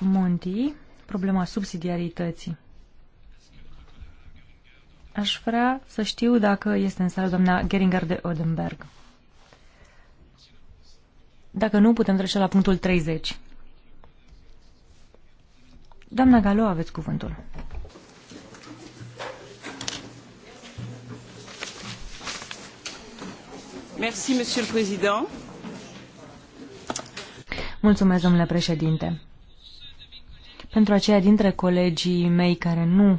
Monti, problema subsidiarității. Aș vrea să știu dacă este în sală doamna Geringer de Odenberg. Dacă nu, putem trece la punctul 30. Doamna Galo, aveți cuvântul. Merci, Mulțumesc, domnule președinte pentru aceia dintre colegii mei care nu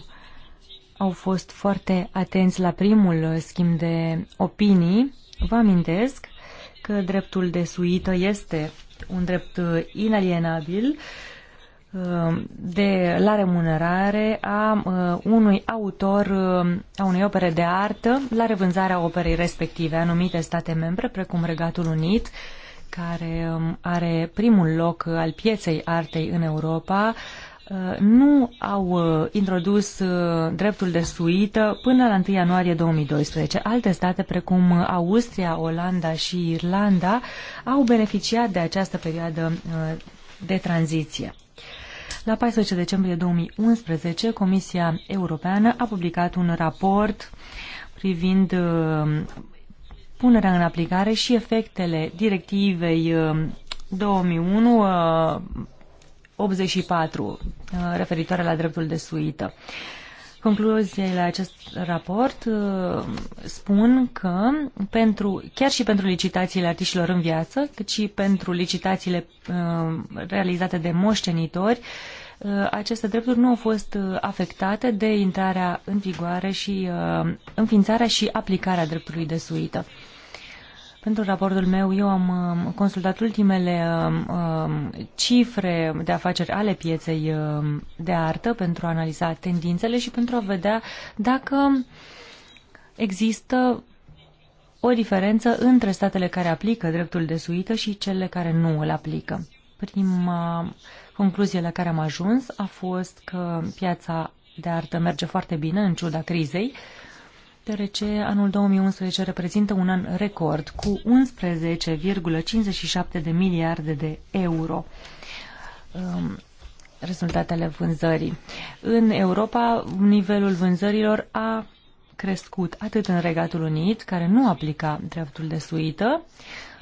au fost foarte atenți la primul schimb de opinii, vă amintesc că dreptul de suită este un drept inalienabil uh, de la remunerare a uh, unui autor uh, a unei opere de artă la revânzarea operei respective. Anumite state membre, precum Regatul Unit, care um, are primul loc al pieței artei în Europa, Uh, nu au uh, introdus uh, dreptul de suită până la 1 ianuarie 2012. Alte state, precum Austria, Olanda și Irlanda, au beneficiat de această perioadă de tranziție. La 14 decembrie 2011, Comisia Europeană a publicat un raport privind punerea în aplicare și efectele directivei 2001 84, uh, referitoare la dreptul de suită. Concluziile acest raport uh, spun că pentru, chiar și pentru licitațiile artiștilor în viață, cât și pentru licitațiile uh, realizate de moștenitori, aceste drepturi nu au fost afectate de intrarea în vigoare și înființarea și aplicarea dreptului de suită. Pentru raportul meu, eu am um, consultat ultimele um, um, cifre de afaceri ale pieței de artă pentru a analiza tendințele și pentru a vedea dacă există o diferență între statele care aplică dreptul de suită și cele care nu îl aplică. Prima concluzie la care am ajuns a fost că piața de artă merge foarte bine în ciuda crizei, deoarece anul 2011 reprezintă un an record cu 11,57 de miliarde de euro um, rezultatele vânzării. În Europa, nivelul vânzărilor a crescut atât în Regatul Unit, care nu aplica dreptul de suită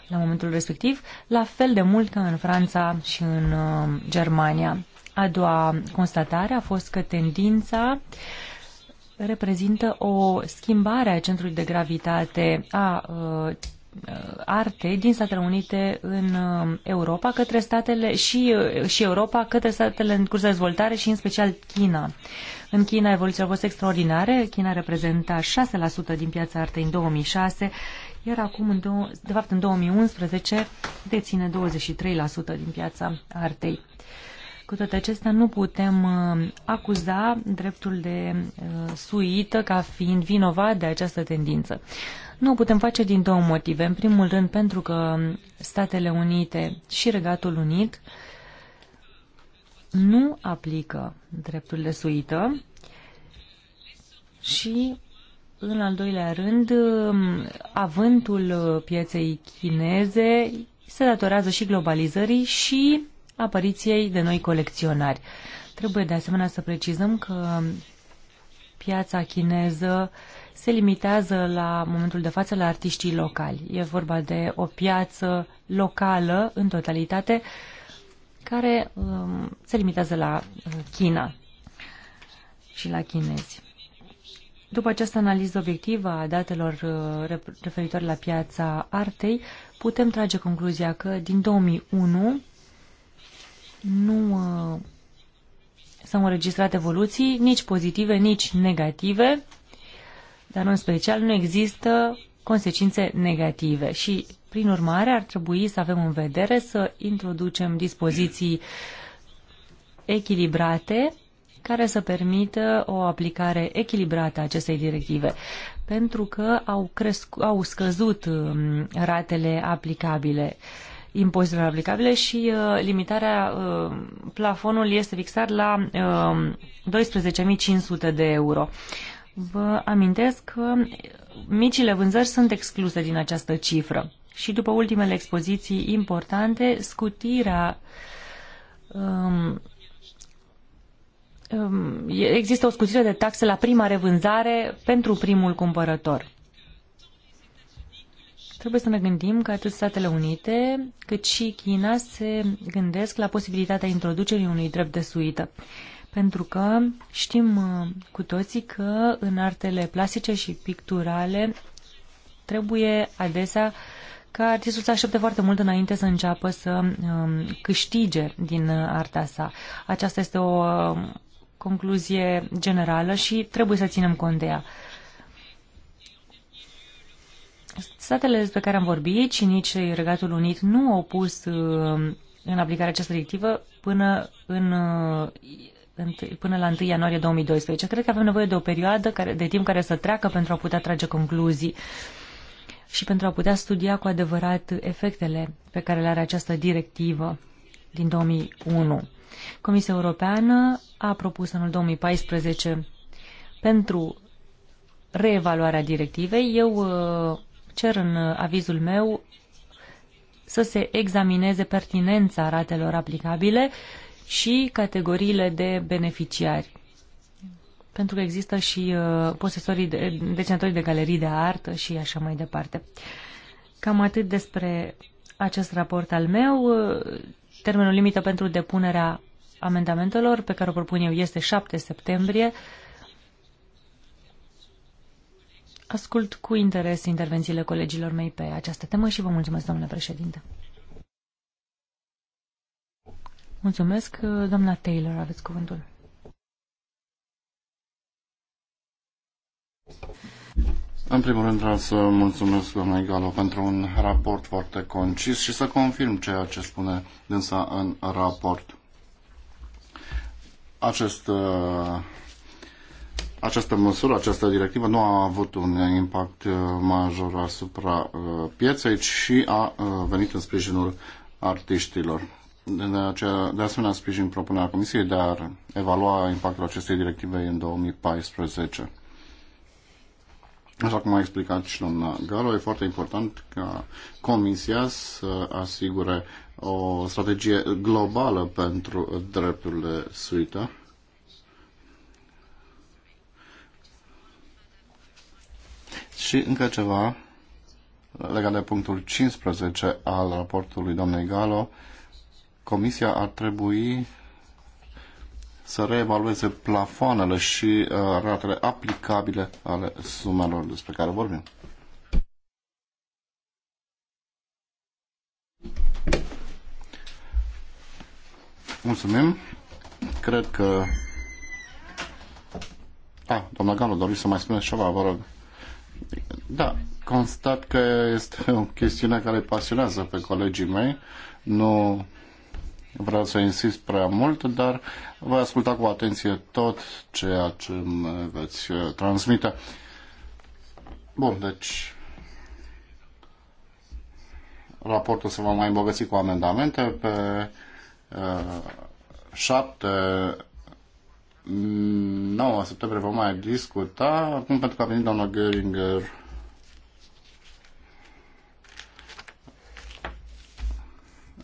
la momentul respectiv, la fel de mult ca în Franța și în uh, Germania. A doua constatare a fost că tendința uh, reprezintă o schimbare a centrului de gravitate a uh, uh artei din Statele Unite în uh, Europa către statele și, uh, și Europa către statele în curs de dezvoltare și în special China. În China evoluția a fost extraordinară. China reprezenta 6% din piața artei în 2006, iar acum, în de fapt în 2011, deține 23% din piața artei. Cu toate acestea, nu putem uh, acuza dreptul de uh, suită ca fiind vinovat de această tendință. Nu o putem face din două motive. În primul rând, pentru că Statele Unite și Regatul Unit nu aplică dreptul de suită și, în al doilea rând, avântul pieței chineze se datorează și globalizării și apariției de noi colecționari. Trebuie de asemenea să precizăm că piața chineză se limitează la momentul de față la artiștii locali. E vorba de o piață locală în totalitate care um, se limitează la uh, China și la chinezi. După această analiză obiectivă a datelor uh, referitoare la piața artei, putem trage concluzia că din 2001 nu uh, s-au înregistrat evoluții, nici pozitive, nici negative, dar în special nu există consecințe negative și, prin urmare, ar trebui să avem în vedere să introducem dispoziții echilibrate care să permită o aplicare echilibrată a acestei directive, pentru că au, crescu- au scăzut um, ratele aplicabile. Uh, impozitele aplicabile și uh, limitarea, uh, plafonul este fixat la uh, 12.500 de euro. Vă amintesc că micile vânzări sunt excluse din această cifră și după ultimele expoziții importante, scutirea um, um există o scutire de taxe la prima revânzare pentru primul cumpărător. Trebuie să ne gândim că atât Statele Unite cât și China se gândesc la posibilitatea introducerii unui drept de suită. Pentru că știm uh, cu toții că în artele plastice și picturale trebuie adesea ca artistul să aștepte foarte mult înainte să înceapă să um, câștige din arta sa. Aceasta este o um, concluzie generală și trebuie să ținem cont de ea. Statele despre care am vorbit și nici Regatul Unit nu au pus uh, în aplicare această directivă până în uh, până la 1 ianuarie 2012. Cred că avem nevoie de o perioadă care, de timp care să treacă pentru a putea trage concluzii și pentru a putea studia cu adevărat efectele pe care le are această directivă din 2001. Comisia Europeană a propus anul 2014 pentru reevaluarea directivei. Eu uh, cer în uh, avizul meu să se examineze pertinența ratelor aplicabile și categoriile de beneficiari. Pentru că există și uh, posesorii, de, decentorii de galerii de artă și așa mai departe. Cam atât despre acest raport al meu. Uh, termenul limită pentru depunerea amendamentelor pe care o propun eu este 7 septembrie. Ascult cu interes intervențiile colegilor mei pe această temă și vă mulțumesc, domnule președinte. Mulțumesc, doamna Taylor, aveți cuvântul. În primul rând vreau să mulțumesc doamnei Galo pentru un raport foarte concis și să confirm ceea ce spune dânsa în raport. Acest uh, această măsură, această directivă nu a avut un impact uh, major asupra uh, pieței, și a uh, venit în sprijinul artiștilor. De, aceea, de asemenea, sprijin propunerea Comisiei de a evalua impactul acestei directive în 2014. Așa cum a explicat și doamna Galo, e foarte important ca Comisia să asigure o strategie globală pentru drepturile suită. Și încă ceva legat de punctul 15 al raportului doamnei Galo, Comisia ar trebui să reevalueze plafoanele și uh, ratele aplicabile ale sumelor despre care vorbim. Mulțumim. Cred că... A, ah, doamna Galo, doriți să mai spuneți ceva, vă rog. Da, constat că este o chestiune care pasionează pe colegii mei. Nu vreau să insist prea mult, dar voi asculta cu atenție tot ceea ce îmi veți uh, transmite. Bun, deci raportul se va mai îmbogăți cu amendamente pe uh, 7 9 septembrie vom mai discuta. Acum, pentru că a venit doamna Göringer,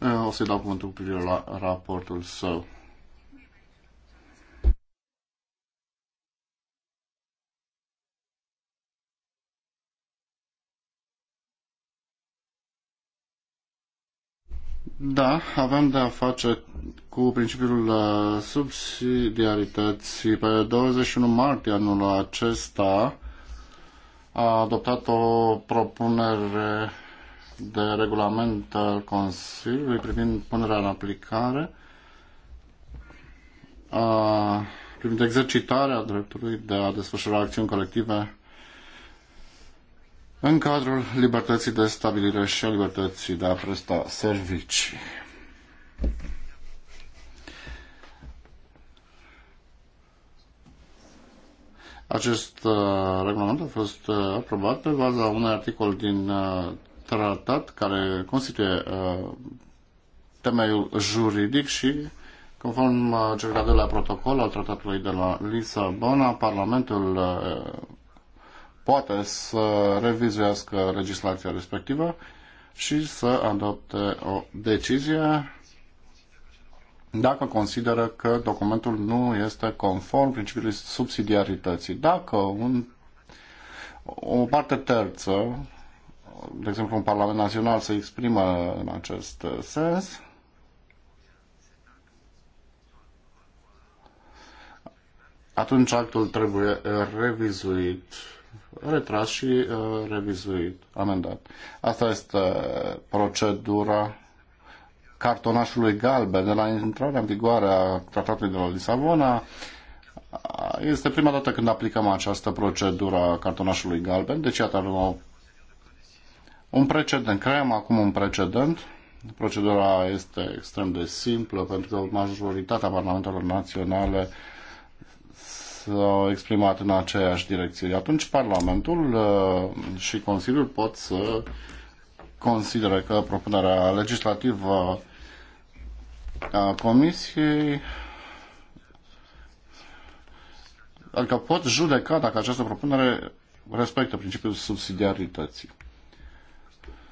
eh, o să-i dau cuvântul cu privire la raportul său. Da, avem de a face cu principiul uh, subsidiarității. Pe 21 martie anul acesta a adoptat o propunere de regulament al Consiliului privind punerea în aplicare a, privind exercitarea dreptului de a desfășura acțiuni colective în cadrul libertății de stabilire și a libertății de a presta servicii. Acest uh, regulament a fost uh, aprobat pe baza unui articol din uh, tratat care constituie temeiul juridic și conform cel de la protocol al tratatului de la Lisabona, Parlamentul poate să revizuiască legislația respectivă și să adopte o decizie dacă consideră că documentul nu este conform principiului subsidiarității. Dacă un, o parte terță, de exemplu un Parlament Național, se exprimă în acest sens, atunci actul trebuie revizuit, retras și uh, revizuit, amendat. Asta este procedura cartonașului galben de la intrarea în vigoare a Tratatului de la Lisabona. Este prima dată când aplicăm această procedură a cartonașului galben, deci iată avem o, un precedent, creăm acum un precedent. Procedura este extrem de simplă pentru că majoritatea parlamentelor naționale s-au exprimat în aceeași direcție. Atunci Parlamentul uh, și Consiliul pot să consideră că propunerea legislativă a Comisiei adică pot judeca dacă această propunere respectă principiul subsidiarității.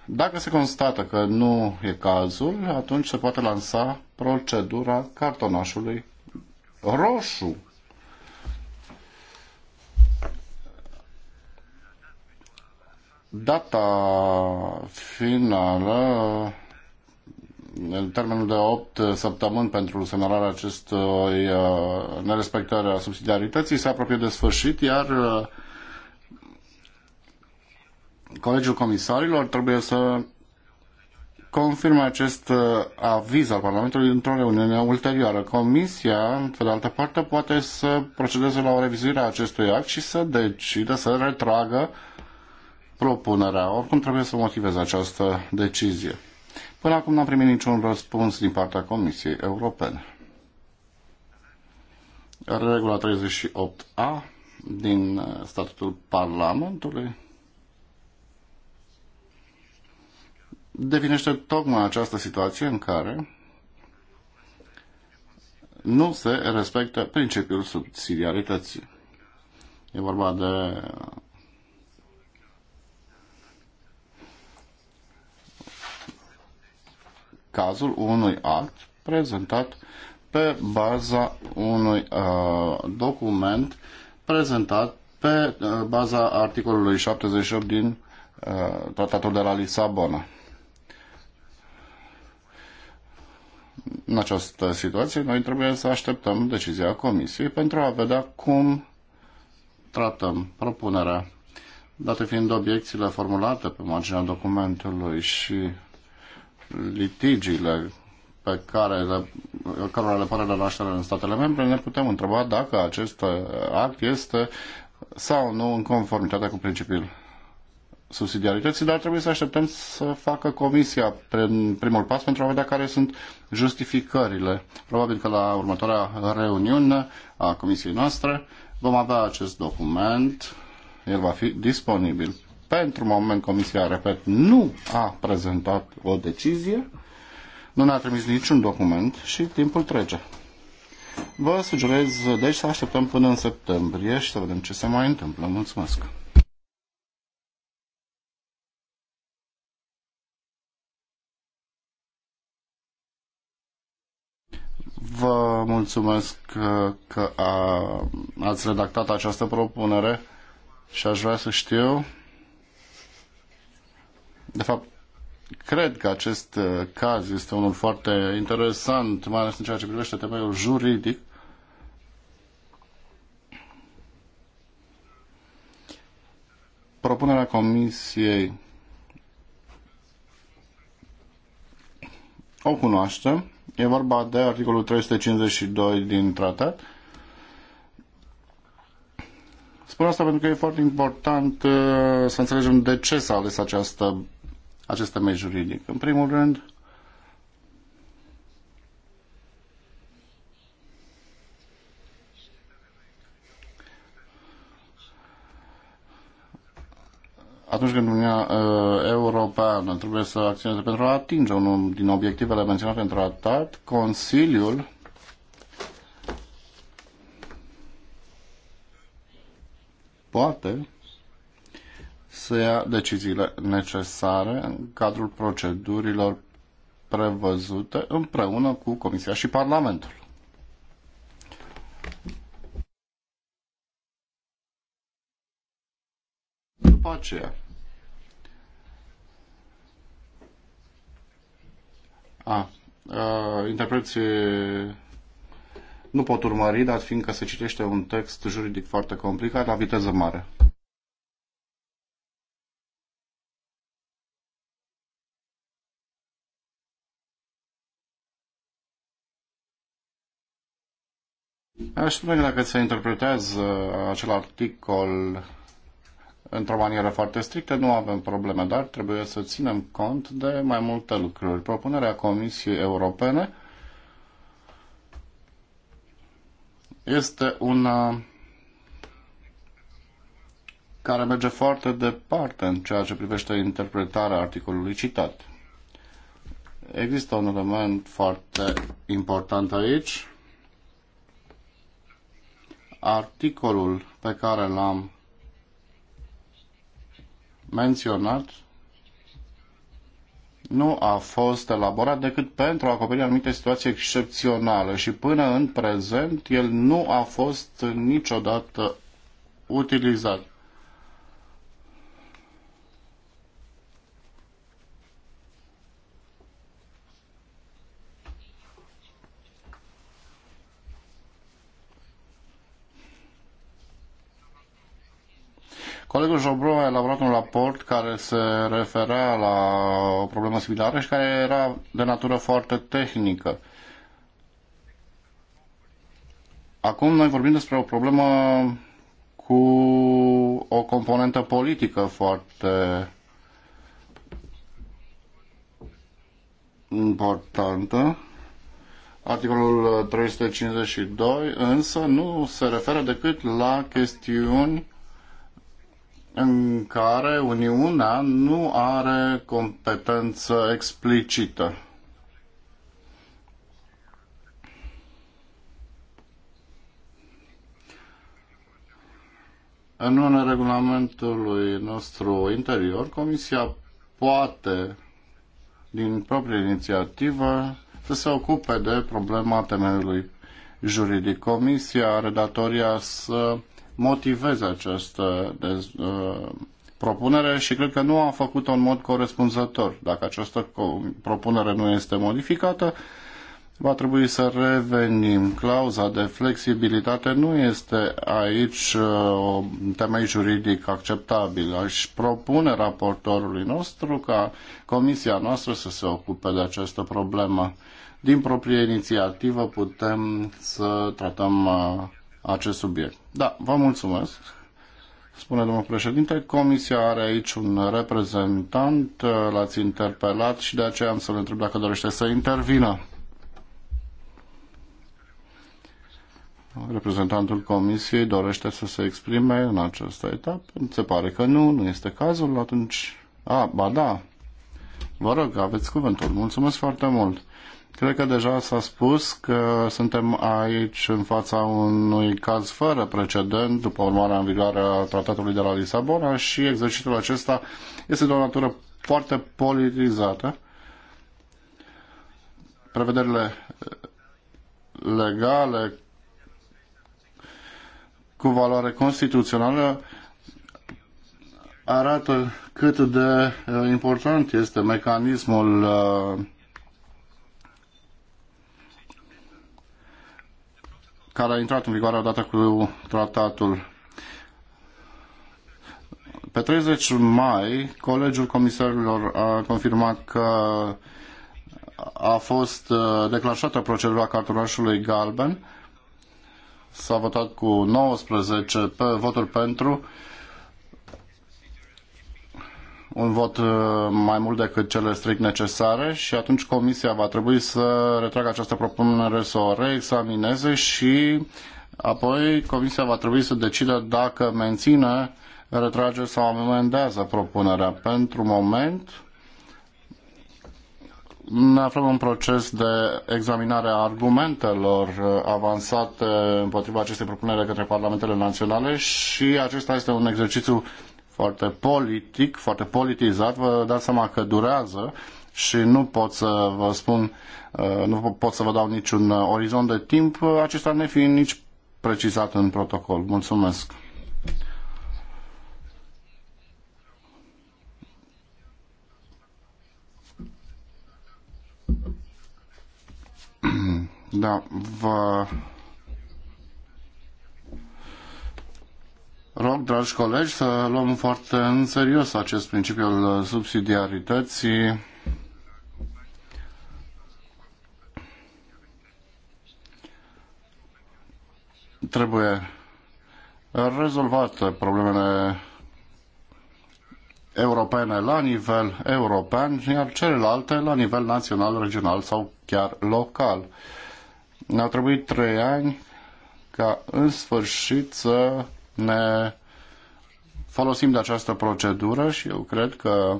Dacă se constată că nu e cazul, atunci se poate lansa procedura cartonașului roșu. Data finală termenul de 8 eh, săptămâni pentru semnalarea acestui eh, nerespectare a subsidiarității se apropie de sfârșit, iar eh, Colegiul Comisarilor trebuie să confirme acest aviz al Parlamentului într-o reuniune ulterioară. Comisia, pe de altă parte, poate să procedeze la o revizuire a acestui act și să decidă să retragă propunerea. Oricum trebuie să motiveze această decizie. Până acum n-am primit niciun răspuns din partea Comisiei Europene. Regula 38A din uh, statutul Parlamentului definește tocmai această situație în care nu se respectă principiul subsidiarității. E vorba de cazul unui act prezentat pe baza unui uh, document prezentat pe uh, baza articolului 78 din uh, Tratatul de la Lisabona. În această situație, noi trebuie să așteptăm decizia Comisiei pentru a vedea cum tratăm propunerea date fiind obiecțiile formulate pe marginea documentului și litigiile pe care le, cărora le pare la naștere în statele membre, ne putem întreba dacă acest act este sau nu în conformitate cu principiul subsidiarității, dar trebuie să așteptăm să facă comisia prin primul pas pentru a vedea care sunt justificările. Probabil că la următoarea reuniune a comisiei noastre vom avea acest document, el va fi disponibil. Pentru moment, Comisia, repet, nu a prezentat o decizie, nu ne-a trimis niciun document și timpul trece. Vă sugerez, deci, să așteptăm până în septembrie și să vedem ce se mai întâmplă. Mulțumesc! Vă mulțumesc că, a, ați redactat această propunere și aș vrea să știu de fapt, cred că acest uh, caz este unul foarte interesant, mai ales în ceea ce privește temeiul juridic. Propunerea Comisiei o cunoaște. E vorba de articolul 352 din tratat. Spun asta pentru că e foarte important uh, să înțelegem de ce s-a ales această acest temei juridic. În primul rând, atunci când Uniunea uh, Europeană trebuie să acționeze pentru a atinge unul din obiectivele menționate în tratat, Consiliul poate să ia deciziile necesare în cadrul procedurilor prevăzute împreună cu Comisia și Parlamentul. După aceea, a, a, interpreții nu pot urmări, dar fiindcă se citește un text juridic foarte complicat, la viteză mare. Aș spune că dacă se interpretează acel articol într-o manieră foarte strictă, nu avem probleme, dar trebuie să ținem cont de mai multe lucruri. Propunerea Comisiei Europene este una care merge foarte departe în ceea ce privește interpretarea articolului citat. Există un element foarte important aici, articolul pe care l-am menționat nu a fost elaborat decât pentru a acoperi anumite situații excepționale și până în prezent el nu a fost niciodată utilizat. Colegul Jobro a elaborat un raport care se referea la o problemă similară și care era de natură foarte tehnică. Acum noi vorbim despre o problemă cu o componentă politică foarte importantă. Articolul 352 însă nu se referă decât la chestiuni în care Uniunea nu are competență explicită. În unele regulamentului nostru interior, Comisia poate, din proprie inițiativă, să se ocupe de problema temeiului juridic. Comisia are datoria să motiveze această dez, uh, propunere și cred că nu a făcut-o în mod corespunzător. Dacă această propunere nu este modificată, va trebui să revenim. Clauza de flexibilitate nu este aici uh, o temei juridic acceptabil. Aș propune raportorului nostru ca comisia noastră să se ocupe de această problemă. Din proprie inițiativă putem să tratăm uh, acest subiect. Da, vă mulțumesc. Spune domnul președinte, comisia are aici un reprezentant, uh, l-ați interpelat și de aceea am să-l întreb dacă dorește să intervină. Reprezentantul comisiei dorește să se exprime în această etapă? Se pare că nu, nu este cazul, atunci... A, ba da, vă rog, aveți cuvântul. Mulțumesc foarte mult. Cred că deja s-a spus că suntem aici în fața unui caz fără precedent după urmarea în vigoare a tratatului de la Lisabona și exercițiul acesta este de o natură foarte politizată. Prevederile legale cu valoare constituțională arată cât de important este mecanismul uh, care a intrat în vigoare odată cu tratatul. Pe 30 mai, Colegiul Comisarilor a confirmat că a fost uh, declanșată procedura cartonașului galben. S-a votat cu 19 pe voturi pentru, un vot uh, mai mult decât cele strict necesare și atunci comisia va trebui să retragă această propunere, să o reexamineze și apoi comisia va trebui să decide dacă menține, retrage sau amendează propunerea. Pentru moment ne aflăm în proces de examinare a argumentelor uh, avansate împotriva acestei propuneri către parlamentele naționale și acesta este un exercițiu foarte politic, foarte politizat, vă dați seama că durează și nu pot să vă spun, uh, nu pot să vă dau niciun uh, orizont de timp, uh, acesta ne fiind nici precizat în protocol. Mulțumesc. Da, vă rog, dragi colegi, să luăm foarte în serios acest principiu al subsidiarității. Trebuie rezolvate problemele europene la nivel european, iar celelalte la nivel național, regional sau chiar local. Ne-au trebuit trei ani ca în sfârșit să ne folosim de această procedură și eu cred că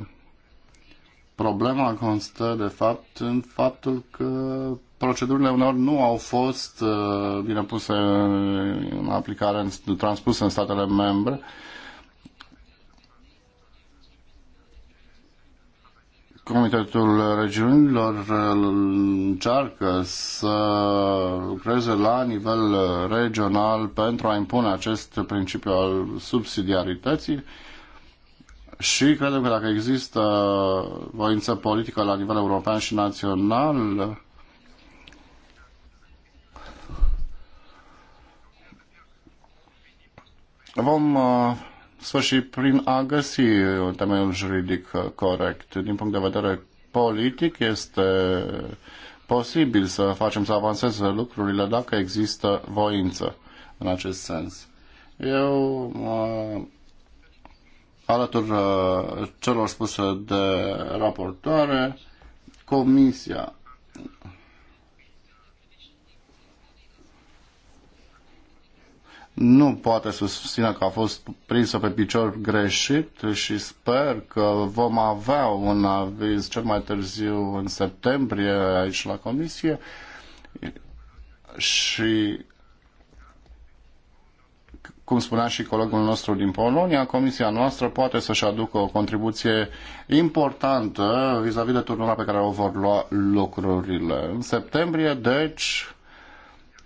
problema constă de fapt în faptul că procedurile uneori nu au fost uh, bine puse în aplicare, transpuse în statele membre Comitetul Regiunilor uh, încearcă să lucreze la nivel regional pentru a impune acest principiu al subsidiarității și credem că dacă există voință politică la nivel european și național, vom uh, sfârșit prin a găsi un temeiul juridic corect. Din punct de vedere politic este posibil să facem să avanseze lucrurile dacă există voință în acest sens. Eu alături uh, celor spuse de raportoare, Comisia nu poate susține că a fost prinsă pe picior greșit și sper că vom avea un aviz cel mai târziu în septembrie aici la comisie și cum spunea și colegul nostru din Polonia, comisia noastră poate să-și aducă o contribuție importantă vis-a-vis -vis de turnura pe care o vor lua lucrurile. În septembrie, deci,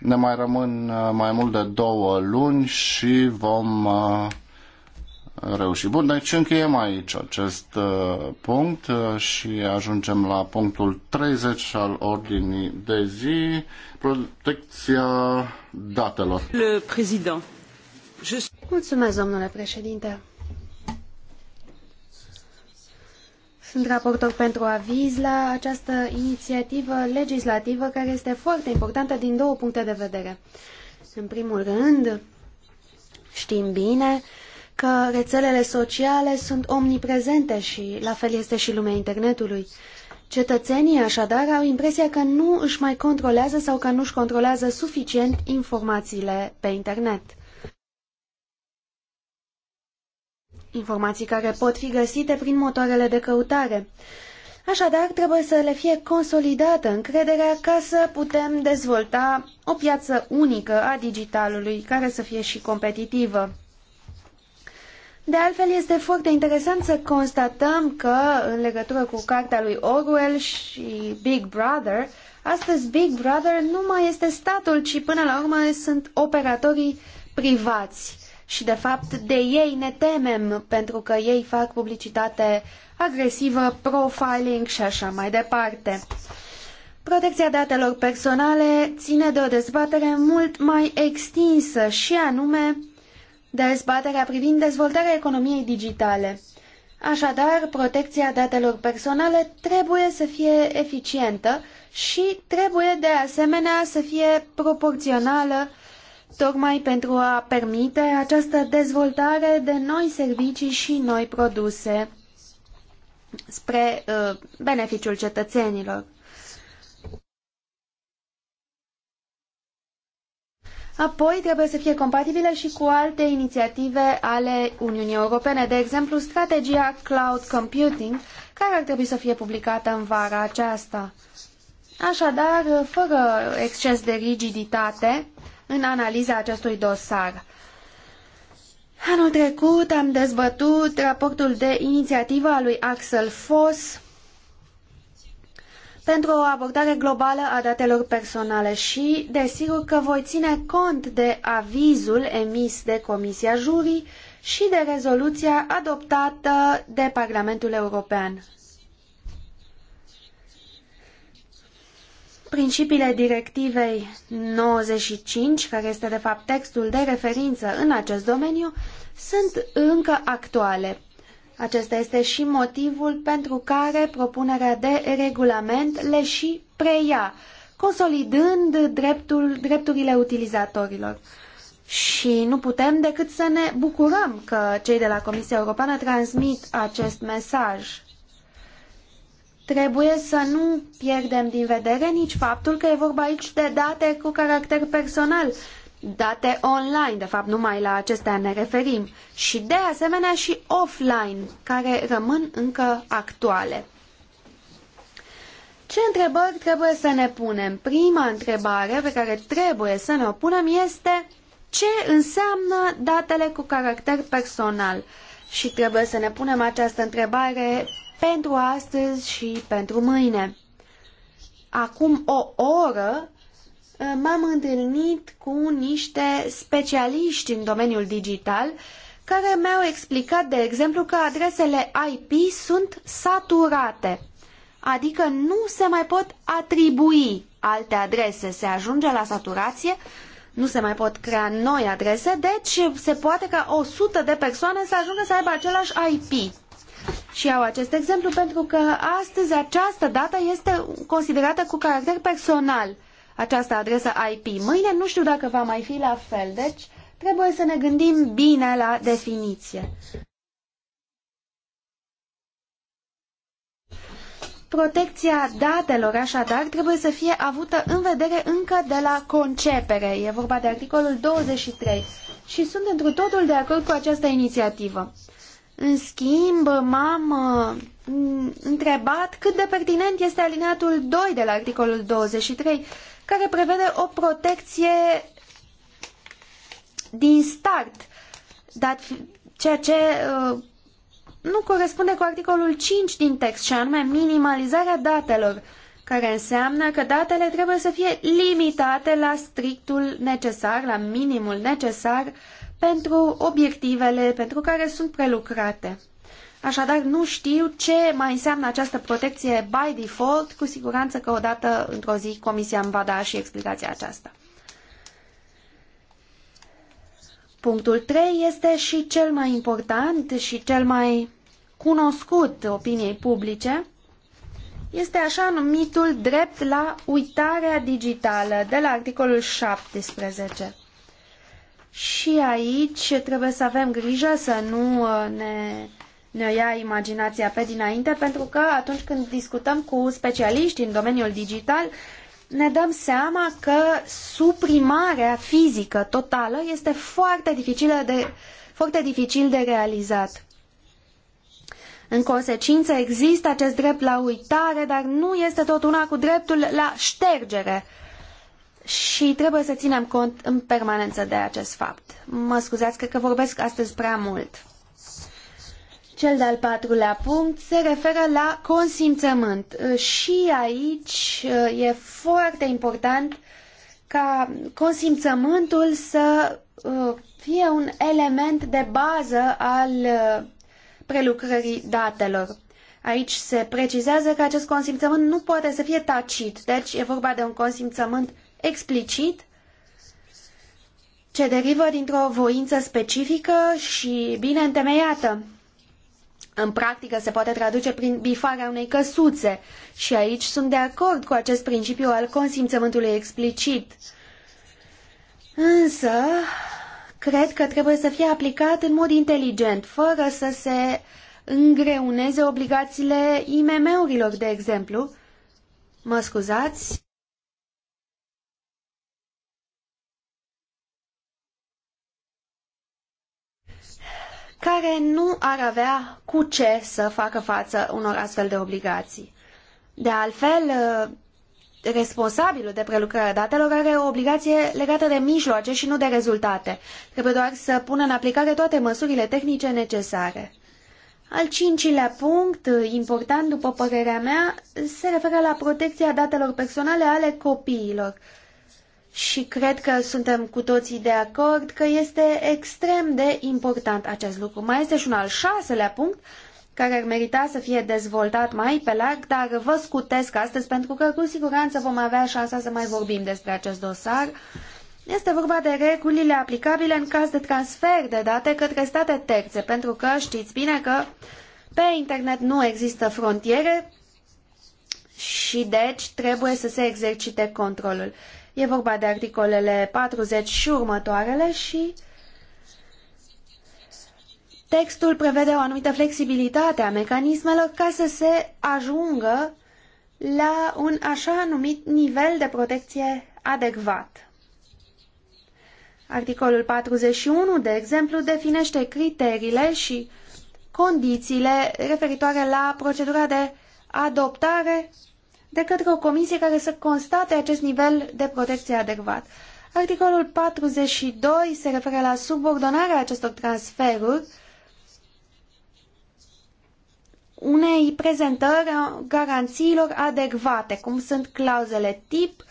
ne mai rămân uh, mai mult de două luni și vom uh, reuși. Bun, deci încheiem aici acest uh, punct și ajungem la punctul 30 al ordinii de zi, protecția datelor. Le Mulțumesc, domnule președinte. Sunt raportor pentru aviz la această inițiativă legislativă care este foarte importantă din două puncte de vedere. În primul rând, știm bine că rețelele sociale sunt omniprezente și la fel este și lumea internetului. Cetățenii așadar au impresia că nu își mai controlează sau că nu își controlează suficient informațiile pe internet. informații care pot fi găsite prin motoarele de căutare. Așadar, trebuie să le fie consolidată încrederea ca să putem dezvolta o piață unică a digitalului care să fie și competitivă. De altfel, este foarte interesant să constatăm că, în legătură cu cartea lui Orwell și Big Brother, astăzi Big Brother nu mai este statul, ci până la urmă sunt operatorii privați și de fapt de ei ne temem pentru că ei fac publicitate agresivă, profiling și așa mai departe. Protecția datelor personale ține de o dezbatere mult mai extinsă și anume dezbaterea privind dezvoltarea economiei digitale. Așadar, protecția datelor personale trebuie să fie eficientă și trebuie de asemenea să fie proporțională tocmai pentru a permite această dezvoltare de noi servicii și noi produse spre uh, beneficiul cetățenilor. Apoi trebuie să fie compatibile și cu alte inițiative ale Uniunii Europene, de exemplu strategia Cloud Computing, care ar trebui să fie publicată în vara aceasta. Așadar, fără exces de rigiditate, în analiza acestui dosar. Anul trecut am dezbătut raportul de inițiativă a lui Axel Foss pentru o abordare globală a datelor personale și, desigur, că voi ține cont de avizul emis de Comisia Juri și de rezoluția adoptată de Parlamentul European Principiile directivei 95, care este de fapt textul de referință în acest domeniu, sunt încă actuale. Acesta este și motivul pentru care propunerea de regulament le și preia, consolidând dreptul, drepturile utilizatorilor. Și nu putem decât să ne bucurăm că cei de la Comisia Europeană transmit acest mesaj. Trebuie să nu pierdem din vedere nici faptul că e vorba aici de date cu caracter personal, date online, de fapt numai la acestea ne referim, și de asemenea și offline, care rămân încă actuale. Ce întrebări trebuie să ne punem? Prima întrebare pe care trebuie să ne o punem este ce înseamnă datele cu caracter personal? Și trebuie să ne punem această întrebare pentru astăzi și pentru mâine. Acum o oră eh, m-am întâlnit cu niște specialiști în domeniul digital care mi-au explicat, de exemplu, că adresele IP sunt saturate, adică nu se mai pot atribui alte adrese, se ajunge la saturație, nu se mai pot crea noi adrese, deci se poate ca o sută de persoane să ajungă să aibă același IP și iau acest exemplu pentru că astăzi această dată este considerată cu caracter personal această adresă IP. Mâine nu știu dacă va mai fi la fel, deci trebuie să ne gândim bine la definiție. Protecția datelor, așadar, trebuie să fie avută în vedere încă de la concepere. E vorba de articolul 23 și sunt întru totul de acord cu această inițiativă. În schimb, m-am mm, întrebat cât de pertinent este alineatul 2 de la articolul 23, care prevede o protecție din start, dar ceea ce uh, nu corespunde cu articolul 5 din text, și anume minimalizarea datelor, care înseamnă că datele trebuie să fie limitate la strictul necesar, la minimul necesar uh, pentru obiectivele pentru care sunt prelucrate. Așadar, nu știu ce mai înseamnă această protecție by default. Cu siguranță că odată, într-o zi, Comisia îmi va da și explicația aceasta. Punctul 3 este și cel mai important și cel mai cunoscut opiniei publice. Este așa numitul drept la uitarea digitală de la articolul 17. Și aici trebuie să avem grijă să nu uh, ne, ne ia imaginația pe dinainte, pentru că atunci când discutăm cu specialiști în domeniul digital, ne dăm seama că suprimarea fizică totală este foarte dificilă de, foarte dificil de realizat. În consecință există acest drept la uitare, dar nu este tot una cu dreptul la ștergere. Uh, și trebuie să ținem cont în permanență de acest fapt. Mă scuzați, cred că vorbesc astăzi prea mult. Cel de-al patrulea punct se referă la consimțământ. Și aici e foarte important ca consimțământul să uh, fie un element de bază al uh, prelucrării datelor. Aici se precizează că acest consimțământ nu poate să fie tacit, deci e vorba de un consimțământ explicit ce derivă dintr-o voință specifică și bine întemeiată. În practică se poate traduce prin bifarea unei căsuțe și aici sunt de acord cu acest principiu al consimțământului explicit. Însă, cred că trebuie să fie aplicat în mod inteligent, fără să se îngreuneze obligațiile IMM-urilor, de exemplu. Mă scuzați? care nu ar avea cu ce să facă față unor astfel de obligații. De altfel, responsabilul de prelucrare datelor are o obligație legată de mijloace și nu de rezultate. Trebuie doar să pună în aplicare toate măsurile tehnice necesare. Al cincilea punct, important după părerea mea, se referă la protecția datelor personale ale copiilor și cred că suntem cu toții de acord că este extrem de important acest lucru. Mai este și un al șaselea punct care ar merita să fie dezvoltat mai pe larg, dar vă scutesc astăzi pentru că cu siguranță vom avea șansa să mai vorbim despre acest dosar. Este vorba de regulile aplicabile în caz de transfer de date către state terțe, pentru că știți bine că pe internet nu există frontiere și deci trebuie să se exercite controlul. E vorba de articolele 40 și următoarele și textul prevede o anumită flexibilitate a mecanismelor ca să se ajungă la un așa numit nivel de protecție adecvat. Articolul 41, de exemplu, definește criteriile și condițiile referitoare la procedura de adoptare de către o comisie care să constate acest nivel de protecție adecvat. Articolul 42 se referă la subordonarea acestor transferuri unei prezentări a garanțiilor adecvate, cum sunt clauzele tip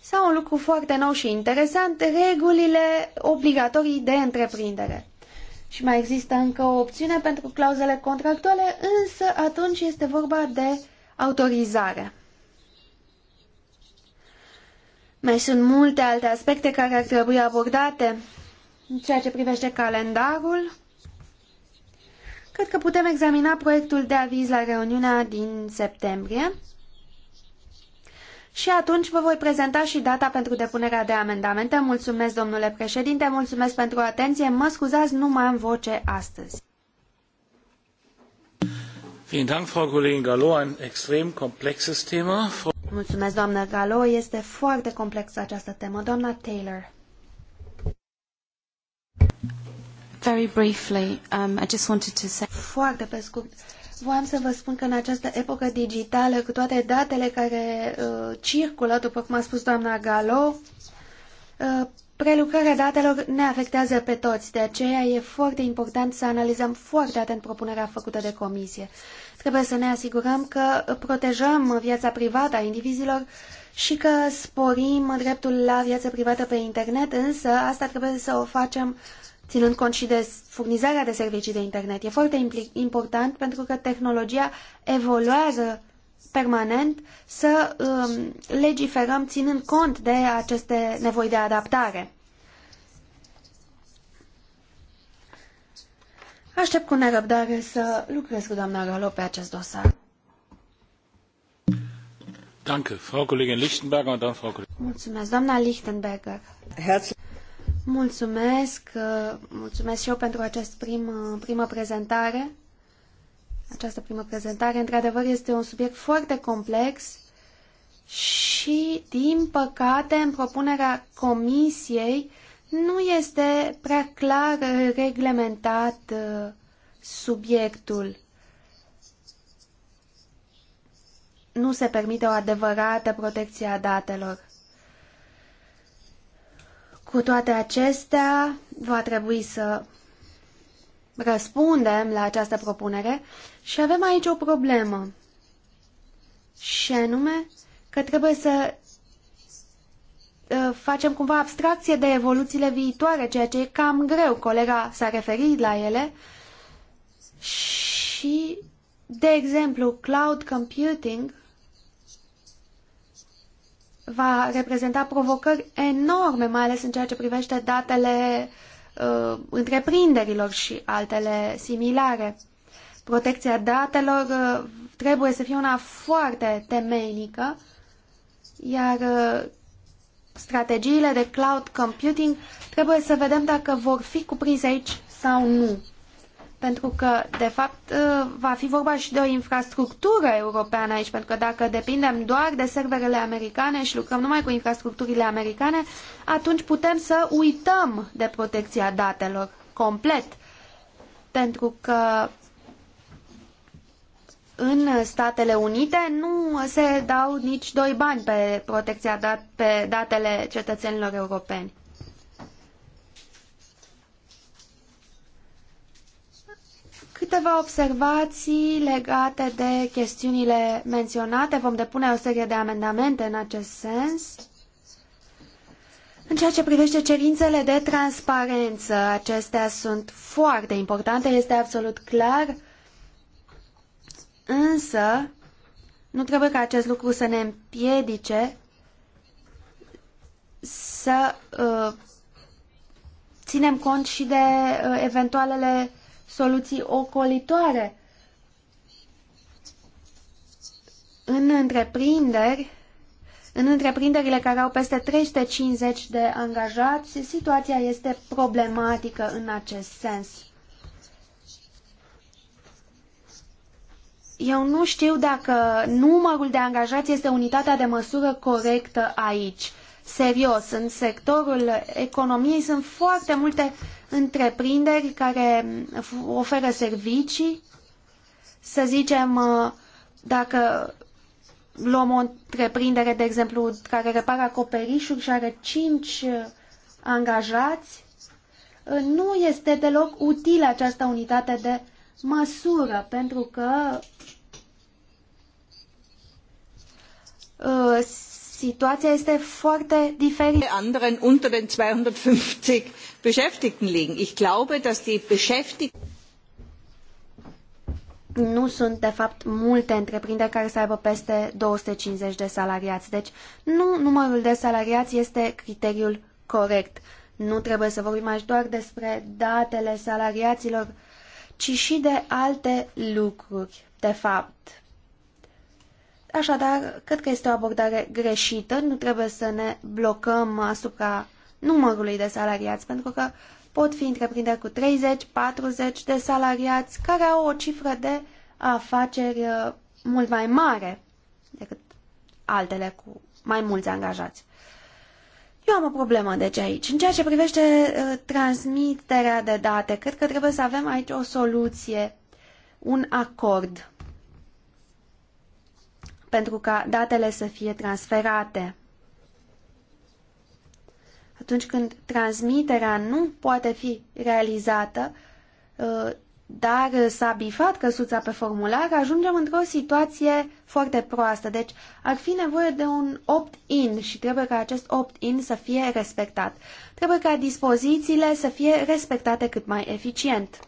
sau un lucru foarte nou și interesant, regulile obligatorii de întreprindere. Și mai există încă o opțiune pentru clauzele contractuale, însă atunci este vorba de autorizare. Mai sunt multe alte aspecte care ar trebui abordate în ceea ce privește calendarul. Cred că putem examina proiectul de aviz la reuniunea din septembrie și atunci vă voi prezenta și data pentru depunerea de amendamente. Mulțumesc, domnule președinte, mulțumesc pentru atenție. Mă scuzați, nu mai am voce astăzi. Vielen Dank, Frau Kollegin Gallo. Ein extrem komplexes Thema. Mulțumesc, doamnă Galo. Este foarte complexă această temă. Doamna Taylor. Very briefly, um, I just wanted to say... Foarte pe scurt. Voiam să vă spun că în această epocă digitală, cu toate datele care uh, circulă, după cum a spus doamna Galo, uh, prelucrarea datelor ne afectează pe toți. De aceea e foarte important să analizăm foarte atent propunerea făcută de comisie. Uh, Trebuie să ne asigurăm că protejăm viața privată a indivizilor și că sporim dreptul la viață privată pe internet, însă asta trebuie să o facem ținând cont și de furnizarea de servicii de internet. E foarte important pentru că tehnologia evoluează permanent să um, legiferăm ținând cont de aceste nevoi de adaptare. Aștept cu nerăbdare să lucrez cu doamna Rolo pe acest dosar. Danke, Frau Kollegin Lichtenberger und dann Frau Kollegin. Mulțumesc, doamna Lichtenberger. mulțumesc, uh, mulțumesc și eu pentru acest prim, uh, primă prezentare. Această primă prezentare, într-adevăr, este un subiect foarte complex și, din păcate, în propunerea comisiei, uh, nu este prea clar uh, reglementat uh, subiectul. Nu se permite o adevărată protecție a datelor. Cu toate acestea, va trebui să răspundem la această propunere și avem aici o problemă. Și anume că trebuie să Uh, facem cumva abstracție de evoluțiile viitoare, ceea ce e cam greu. Colega s-a referit la ele și, de exemplu, cloud computing va reprezenta provocări enorme, mai ales în ceea ce privește datele uh, întreprinderilor și altele similare. Protecția datelor uh, trebuie să fie una foarte temeinică, iar uh, strategiile de cloud computing, trebuie să vedem dacă vor fi cuprinse aici sau nu. Pentru că, de fapt, ă, va fi vorba și de o infrastructură europeană aici, pentru că dacă depindem doar de serverele americane și lucrăm numai cu infrastructurile americane, atunci putem să uităm de protecția datelor complet. Pentru că în Statele Unite nu se dau nici doi bani pe protecția dat, pe datele cetățenilor europeni. Câteva observații legate de chestiunile menționate. Vom depune o serie de amendamente în acest sens. În ceea ce privește cerințele de transparență, acestea sunt foarte importante, este absolut clar Însă, nu trebuie ca acest lucru să ne împiedice să uh, ținem cont și de uh, eventualele soluții ocolitoare. În întreprinderi, în întreprinderile care au peste 350 de angajați, situația este problematică în acest sens. Eu nu știu dacă numărul de angajați este unitatea de măsură corectă aici. Serios, în sectorul economiei sunt foarte multe întreprinderi care oferă servicii. Să zicem, uh, dacă luăm o întreprindere, de exemplu, care repară acoperișuri și are cinci uh, angajați, uh, nu este deloc utilă această unitate de măsură, pentru că uh, situația este foarte diferită. anderen unter den 250 Beschäftigten liegen. Ich glaube, dass die Beschäftigten nu sunt, de fapt, multe întreprinderi care să aibă peste 250 de salariați. Deci, nu numărul de salariați este criteriul corect. Nu trebuie să vorbim aici doar despre datele salariaților, ci și de alte lucruri, de fapt. Așadar, cred că este o abordare greșită, nu trebuie să ne blocăm asupra numărului de salariați, pentru că pot fi întreprinderi cu 30-40 de salariați care au o cifră de afaceri uh, mult mai mare decât altele cu mai mulți angajați. Eu am o problemă, deci, aici. În ceea ce privește uh, transmiterea de date, cred că trebuie să avem aici o soluție, un acord, pentru ca datele să fie transferate. Atunci când transmiterea nu poate fi realizată, uh, dar s-a bifat căsuța pe formular, ajungem într-o situație foarte proastă. Deci ar fi nevoie de un opt-in și trebuie ca acest opt-in să fie respectat. Trebuie ca dispozițiile să fie respectate cât mai eficient.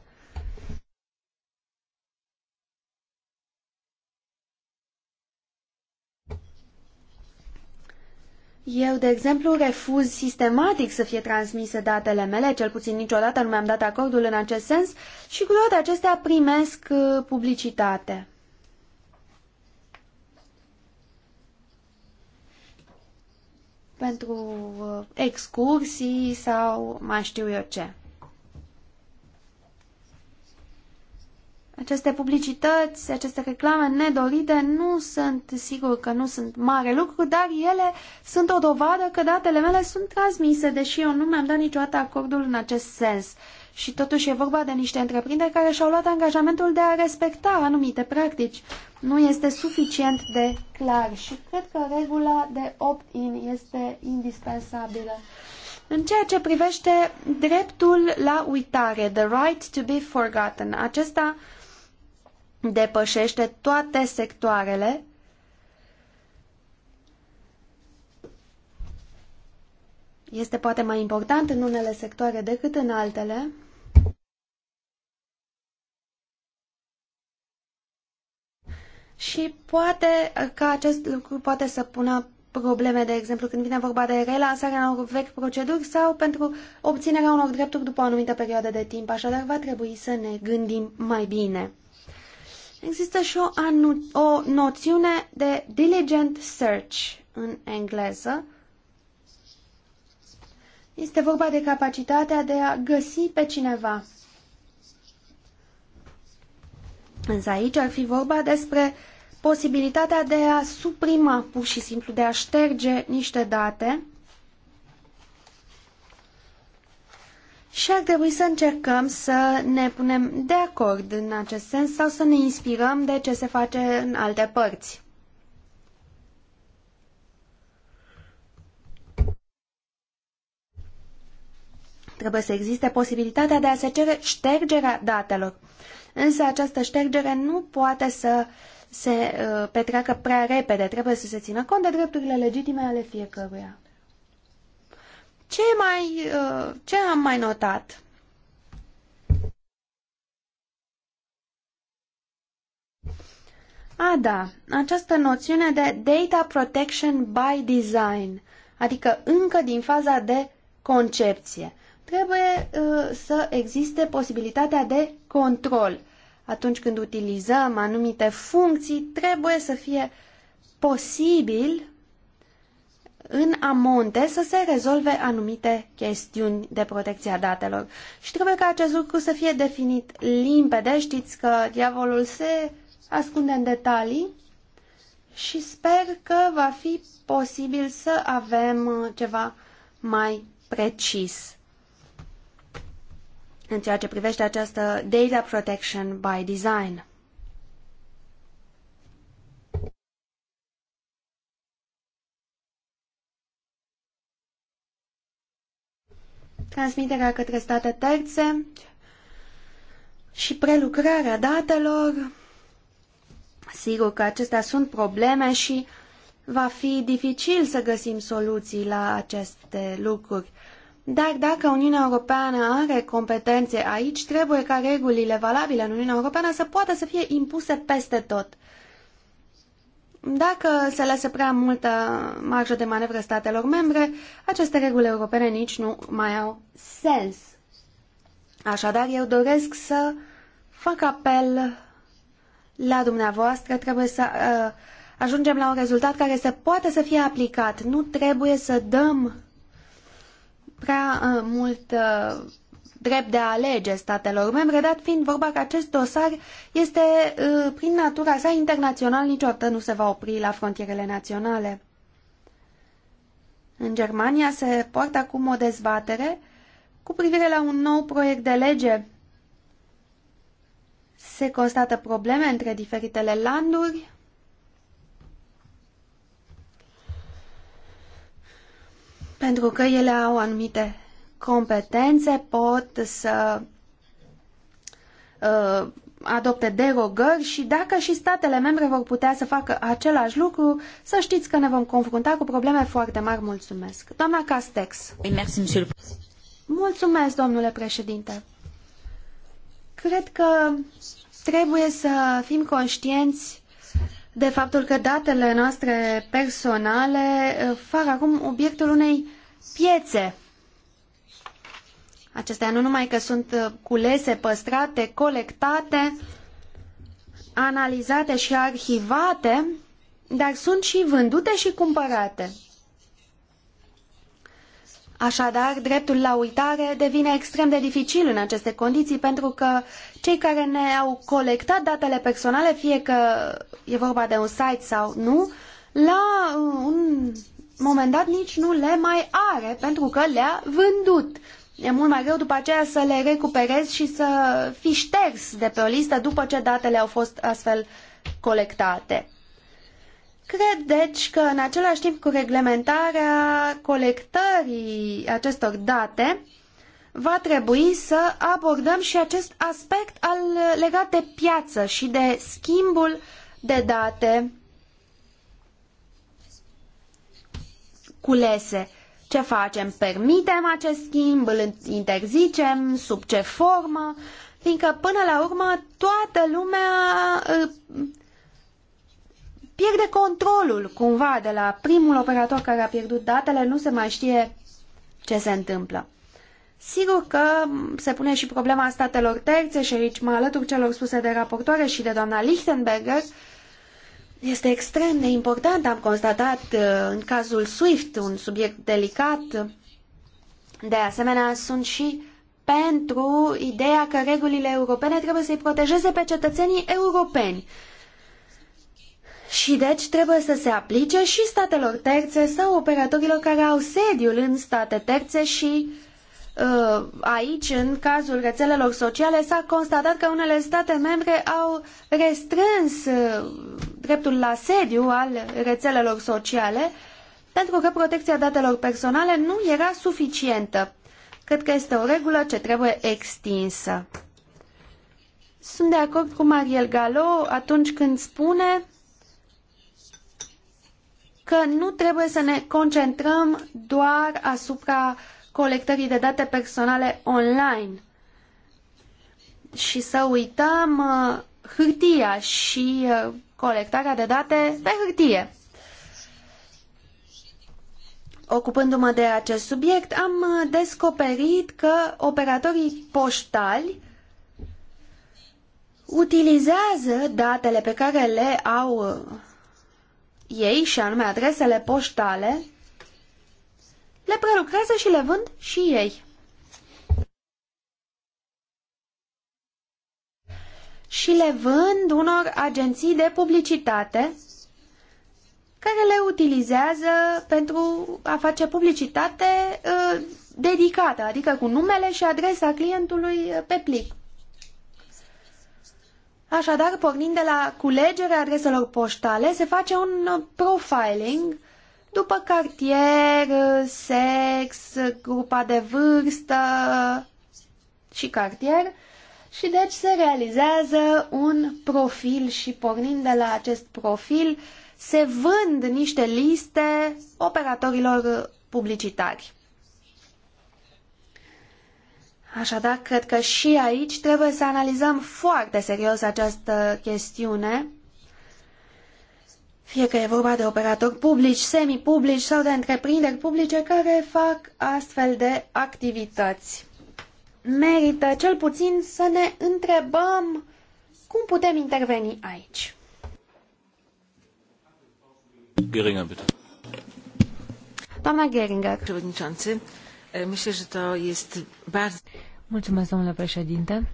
Eu, de exemplu, refuz sistematic să fie transmise datele mele, cel puțin niciodată nu mi-am dat acordul în acest sens și cu toate acestea primesc uh, publicitate. Pentru uh, excursii sau mai știu eu ce. Aceste publicități, aceste reclame nedorite nu sunt, sigur că nu sunt mare lucru, dar ele sunt o dovadă că datele mele sunt transmise, deși eu nu mi-am dat niciodată acordul în acest sens. Și totuși e vorba de niște întreprinderi care și-au luat angajamentul de a respecta anumite practici. Nu este suficient de clar și cred că regula de opt-in este indispensabilă. În ceea ce privește dreptul la uitare, the right to be forgotten, acesta depășește toate sectoarele este poate mai important în unele sectoare decât în altele. Și poate că acest lucru poate să pună probleme, de exemplu, când vine vorba de relansarea unor vechi proceduri sau pentru obținerea unor drepturi după o anumită perioadă de timp. Așadar, va trebui să ne gândim mai bine. Există și o, o noțiune de diligent search în engleză. Este vorba de capacitatea de a găsi pe cineva. Însă aici ar fi vorba despre posibilitatea de a suprima, pur și simplu, de a șterge niște date și ar trebui să încercăm să ne punem de acord în acest sens sau să ne inspirăm de ce se face în alte părți. Trebuie să existe posibilitatea de a se cere ștergerea datelor. Însă această ștergere nu poate să se uh, petreacă prea repede. Trebuie să se țină cont de drepturile legitime ale fiecăruia. Ce, mai, uh, ce am mai notat? A, da, această noțiune de data protection by design, adică încă din faza de concepție. Trebuie uh, să existe posibilitatea de control. Atunci când utilizăm anumite funcții, trebuie să fie posibil în amonte să se rezolve anumite chestiuni de protecția datelor. Și trebuie ca acest lucru să fie definit limpede. Știți că diavolul se ascunde în detalii și sper că va fi posibil să avem uh, ceva mai precis în ceea ce privește această Data Protection by Design. transmiterea către state terțe și prelucrarea datelor. Sigur că acestea sunt probleme și va fi dificil să găsim soluții la aceste lucruri. Dar dacă Uniunea Europeană are competențe aici, trebuie ca regulile valabile în Uniunea Europeană să poată să fie impuse peste tot. Dacă se lasă prea multă marjă de manevră statelor membre, aceste reguli europene nici nu mai au sens. Așadar, eu doresc să fac apel la dumneavoastră, trebuie să uh, ajungem la un rezultat care să poată să fie aplicat. Nu trebuie să dăm prea uh, mult uh, drept de a alege statelor membre, dat fiind vorba că acest dosar este, uh, prin natura sa, internațional, niciodată nu se va opri la frontierele naționale. În Germania se poartă acum o dezbatere cu privire la un nou proiect de lege. Se constată probleme între diferitele landuri, pentru că ele au anumite competențe pot să uh, adopte derogări și dacă și statele membre vor putea să facă același lucru, să știți că ne vom confrunta cu probleme foarte mari. Mulțumesc. Doamna Castex. Mulțumesc, domnule președinte. Cred că trebuie să fim conștienți de faptul că datele noastre personale uh, fac acum obiectul unei piețe Acestea nu numai că sunt uh, culese, păstrate, colectate, analizate și arhivate, dar sunt și vândute și cumpărate. Așadar, dreptul la uitare devine extrem de dificil în aceste condiții pentru că cei care ne-au colectat datele personale, fie că e vorba de un site sau nu, la uh, un moment dat nici nu le mai are pentru că le-a vândut e mult mai greu după aceea să le recuperezi și să fii șters de pe o listă după ce datele au fost astfel colectate. Cred, deci, că în același timp cu reglementarea colectării acestor date, va trebui să abordăm și acest aspect al, legat de piață și de schimbul de date culese. Ce facem? Permitem acest schimb? Îl interzicem? Sub ce formă? Fiindcă, până la urmă, toată lumea uh, pierde controlul cumva de la primul operator care a pierdut datele, nu se mai știe ce se întâmplă. Sigur că se pune și problema statelor terțe și aici mă alătur celor spuse de raportoare și de doamna Lichtenberger, uh, este extrem de important, am constatat uh, în cazul SWIFT, un subiect delicat. De asemenea, sunt și pentru ideea că regulile europene trebuie să-i protejeze pe cetățenii europeni. Și deci trebuie să se aplice și statelor terțe sau operatorilor care au sediul în state terțe și uh, aici, în cazul rețelelor sociale, s-a constatat că unele state membre au restrâns uh, dreptul la sediu al rețelelor sociale, pentru că protecția datelor personale nu era suficientă. Cred că este o regulă ce trebuie extinsă. Sunt de acord cu Mariel Galo atunci când spune că nu trebuie să ne concentrăm doar asupra colectării de date personale online și să uităm uh, hârtia și uh, colectarea de date pe hârtie. Ocupându-mă de acest subiect, am descoperit că operatorii poștali utilizează datele pe care le au ei, și anume adresele poștale, le prelucrează și le vând și ei. și le vând unor agenții de publicitate care le utilizează pentru a face publicitate uh, dedicată, adică cu numele și adresa clientului uh, pe plic. Așadar, pornind de la culegerea adreselor poștale, se face un uh, profiling după cartier, uh, sex, grupa de vârstă și cartier și deci se realizează un profil și pornind de la acest profil se vând niște liste operatorilor publicitari. Așadar, cred că și aici trebuie să analizăm foarte serios această chestiune, fie că e vorba de operatori publici, semipublici sau de întreprinderi publice care fac astfel de activități merită cel puțin să ne întrebăm cum putem interveni aici. Geringer, bitte. Doamna Geringer. Myślę, że to jest bardzo... Mulțumesc, domnule președinte.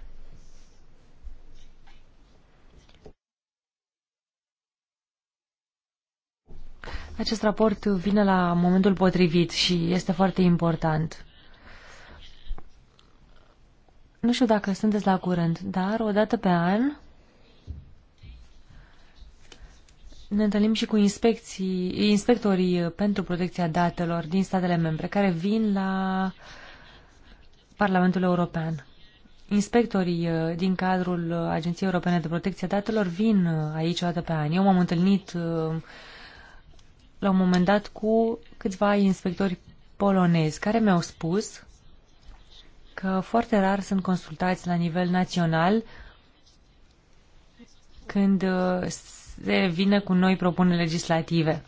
Acest raport vine la momentul potrivit și este foarte important. Nu știu dacă sunteți la curent, dar o dată pe an ne întâlnim și cu inspecții, inspectorii pentru protecția datelor din statele membre care vin la Parlamentul European. Inspectorii uh, din cadrul uh, Agenției Europene de Protecție a Datelor vin uh, aici o dată pe an. Eu m-am întâlnit la un moment dat cu câțiva inspectori polonezi care mi-au spus că foarte rar sunt consultați la nivel național când uh, se vine cu noi propuneri legislative.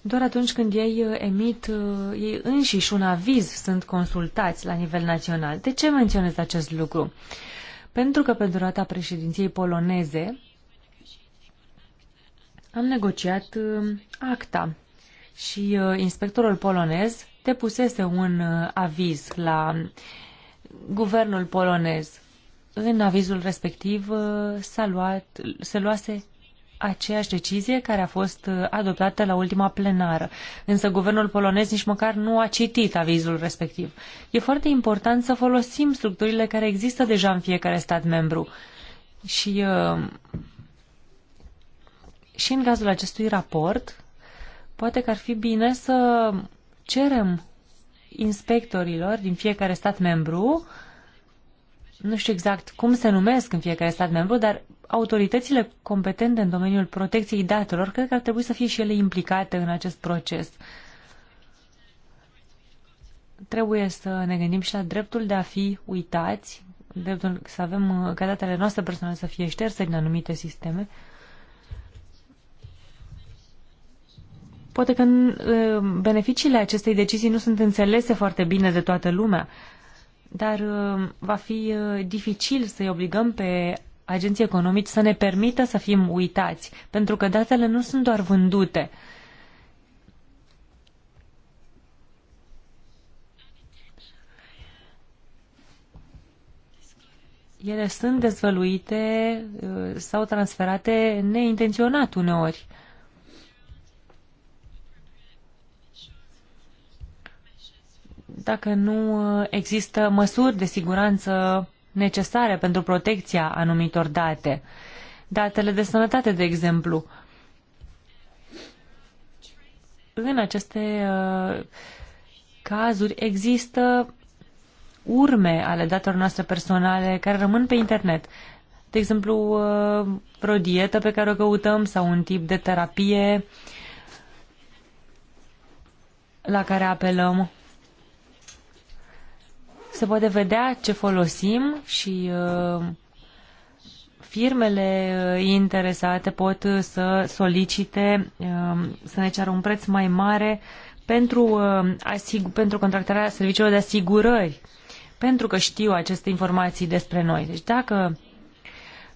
Doar atunci când ei uh, emit uh, ei înșiși un aviz sunt consultați la nivel național. De ce menționez acest lucru? Pentru că pe durata președinției poloneze am negociat acta, și uh, inspectorul polonez depusese un uh, aviz la guvernul polonez. În avizul respectiv uh, s-a luat, se luase aceeași decizie care a fost adoptată la ultima plenară. Însă guvernul polonez nici măcar nu a citit avizul respectiv. E foarte important să folosim structurile care există deja în fiecare stat membru. Și, și în cazul acestui raport, Poate că ar fi bine să cerem inspectorilor din fiecare stat membru, nu știu exact cum se numesc în fiecare stat membru, dar autoritățile competente în domeniul protecției datelor cred că ar trebui să fie și ele implicate în acest proces. Trebuie să ne gândim și la dreptul de a fi uitați, dreptul să avem ca datele noastre personale să fie șterse din anumite sisteme. Poate că uh, beneficiile acestei decizii nu sunt înțelese foarte bine de toată lumea, dar uh, va fi uh, dificil să-i obligăm pe agenții economici să ne permită să fim uitați, pentru că datele nu sunt doar vândute. Ele sunt dezvăluite sau transferate neintenționat uneori. Uh, dacă nu uh, există măsuri de siguranță necesare pentru protecția anumitor date. Datele de sănătate, de exemplu. În aceste uh, cazuri există urme ale datelor noastre personale care rămân pe internet. De exemplu, uh, o dietă pe care o căutăm sau un tip de terapie la care apelăm se poate vedea ce folosim și uh, firmele uh, interesate pot să solicite um, să ne ceară un preț mai mare pentru, uh, pentru contractarea serviciilor de asigurări, pentru că știu aceste informații despre noi. Deci dacă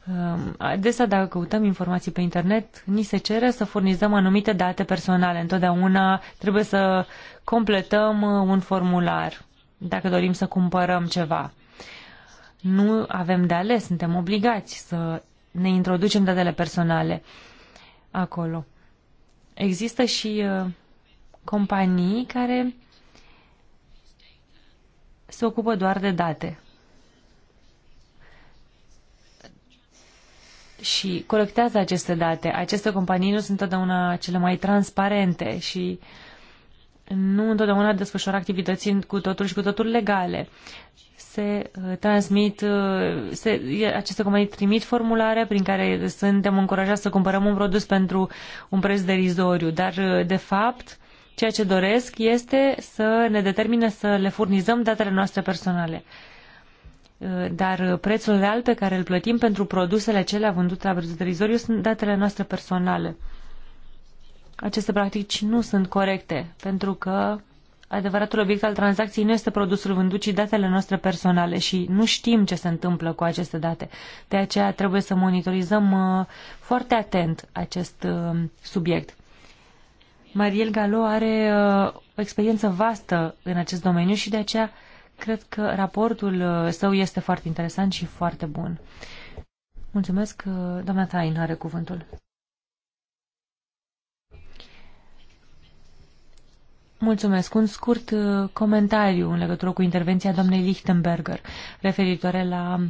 um, Adesea, dacă căutăm informații pe internet, ni se cere să furnizăm anumite date personale. Întotdeauna trebuie să completăm un formular dacă dorim să cumpărăm ceva. Nu avem de ales, suntem obligați să ne introducem datele personale acolo. Există și uh, companii care se ocupă doar de date. Și colectează aceste date. Aceste companii nu sunt întotdeauna cele mai transparente și uh, nu întotdeauna desfășoară activități cu totul și cu totul legale. Se uh, transmit, uh, se, aceste companii trimit formulare prin care suntem încurajați să cumpărăm un produs pentru un preț derizoriu, dar uh, de fapt ceea ce doresc este să ne determine să le furnizăm datele noastre personale. Dar prețul real pe care îl plătim pentru produsele acelea vândute la preț derizoriu sunt datele noastre personale aceste practici nu sunt corecte, pentru că adevăratul obiect al tranzacției nu este produsul vândut, ci datele noastre personale și nu știm ce se întâmplă cu aceste date. De aceea trebuie să monitorizăm uh, foarte atent acest uh, subiect. Mariel Galo are uh, o experiență vastă în acest domeniu și de aceea cred că raportul său este foarte interesant și foarte bun. Mulțumesc, doamna Tain are cuvântul. Mulțumesc. Un scurt uh, comentariu în legătură cu intervenția doamnei Lichtenberger referitoare la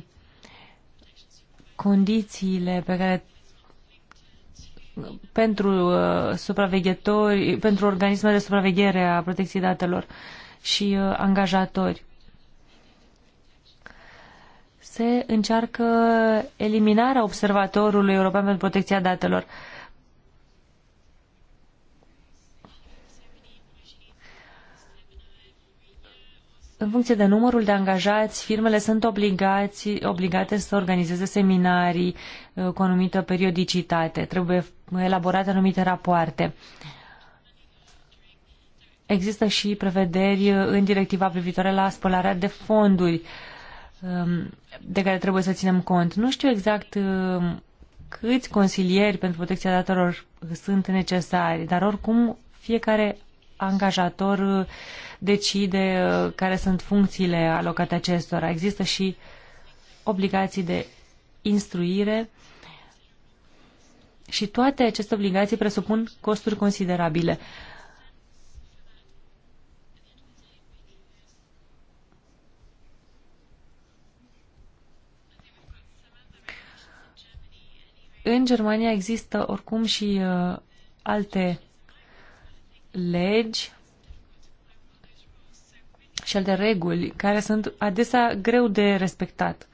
condițiile pe care pentru uh, supraveghetori, pentru organismele de supraveghere a protecției datelor și uh, angajatori. Se încearcă eliminarea observatorului european pentru protecția datelor. Uh, în funcție de numărul de angajați, firmele sunt obligați, obligate să organizeze seminarii uh, cu anumită periodicitate. Trebuie elaborate anumite rapoarte. Există și prevederi uh, în directiva privitoare la spălarea de fonduri um, de care trebuie să ținem cont. Nu știu exact uh, câți consilieri pentru protecția datelor sunt necesari, dar oricum fiecare angajator uh, decide uh, care sunt funcțiile alocate acestora. Există și obligații de instruire și toate aceste obligații presupun costuri considerabile. În Germania există oricum și uh, alte legi și alte reguli care sunt adesea greu de respectat.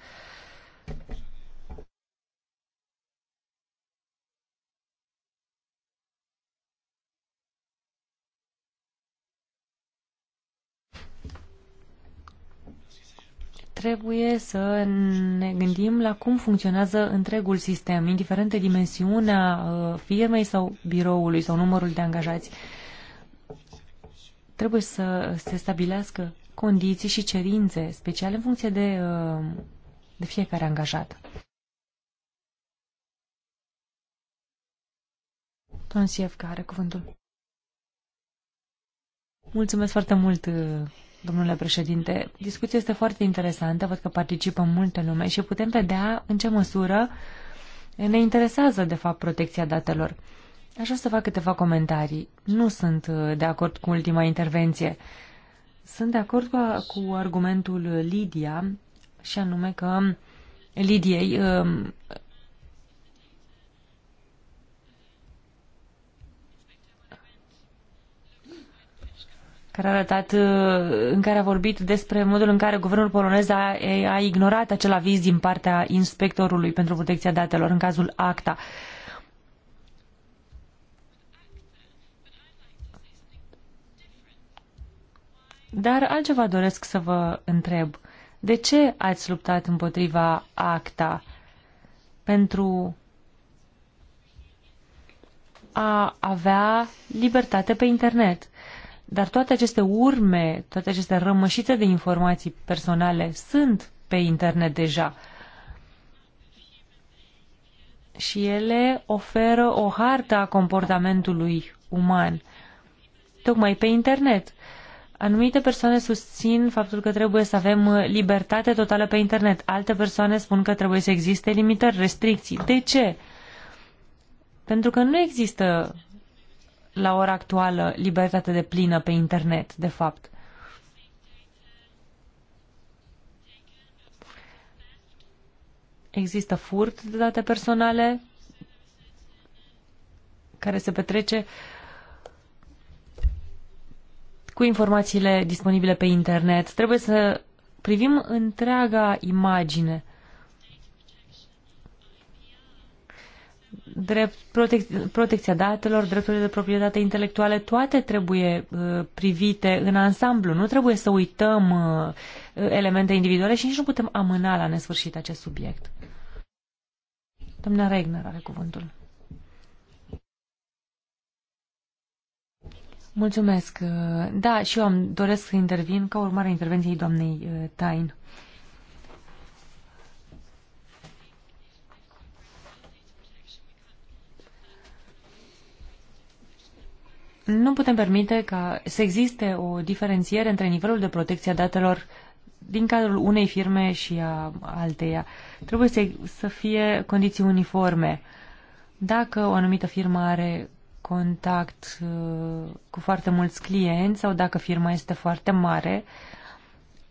trebuie să ne gândim la cum funcționează întregul sistem, indiferent de dimensiunea uh, firmei sau biroului sau numărul de angajați trebuie să se stabilească condiții și cerințe speciale în funcție de, uh, de fiecare angajat. Tonsiev, care are cuvântul. Mulțumesc foarte mult, uh, domnule președinte. Discuția este foarte interesantă, văd că participă multă lume și putem vedea în ce măsură ne interesează, de fapt, protecția datelor. Aș vrea să fac câteva comentarii. Nu sunt uh, de acord cu ultima intervenție. Sunt de acord cu argumentul Lidia și anume că Lidiei um, care a arătat, uh, în care a vorbit despre modul în care guvernul polonez a, a ignorat acel aviz din partea inspectorului pentru protecția datelor în cazul ACTA. Uh, Dar altceva doresc să vă întreb. De ce ați luptat împotriva ACTA? Pentru a avea libertate pe internet. Dar toate aceste urme, toate aceste rămășițe de informații personale sunt pe internet deja. Și ele oferă o hartă a comportamentului uman, tocmai pe internet. Uh, Anumite persoane susțin faptul că trebuie să avem uh, libertate totală pe internet. Alte persoane spun că trebuie să existe limitări, restricții. De ce? Pentru că nu există la ora actuală libertate de plină pe internet, de fapt. Există furt de date personale care se petrece uh, cu informațiile disponibile pe internet. Trebuie să privim întreaga imagine. Drept, protec- protecția datelor, drepturile de proprietate intelectuale, toate trebuie uh, privite în ansamblu. Nu trebuie să uităm uh, elemente individuale și nici nu putem amâna la nesfârșit acest subiect. Doamna Regner are cuvântul. Mulțumesc. Uh, da, și eu am doresc să intervin ca urmare a intervenției doamnei uh, Tain. Nu putem permite ca să existe o diferențiere între nivelul de protecție a datelor din cadrul unei firme și a alteia. Trebuie să, să fie condiții uniforme. Dacă o anumită firmă are contact uh, cu foarte mulți clienți sau dacă firma este foarte mare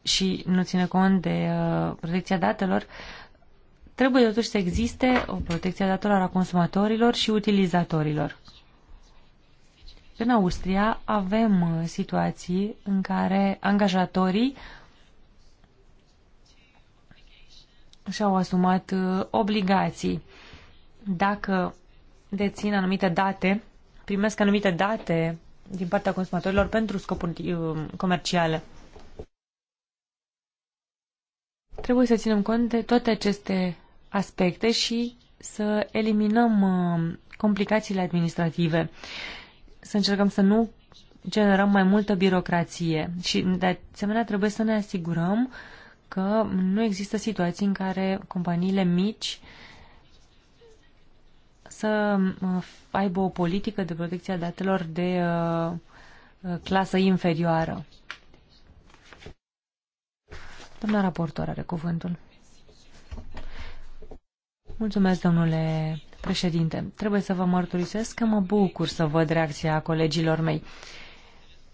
și nu ține cont de uh, protecția datelor, trebuie totuși să existe o protecție a datelor a consumatorilor și utilizatorilor. În Austria avem uh, situații în care angajatorii și-au asumat obligații. Dacă dețin anumite date primesc anumite date din partea consumatorilor pentru scopuri um, comerciale. Trebuie să ținem cont de toate aceste aspecte și să eliminăm um, complicațiile administrative, să încercăm să nu generăm mai multă birocrație și, de asemenea, trebuie să ne asigurăm că nu există situații în care companiile mici uh, să aibă o politică de protecție a datelor de uh, uh, clasă inferioară. Doamna raportor are cuvântul. Mulțumesc, domnule președinte. Trebuie să vă mărturisesc că mă bucur să văd reacția colegilor mei.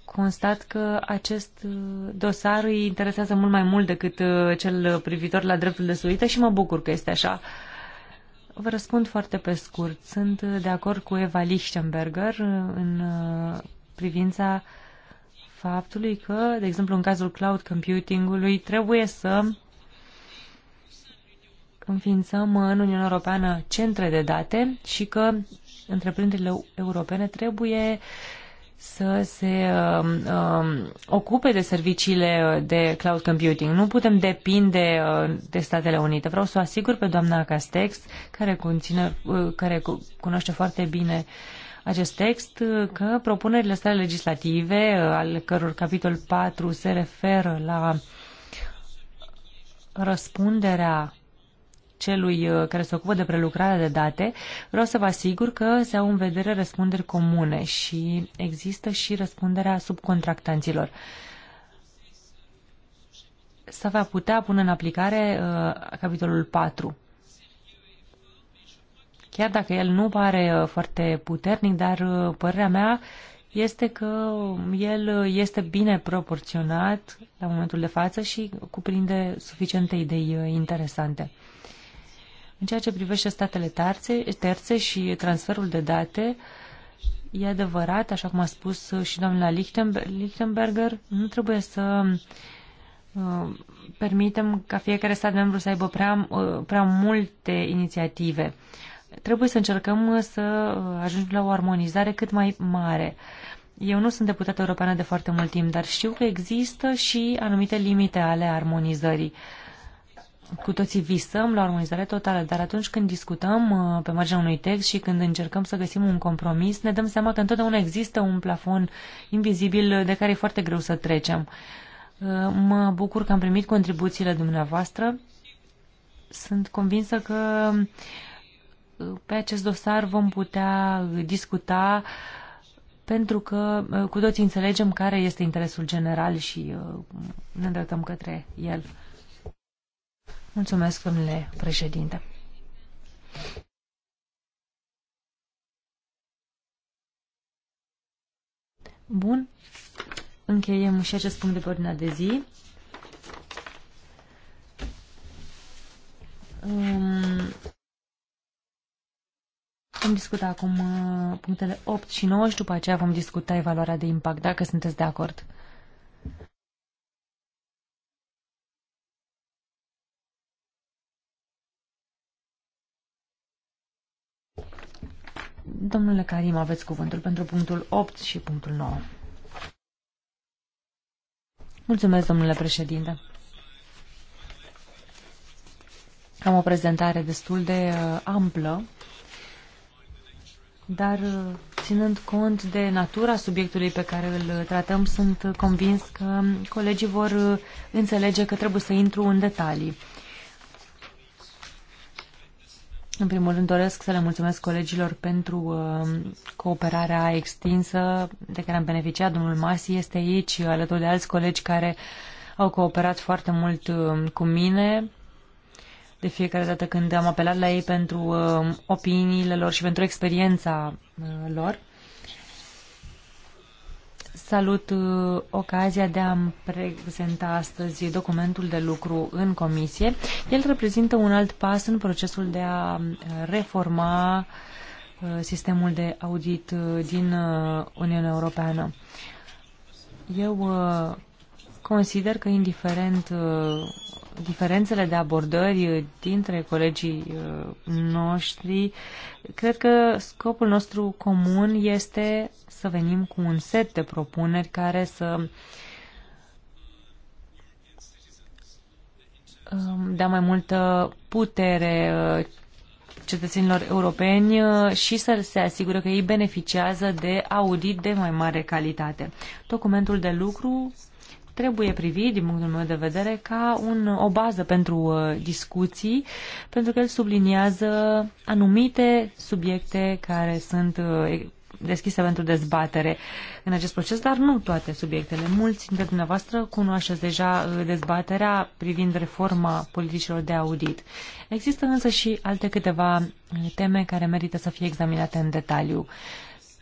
Constat că acest uh, dosar îi interesează mult mai mult decât cel privitor la dreptul de suită și mă bucur că este așa. Uh, Vă răspund foarte pe scurt. Sunt de acord cu Eva Lichtenberger în uh, privința faptului că, de exemplu, în cazul cloud computing-ului, trebuie să înființăm în Uniunea Europeană centre de date și că întreprinderile europene trebuie să se uh, uh, ocupe de serviciile uh, de cloud computing. Nu putem depinde uh, de Statele Unite. Vreau să o asigur pe doamna Castex, care, conține, uh, care cunoaște foarte bine acest text, uh, că propunerile sale legislative, uh, al căror capitol 4 se referă la răspunderea celui uh, care se ocupă de prelucrarea de date, vreau să vă asigur că se au în vedere răspunderi comune și există și răspunderea subcontractanților. Să va putea pune în aplicare uh, capitolul 4 chiar dacă el nu pare uh, foarte puternic, dar uh, părerea mea este că el este bine proporționat la momentul de față și cuprinde suficiente idei interesante. În ceea ce privește statele terțe, terțe și transferul de date, e adevărat, așa cum a spus și doamna Lichtenberger, nu trebuie să uh, permitem ca fiecare stat membru să aibă prea, uh, prea multe inițiative. Trebuie să încercăm să ajungem la o armonizare cât mai mare. Eu nu sunt deputată europeană de foarte mult timp, dar știu că există și anumite limite ale armonizării. Uh, cu toții visăm la armonizare totală, dar atunci când discutăm uh, pe marginea unui text și când încercăm să găsim un compromis, ne dăm seama că întotdeauna există un plafon invizibil de care e foarte greu să trecem. Uh, mă bucur că am primit contribuțiile dumneavoastră. Sunt convinsă că uh, pe acest dosar vom putea discuta pentru că cu toții înțelegem care este interesul general și ne îndreptăm către el. Mulțumesc, domnule președinte. Bun. Încheiem și acest punct de pe ordinea de zi. Um, vom discuta acum uh, punctele 8 și 9 și după aceea vom discuta evaluarea de impact, dacă sunteți de acord. Domnule Karim, aveți cuvântul pentru punctul 8 și punctul 9. Mulțumesc, domnule președinte. Am o prezentare destul de uh, amplă, dar uh, ținând cont de natura subiectului pe care îl uh, tratăm, sunt convins că colegii vor înțelege că trebuie să intru în detalii. În primul rând doresc să le mulțumesc colegilor pentru uh, cooperarea extinsă de care am beneficiat. Domnul Masi este aici, alături de alți colegi care au cooperat foarte mult uh, cu mine de fiecare dată când am apelat la ei pentru uh, opiniile lor și pentru experiența lor. Salut uh, ocazia de a prezenta astăzi documentul de lucru în comisie. El reprezintă un alt pas în procesul de a uh, reforma uh, sistemul de audit din Uniunea Europeană. Eu consider că indiferent diferențele de abordări dintre colegii uh, noștri, cred că scopul nostru comun este să venim cu un set de propuneri care să um, dea mai multă putere uh, cetățenilor europeni uh, și să se asigură că ei beneficiază de audit de mai mare calitate. Documentul de lucru trebuie privit, din punctul meu de vedere, ca un, o bază pentru uh, discuții, pentru că el subliniază anumite subiecte care sunt uh, deschise pentru dezbatere în acest proces, dar nu toate subiectele. Mulți dintre dumneavoastră cunoașteți deja uh, dezbaterea privind reforma politicilor de audit. Există însă și alte câteva teme care merită să fie examinate în detaliu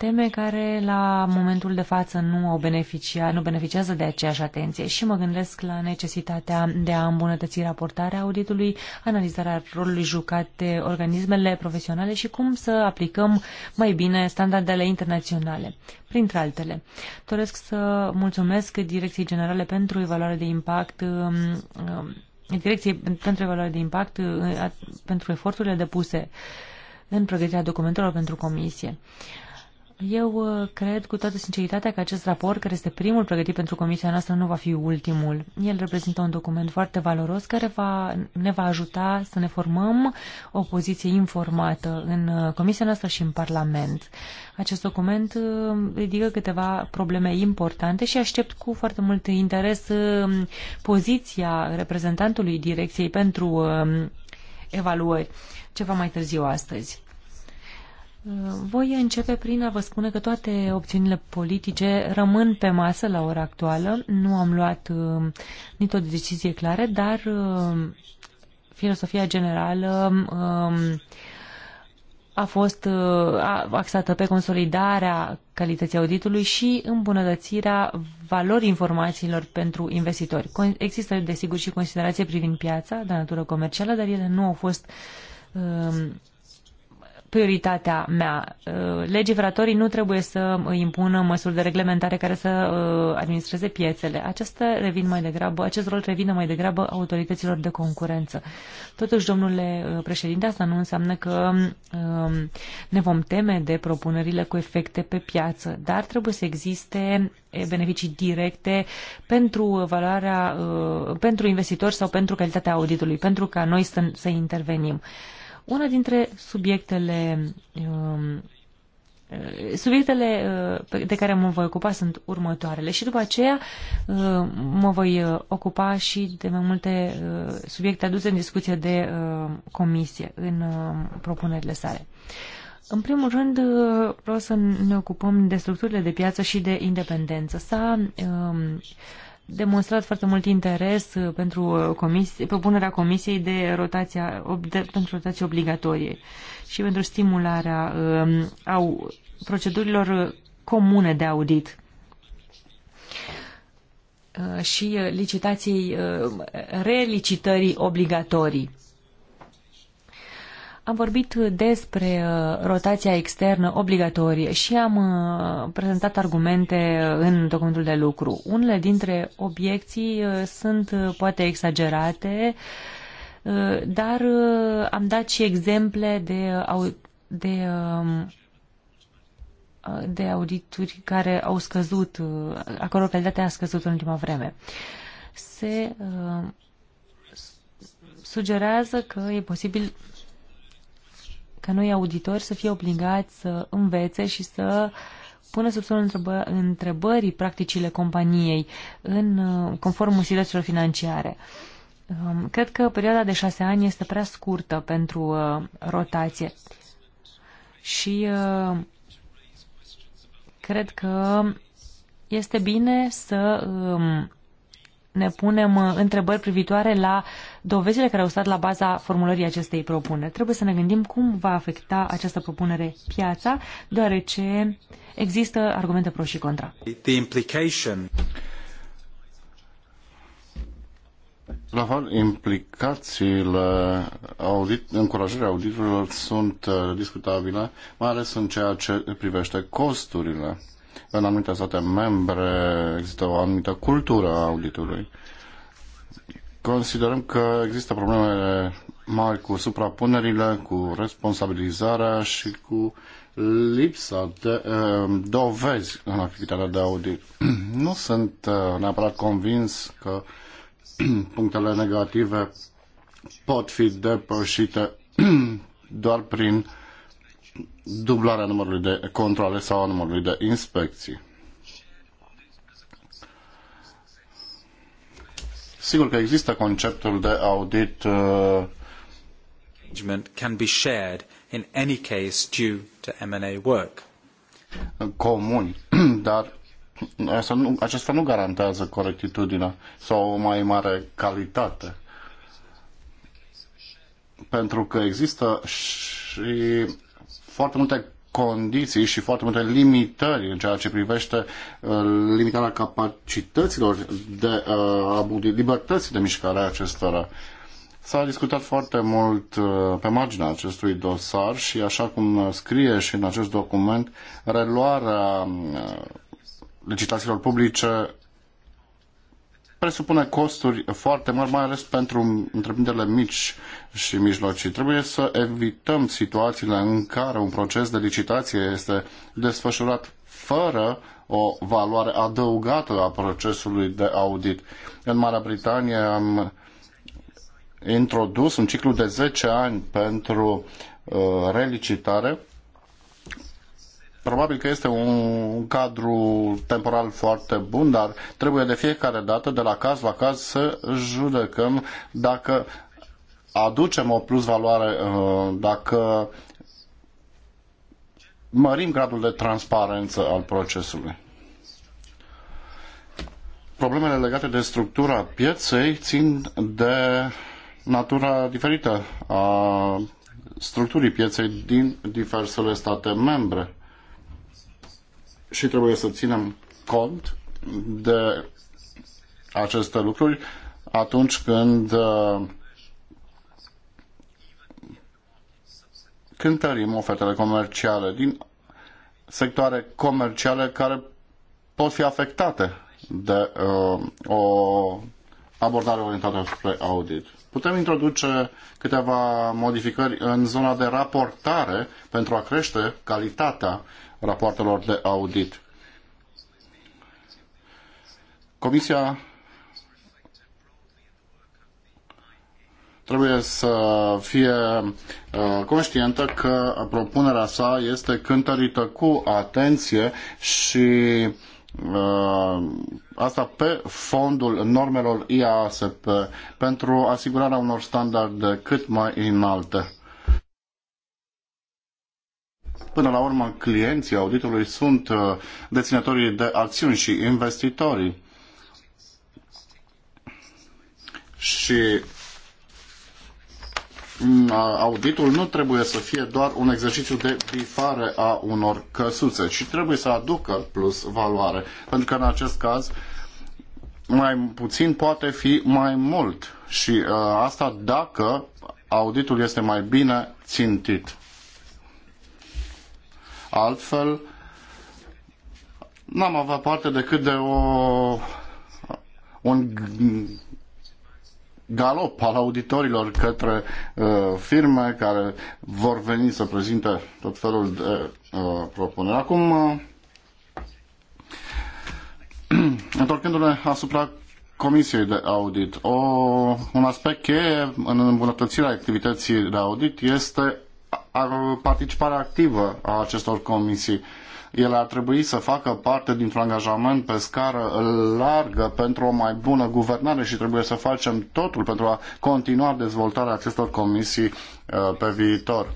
teme care la momentul de față nu, o beneficia, nu beneficiază de aceeași atenție și mă gândesc la necesitatea de a îmbunătăți raportarea auditului, analizarea rolului jucat de organismele profesionale și cum să aplicăm mai bine standardele internaționale, printre altele. Doresc să mulțumesc Direcției Generale pentru evaluare de impact um, um, Direcției pentru evaluare de impact uh, pentru eforturile depuse în pregătirea documentelor pentru comisie. Uh, eu uh, cred cu toată sinceritatea că acest raport, care este primul pregătit pentru comisia noastră, nu va fi ultimul. El reprezintă un document foarte valoros care va, ne va ajuta să ne formăm o poziție informată în uh, comisia noastră și în Parlament. Acest document uh, ridică câteva probleme importante și aștept cu foarte mult interes poziția reprezentantului Direcției pentru evaluări ceva mai târziu astăzi. Voi începe prin a vă spune că toate opțiunile politice rămân pe masă la ora actuală. Nu am luat uh, nici o decizie clară, dar uh, filosofia generală uh, a fost uh, axată pe consolidarea calității auditului și îmbunătățirea valorii informațiilor pentru investitori. Con există, desigur, și considerații privind piața de natură comercială, dar ele nu au fost uh, prioritatea mea. Uh, legiferatorii nu trebuie să impună măsuri de reglementare care să uh, administreze piețele. Acestea revin mai degrabă, acest rol revine mai degrabă autorităților de concurență. Totuși, domnule uh, președinte, asta nu înseamnă că um, ne vom teme de propunerile cu efecte pe piață, dar trebuie să existe eh, beneficii directe pentru valoarea, pentru investitori sau pentru calitatea auditului, pentru ca noi să, să intervenim. Una dintre subiectele um, uh, Subiectele uh, de care mă voi ocupa sunt următoarele și după aceea uh, mă voi ocupa și de mai multe subiecte aduse în discuție de comisie în propunerile sale. În primul rând, vreau să ne ocupăm de structurile de piață și de independență. S-a um, demonstrat foarte mult interes uh, pentru uh, comisie, propunerea Comisiei de rotația, de, pentru rotație obligatorie și pentru stimularea uh, au procedurilor uh, comune de audit și licitației, relicitării obligatorii. Am vorbit despre uh, rotația externă obligatorie și am uh, prezentat argumente în documentul de lucru. Unele dintre obiecții uh, sunt poate exagerate, dar am dat și exemple de, de, um, de audituri care au scăzut, a căror calitatea a scăzut în ultima vreme. Se sugerează că e posibil ca noi auditori să fie obligați să învețe și să pună sub semnul întrebă întrebării practicile companiei în uh, conform usilăților financiare. Um, cred că perioada de șase ani este prea scurtă pentru uh, rotație și uh, cred că este bine să um, ne punem întrebări privitoare la uh, dovezile care au stat la baza formulării acestei propuneri. Trebuie să ne gândim cum va afecta această propunere piața, deoarece există argumente pro și contra. The implication... La fel, implicațiile audit, încurajării auditurilor sunt uh, discutabile, mai ales în ceea ce privește costurile. În anumite state membre există o anumită cultură a auditului. Considerăm că există probleme mari cu suprapunerile, cu responsabilizarea și cu lipsa de uh, dovezi în activitatea de audit. Nu sunt uh, neapărat convins că punctele negative pot fi depășite doar prin dublarea numărului de controle sau a numărului de inspecții. Sigur că există conceptul de audit uh, can be shared in any case due to M&A work. Comun, dar asta nu, acesta nu garantează corectitudinea sau o mai mare calitate. Pentru că există și foarte multe condiții și foarte multe limitări în ceea ce privește uh, limitarea capacităților de uh, libertății de mișcare a acestora. S-a discutat foarte mult uh, pe marginea acestui dosar și așa cum scrie și în acest document, reluarea uh, legislațiilor publice presupune costuri foarte mari, mai ales pentru întreprinderile mici și mijlocii. Trebuie să evităm situațiile în care un proces de licitație este desfășurat fără o valoare adăugată a procesului de audit. În Marea Britanie am introdus un ciclu de 10 ani pentru uh, relicitare Probabil că este un cadru temporal foarte bun, dar trebuie de fiecare dată, de la caz la caz, să judecăm dacă aducem o plusvaloare, uh, dacă mărim gradul de transparență al procesului. Problemele legate de structura pieței țin de natura diferită a structurii pieței din diversele state membre și trebuie să ținem cont de aceste lucruri atunci când uh, cântărim ofertele comerciale din sectoare comerciale care pot fi afectate de uh, o abordare orientată spre audit. Putem introduce câteva modificări în zona de raportare pentru a crește calitatea rapoartelor de audit. Comisia trebuie să fie uh, conștientă că propunerea sa este cântărită cu atenție și uh, asta pe fondul normelor IASP pentru asigurarea unor standarde cât mai înalte. Până la urmă, clienții auditului sunt uh, deținătorii de acțiuni și investitorii. Și mm, auditul nu trebuie să fie doar un exercițiu de bifare a unor căsuțe, ci trebuie să aducă plus valoare. Pentru că în acest caz mai puțin poate fi mai mult și uh, asta dacă auditul este mai bine țintit. Altfel, n-am avea parte decât de o, un galop al auditorilor către uh, firme care vor veni să prezinte tot felul de uh, propuneri. Acum, uh, întorcându-ne asupra Comisiei de Audit, o, un aspect cheie în îmbunătățirea activității de audit este participare activă a acestor comisii. Ele ar trebui să facă parte dintr-un angajament pe scară largă pentru o mai bună guvernare și trebuie să facem totul pentru a continua dezvoltarea acestor comisii uh, pe viitor.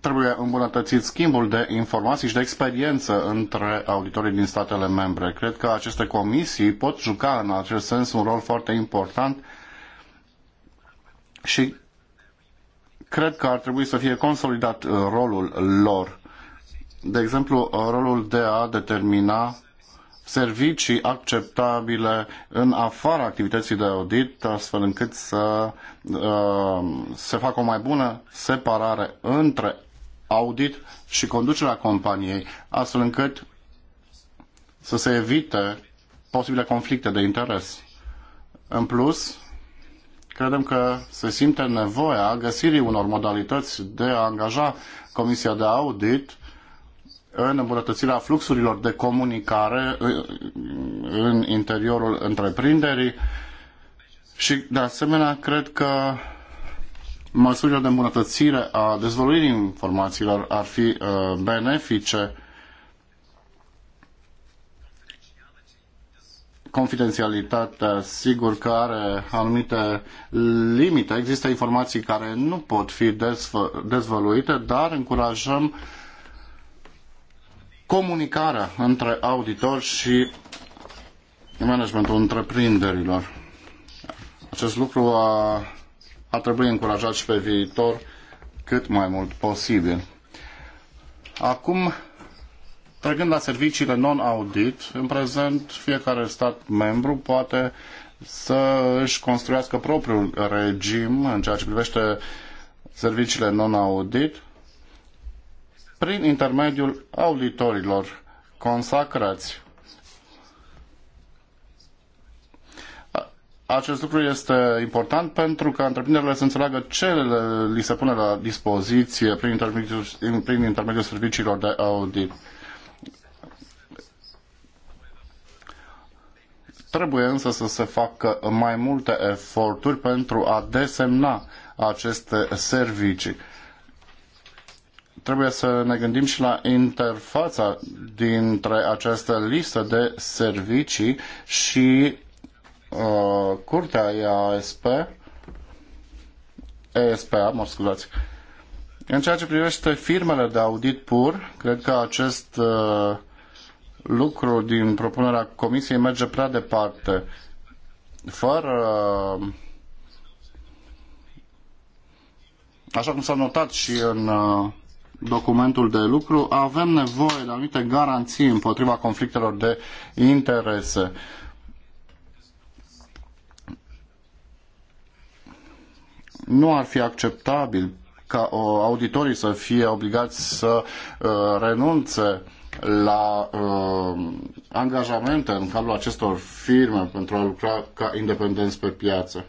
trebuie îmbunătățit schimbul de informații și de experiență între auditorii din statele membre. Cred că aceste comisii pot juca în acest sens un rol foarte important și cred că ar trebui să fie consolidat uh, rolul lor. De exemplu, uh, rolul de a determina servicii acceptabile în afara activității de audit, astfel încât să uh, se facă o mai bună separare între audit și conducerea companiei, astfel încât să se evite posibile conflicte de interes. În plus, credem că se simte nevoia găsirii unor modalități de a angaja Comisia de Audit în îmbunătățirea fluxurilor de comunicare uh, în interiorul întreprinderii și, de asemenea, cred că măsurile de îmbunătățire a dezvăluirii informațiilor ar fi uh, benefice confidențialitatea sigur că are anumite limite. Există informații care nu pot fi dezvă, dezvăluite, dar încurajăm comunicarea între auditor și managementul întreprinderilor. Acest lucru a, a trebui încurajat și pe viitor cât mai mult posibil. Acum Trecând la serviciile non-audit, în prezent fiecare stat membru poate să își construiască propriul regim în ceea ce privește serviciile non-audit prin intermediul auditorilor consacrați. Acest lucru este important pentru ca întreprinderile să înțeleagă ce li se pune la dispoziție prin intermediul, prin intermediul serviciilor de audit. Trebuie însă să se facă mai multe eforturi pentru a desemna aceste servicii. Trebuie să ne gândim și la interfața dintre această listă de servicii și uh, curtea ESP, ESPA, mă scuzați. În ceea ce privește firmele de audit pur, cred că acest uh, lucru din propunerea Comisiei merge prea departe. Fără așa cum s-a notat și în uh, documentul de lucru, avem nevoie de anumite garanții împotriva conflictelor de interese. Nu ar fi acceptabil ca auditorii să fie obligați să uh, renunțe la uh, angajamente în cadrul acestor firme pentru a lucra ca independenți pe piață.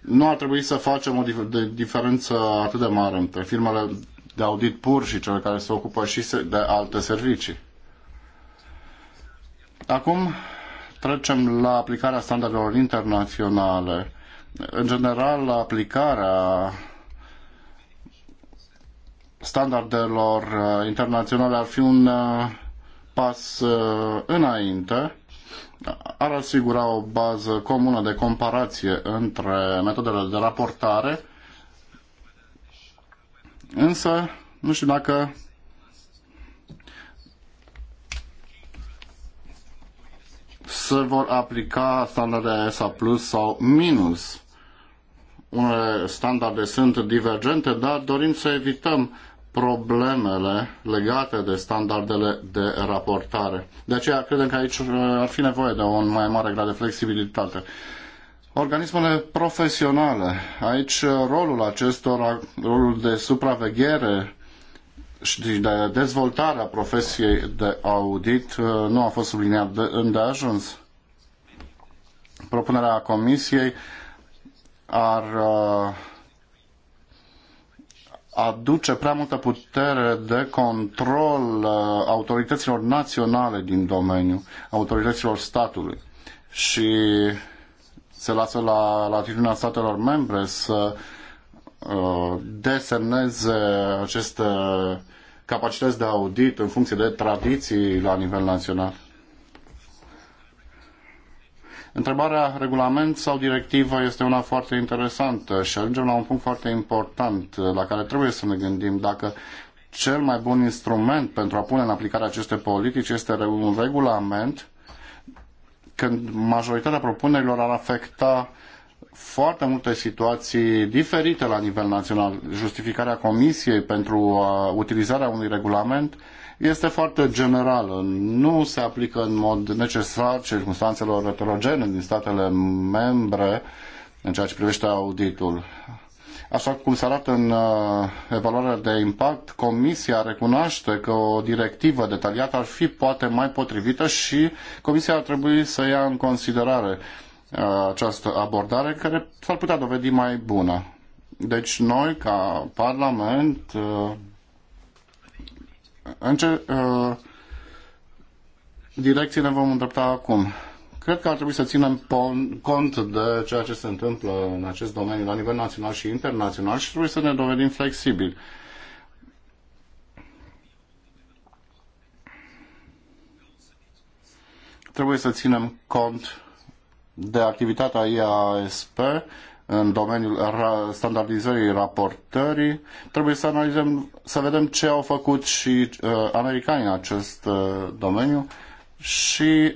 Nu ar trebui să facem o dif- diferență atât de mare între firmele de audit pur și cele care se ocupă și de alte servicii. Acum trecem la aplicarea standardelor internaționale. În general, aplicarea standardelor uh, internaționale ar fi un uh, pas uh, înainte, ar asigura o bază comună de comparație între metodele de raportare, însă nu știu dacă se vor aplica standarde ESA plus sau minus. Unele standarde sunt divergente, dar dorim să evităm problemele legate de standardele de raportare. De aceea credem că aici uh, ar fi nevoie de un mai mare grad de flexibilitate. Organismele profesionale. Aici uh, rolul acestora, uh, rolul de supraveghere și de dezvoltare a profesiei de audit nu a fost subliniat de îndeajuns. Propunerea Comisiei ar uh, aduce prea multă putere de control uh, autorităților naționale din domeniu, autorităților statului și se lasă la latitudinea statelor membre să uh, desemneze aceste capacități de audit în funcție de tradiții la nivel național. Întrebarea regulament sau directivă este una foarte interesantă și ajungem la un punct foarte important uh, la care trebuie să ne gândim dacă cel mai bun instrument pentru a pune în aplicare aceste politici este un regulament când majoritatea propunerilor ar afecta foarte multe situații diferite la nivel național. Justificarea Comisiei pentru uh, utilizarea unui regulament uh, este foarte generală. Nu se aplică în mod necesar circunstanțelor heterogene din statele membre în ceea ce privește auditul. Așa cum se arată în uh, evaluarea de impact, Comisia recunoaște că o directivă detaliată ar fi poate mai potrivită și Comisia ar trebui să ia în considerare uh, această abordare care s-ar putea dovedi mai bună. Deci noi, ca Parlament, uh, în ce uh, direcție ne vom îndrepta acum? Cred că ar trebui să ținem cont de ceea ce se întâmplă în acest domeniu la nivel național și internațional și trebuie să ne dovedim flexibili. Trebuie să ținem cont de activitatea IASP în domeniul standardizării raportării, trebuie să analizăm, să vedem ce au făcut și uh, americanii în acest uh, domeniu și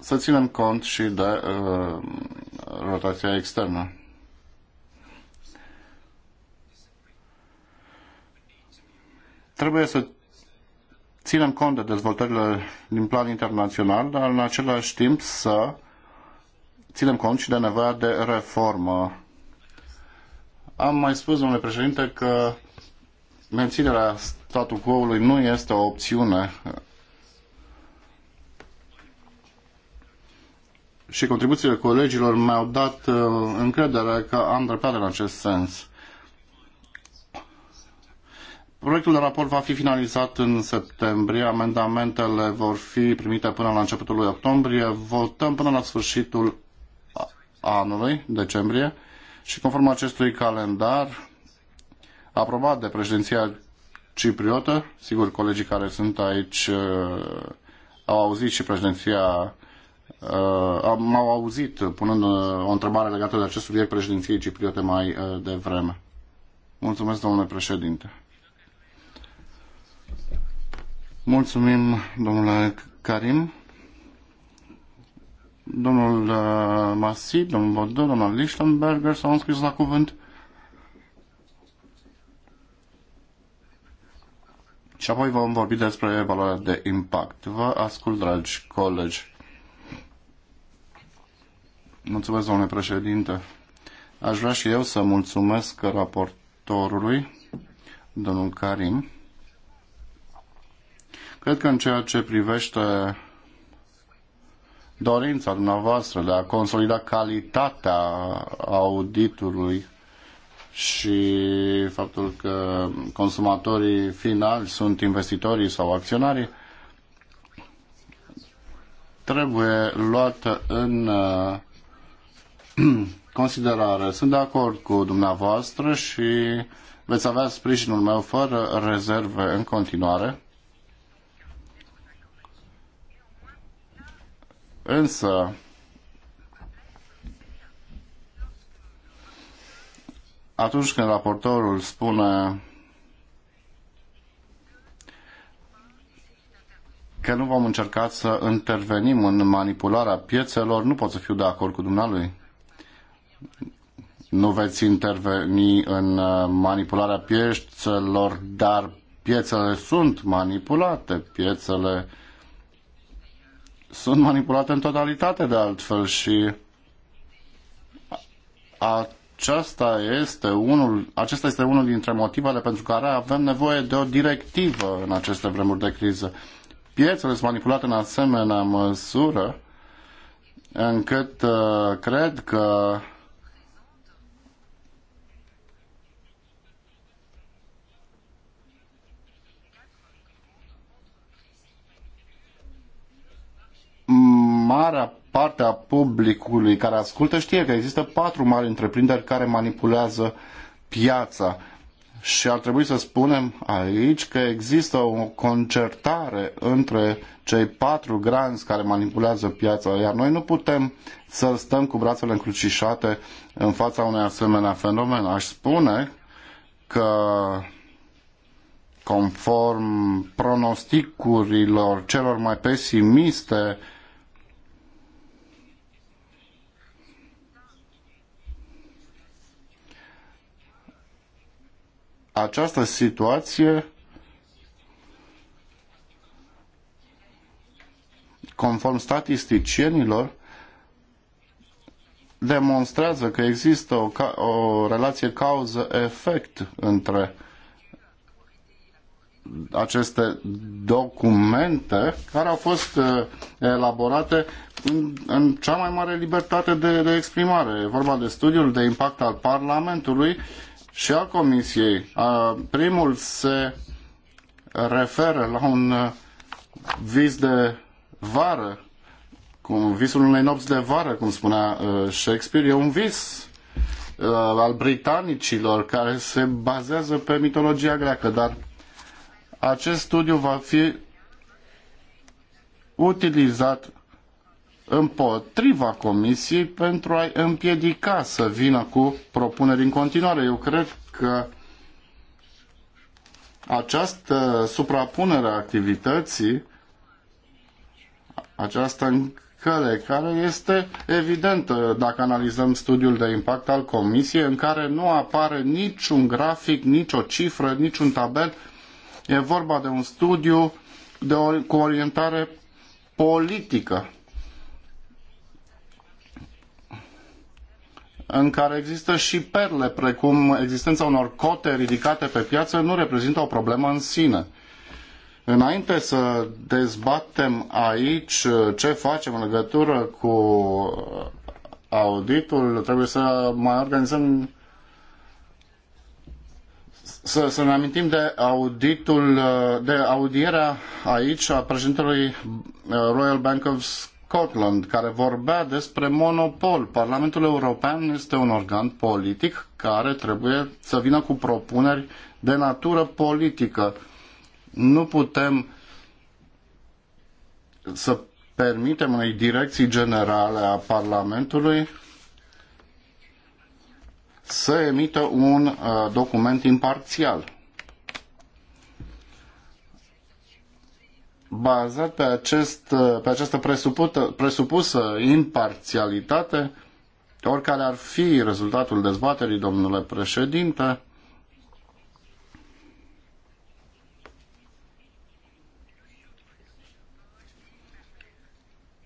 să ținem cont și de uh, rotația externă. Trebuie să ținem cont de dezvoltările din plan internațional, dar în același timp să ținem cont și de nevoia de reformă. Am mai spus, domnule președinte, că menținerea statul quo-ului nu este o opțiune și contribuțiile colegilor mi-au dat uh, încredere că am dreptate în acest sens. Proiectul de raport va fi finalizat în septembrie, amendamentele vor fi primite până la începutul lui octombrie, votăm până la sfârșitul anului, decembrie, și conform acestui calendar aprobat de președinția cipriotă, sigur, colegii care sunt aici uh, au auzit și președinția uh, m-au auzit punând uh, o întrebare legată de acest subiect președinției cipriote mai devreme. Mulțumesc, domnule președinte. Mulțumim, domnule Karim. Domnul uh, Masip, domnul Bodor, domnul Lichtenberger s-au înscris la cuvânt. Și apoi vom vorbi despre evaluarea de impact. Vă ascult, dragi colegi. Mulțumesc, domnule președinte. Aș vrea și eu să mulțumesc raportorului, domnul Karim. Cred că în ceea ce privește dorința dumneavoastră de a consolida calitatea auditului și faptul că consumatorii finali sunt investitorii sau acționarii trebuie luată în uh, considerare. Sunt de acord cu dumneavoastră și veți avea sprijinul meu fără rezerve în continuare. Însă, atunci când raportorul spune că nu vom încerca să intervenim în manipularea piețelor, nu pot să fiu de acord cu dumnealui. Nu veți interveni în uh, manipularea piețelor, dar piețele sunt manipulate, piețele sunt manipulate în totalitate de altfel și aceasta este unul, acesta este unul dintre motivele pentru care avem nevoie de o directivă în aceste vremuri de criză. Piețele sunt manipulate în asemenea măsură încât uh, cred că marea parte a publicului care ascultă știe că există patru mari întreprinderi care manipulează piața. Și ar trebui să spunem aici că există o concertare între cei patru granzi care manipulează piața, iar noi nu putem să stăm cu brațele încrucișate în fața unui asemenea fenomen. Aș spune că conform pronosticurilor celor mai pesimiste această situație conform statisticienilor demonstrează că există o, ca- o relație cauză-efect între aceste documente care au fost uh, elaborate în, în cea mai mare libertate de, de exprimare. E vorba de studiul de impact al Parlamentului și a Comisiei. Primul se referă la un uh, vis de vară, cum visul unei nopți de vară, cum spunea uh, Shakespeare, e un vis uh, al britanicilor care se bazează pe mitologia greacă, dar acest studiu va fi utilizat împotriva Comisiei pentru a-i împiedica să vină cu propuneri în continuare. Eu cred că această suprapunere a activității, această încălecare este evidentă dacă analizăm studiul de impact al Comisiei, în care nu apare niciun grafic, nicio cifră, niciun tabel. E vorba de un studiu de, cu orientare politică în care există și perle, precum existența unor cote ridicate pe piață, nu reprezintă o problemă în sine. Înainte să dezbatem aici uh, ce facem în legătură cu uh, auditul, trebuie să mai organizăm să, să ne amintim de auditul, uh, de audierea aici a președintelui Royal Bank of Scotland, care vorbea despre monopol. Parlamentul European este un organ politic care trebuie să vină cu propuneri de natură politică. Nu putem să permitem unei direcții generale a Parlamentului să emită un uh, document imparțial. bazat pe, acest, pe această presupută, presupusă imparțialitate, oricare ar fi rezultatul dezbaterii, domnule președinte,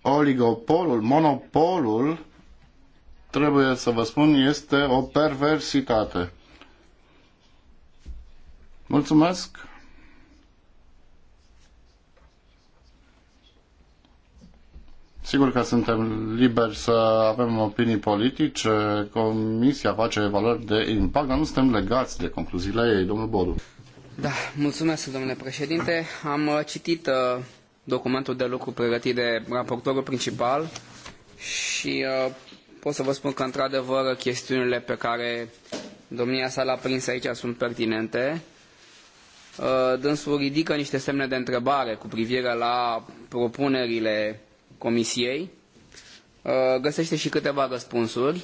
oligopolul, monopolul, trebuie să vă spun, este o perversitate. Mulțumesc! Sigur că suntem liberi să avem opinii politice, comisia face evaluări de impact, dar nu suntem legați de concluziile ei, domnul Bodu. Da, mulțumesc, domnule președinte. Am uh, citit uh, documentul de lucru pregătit de raportorul principal și uh, pot să vă spun că, într-adevăr, chestiunile pe care domnia sa l-a prins aici sunt pertinente. Uh, dânsul ridică niște semne de întrebare cu privire la propunerile Comisiei. Uh, găsește și câteva răspunsuri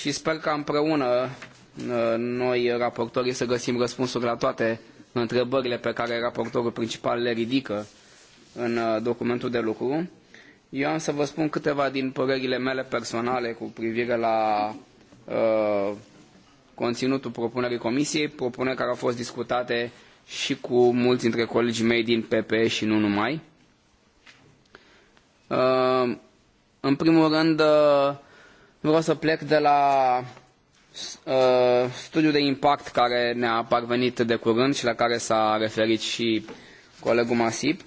și sper că împreună uh, noi, raportorii, să găsim răspunsuri la toate întrebările pe care raportorul principal le ridică în uh, documentul de lucru. Eu am să vă spun câteva din părerile mele personale cu privire la uh, conținutul propunerii comisiei, propuneri care au fost discutate și cu mulți dintre colegii mei din PPE și nu numai. Uh, în primul rând, uh, vreau să plec de la uh, studiul de impact care ne-a parvenit de curând și la care s-a referit și colegul Masip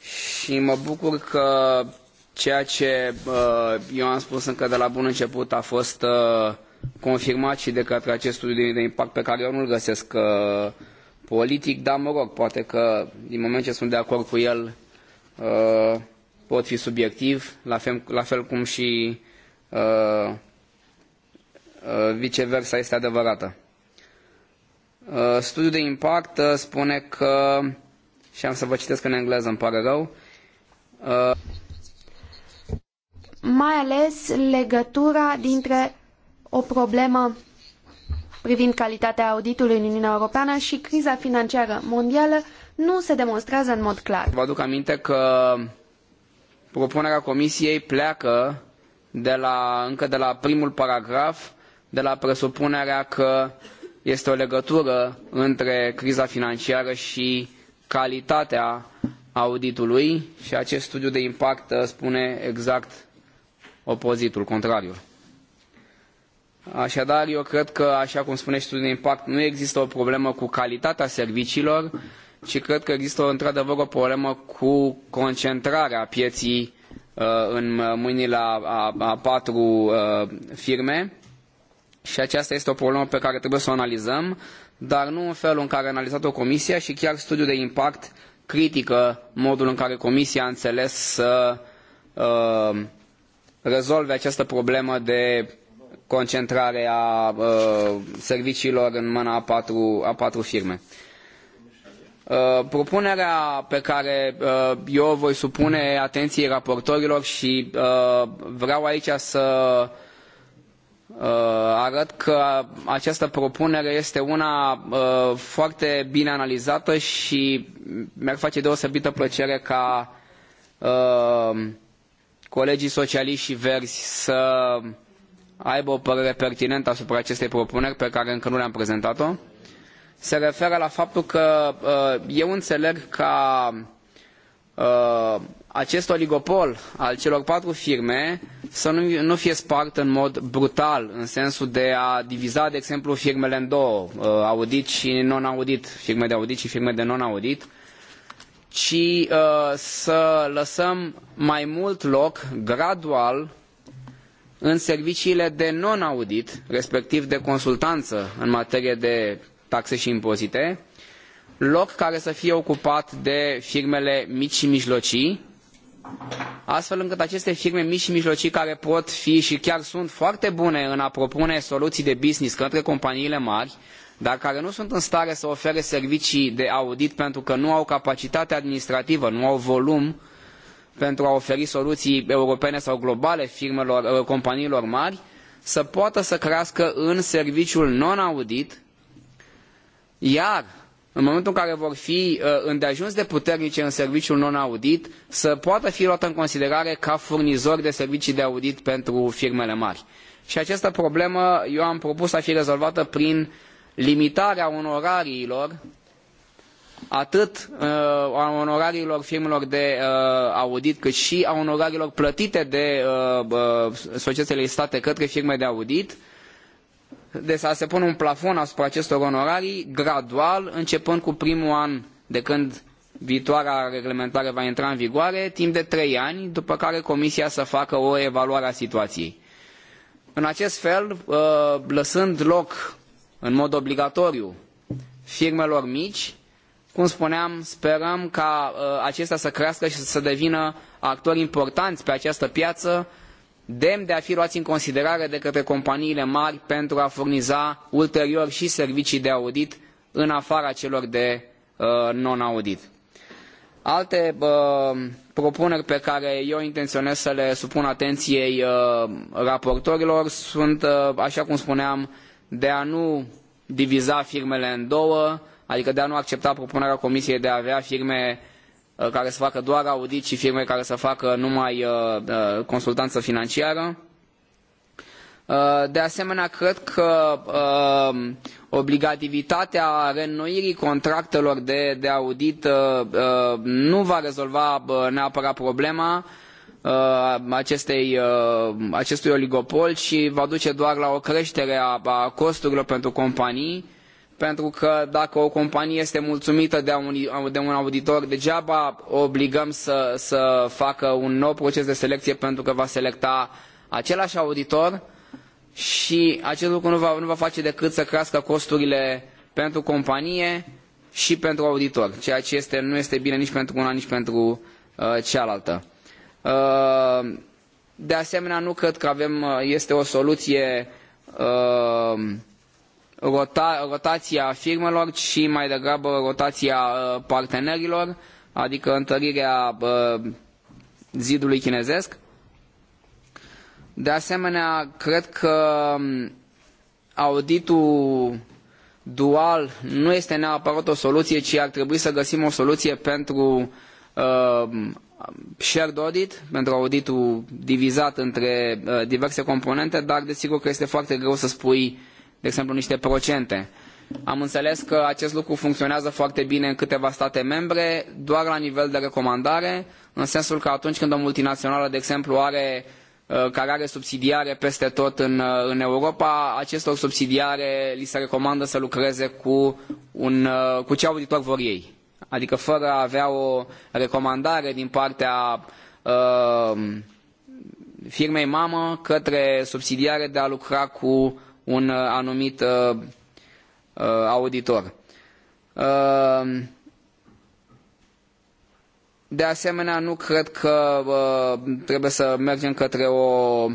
și mă bucur că ceea ce eu am spus încă de la bun început a fost confirmat și de către acest studiu de impact pe care eu nu-l găsesc politic, dar mă rog, poate că din moment ce sunt de acord cu el pot fi subiectiv, la fel, la fel cum și uh, uh viceversa este adevărată. Uh, studiul de impact uh, spune că, și am să vă citesc în engleză, îmi pare rău, mai ales legătura dintre o problemă privind calitatea auditului în Uniunea Europeană și criza financiară mondială nu se demonstrează în mod clar. Vă aduc aminte că propunerea Comisiei pleacă de la, încă de la primul paragraf, de la presupunerea că este o legătură între criza financiară și calitatea auditului și acest studiu de impact uh, spune exact opozitul, contrariul. Așadar, eu cred că, așa cum spune și studiul de impact, nu există o problemă cu calitatea serviciilor, ci cred că există într-adevăr o problemă cu concentrarea pieții uh, în uh, mâinile a, a, a patru uh, firme și aceasta este o problemă pe care trebuie să o analizăm, dar nu în felul în care a analizat-o Comisia și chiar studiul de impact critică modul în care Comisia a înțeles să uh, rezolve această problemă de concentrare a uh, serviciilor în mâna a patru, a patru firme. Uh, propunerea pe care uh, eu o voi supune atenției raportorilor și uh, vreau aici să arăt că această propunere este una foarte bine analizată și mi-ar face deosebită plăcere ca colegii socialiști și verzi să aibă o părere pertinentă asupra acestei propuneri pe care încă nu le-am prezentat-o se referă la faptul că uh, eu înțeleg ca uh, acest oligopol al celor patru firme să nu, nu fie spart în mod brutal, în sensul de a diviza, de exemplu, firmele în două, uh, audit și non-audit, firme de audit și firme de non-audit, ci să lăsăm mai mult loc, gradual, în serviciile de non-audit, respectiv de consultanță în materie de taxe și impozite, loc care să fie ocupat de firmele mici și mijlocii, astfel încât aceste firme mici și mijlocii care pot fi și chiar sunt foarte bune în a propune soluții de business către companiile mari, dar care nu sunt în stare să ofere servicii de audit pentru că nu au capacitate administrativă, nu au volum pentru a oferi soluții europene sau globale firmelor, ă, companiilor mari, să poată să crească în serviciul non-audit iar în momentul în care vor fi uh, îndeajuns de puternice în serviciul non-audit, să poată fi luată în considerare ca furnizor de servicii de audit pentru firmele mari. Și această problemă eu am propus să fie rezolvată prin limitarea onorariilor atât uh, a onorariilor firmelor de uh, audit cât și a onorariilor plătite de societățile state către firme de audit uh, de a se pune un plafon asupra acestor onorarii gradual, începând cu primul an de când viitoarea reglementare va intra în vigoare, timp de trei ani, după care Comisia să facă o evaluare a situației. În acest fel, uh, lăsând loc în mod obligatoriu firmelor mici, cum spuneam, sperăm ca uh, acestea să crească și să devină actori importanți pe această piață, demn de a fi luați în considerare de către companiile mari pentru a furniza ulterior și servicii de audit în afara celor de uh, non-audit. Alte uh, propuneri pe care eu intenționez să le supun atenției uh, raportorilor sunt, uh, așa cum spuneam, de a nu diviza firmele în două, adică de a nu accepta propunerea Comisiei de a avea firme Uh, care să facă doar audit și firme care să facă numai uh, uh, consultanță financiară. De asemenea, cred că obligativitatea reînnoirii contractelor de, de audit nu va rezolva neapărat problema acestei, acestui oligopol și va duce doar la o creștere a, a costurilor pentru companii pentru că dacă o companie este mulțumită de un, de un auditor, degeaba obligăm să, să facă un nou proces de selecție pentru că va selecta același auditor și acest lucru nu va, nu va face decât să crească costurile pentru companie și pentru auditor, ceea ce este, nu este bine nici pentru una, nici pentru uh, cealaltă. Uh, de asemenea, nu cred că avem, uh, este o soluție uh, rota, rotația firmelor, ci mai degrabă rotația uh, partenerilor, adică întărirea uh, zidului chinezesc. De asemenea, cred că um, auditul dual nu este neapărat o soluție, ci ar trebui să găsim o soluție pentru uh, shared audit, pentru auditul divizat între uh, diverse componente, dar desigur că este foarte greu să spui de exemplu, niște procente. Am înțeles că acest lucru funcționează foarte bine în câteva state membre, doar la nivel de recomandare, în sensul că atunci când o multinațională, de exemplu, are uh, care are subsidiare peste tot în, uh, în, Europa, acestor subsidiare li se recomandă să lucreze cu, un, uh, cu ce auditor vor ei. Adică fără a avea o recomandare din partea uh, firmei mamă către subsidiare de a lucra cu un uh, anumit uh, uh, auditor. De asemenea, nu cred că trebuie să mergem către o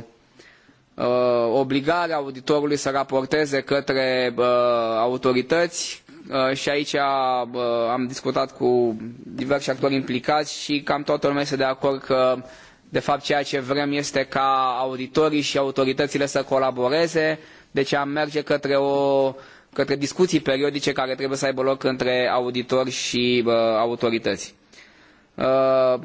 obligare a auditorului să raporteze către autorități și aici am discutat cu diversi actori implicați și cam toată lumea este de acord că de fapt ceea ce vrem este ca auditorii și autoritățile să colaboreze uh, deci am merge către, o, către discuții periodice care trebuie să aibă loc între auditori și uh, autorități. Uh,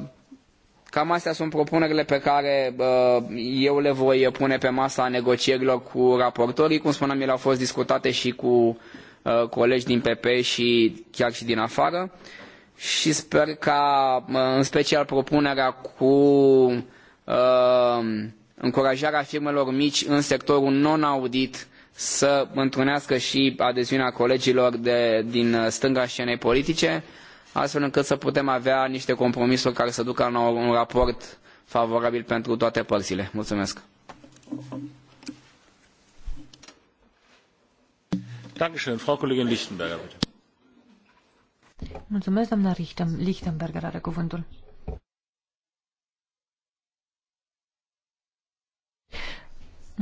Cam astea sunt propunerile pe care uh, eu le voi pune pe masa negocierilor cu raportorii. Cum spuneam, ele au fost discutate și cu uh, colegi din PP și chiar și din afară. Și sper ca, uh, în special, propunerea cu uh, încurajarea firmelor mici în sectorul non-audit să întrunească și adeziunea colegilor de, din stânga scenei politice, astfel încât să putem avea niște compromisuri care să ducă la un raport favorabil pentru toate părțile. Mulțumesc! Mulțumesc, doamna Lichtenberger are cuvântul.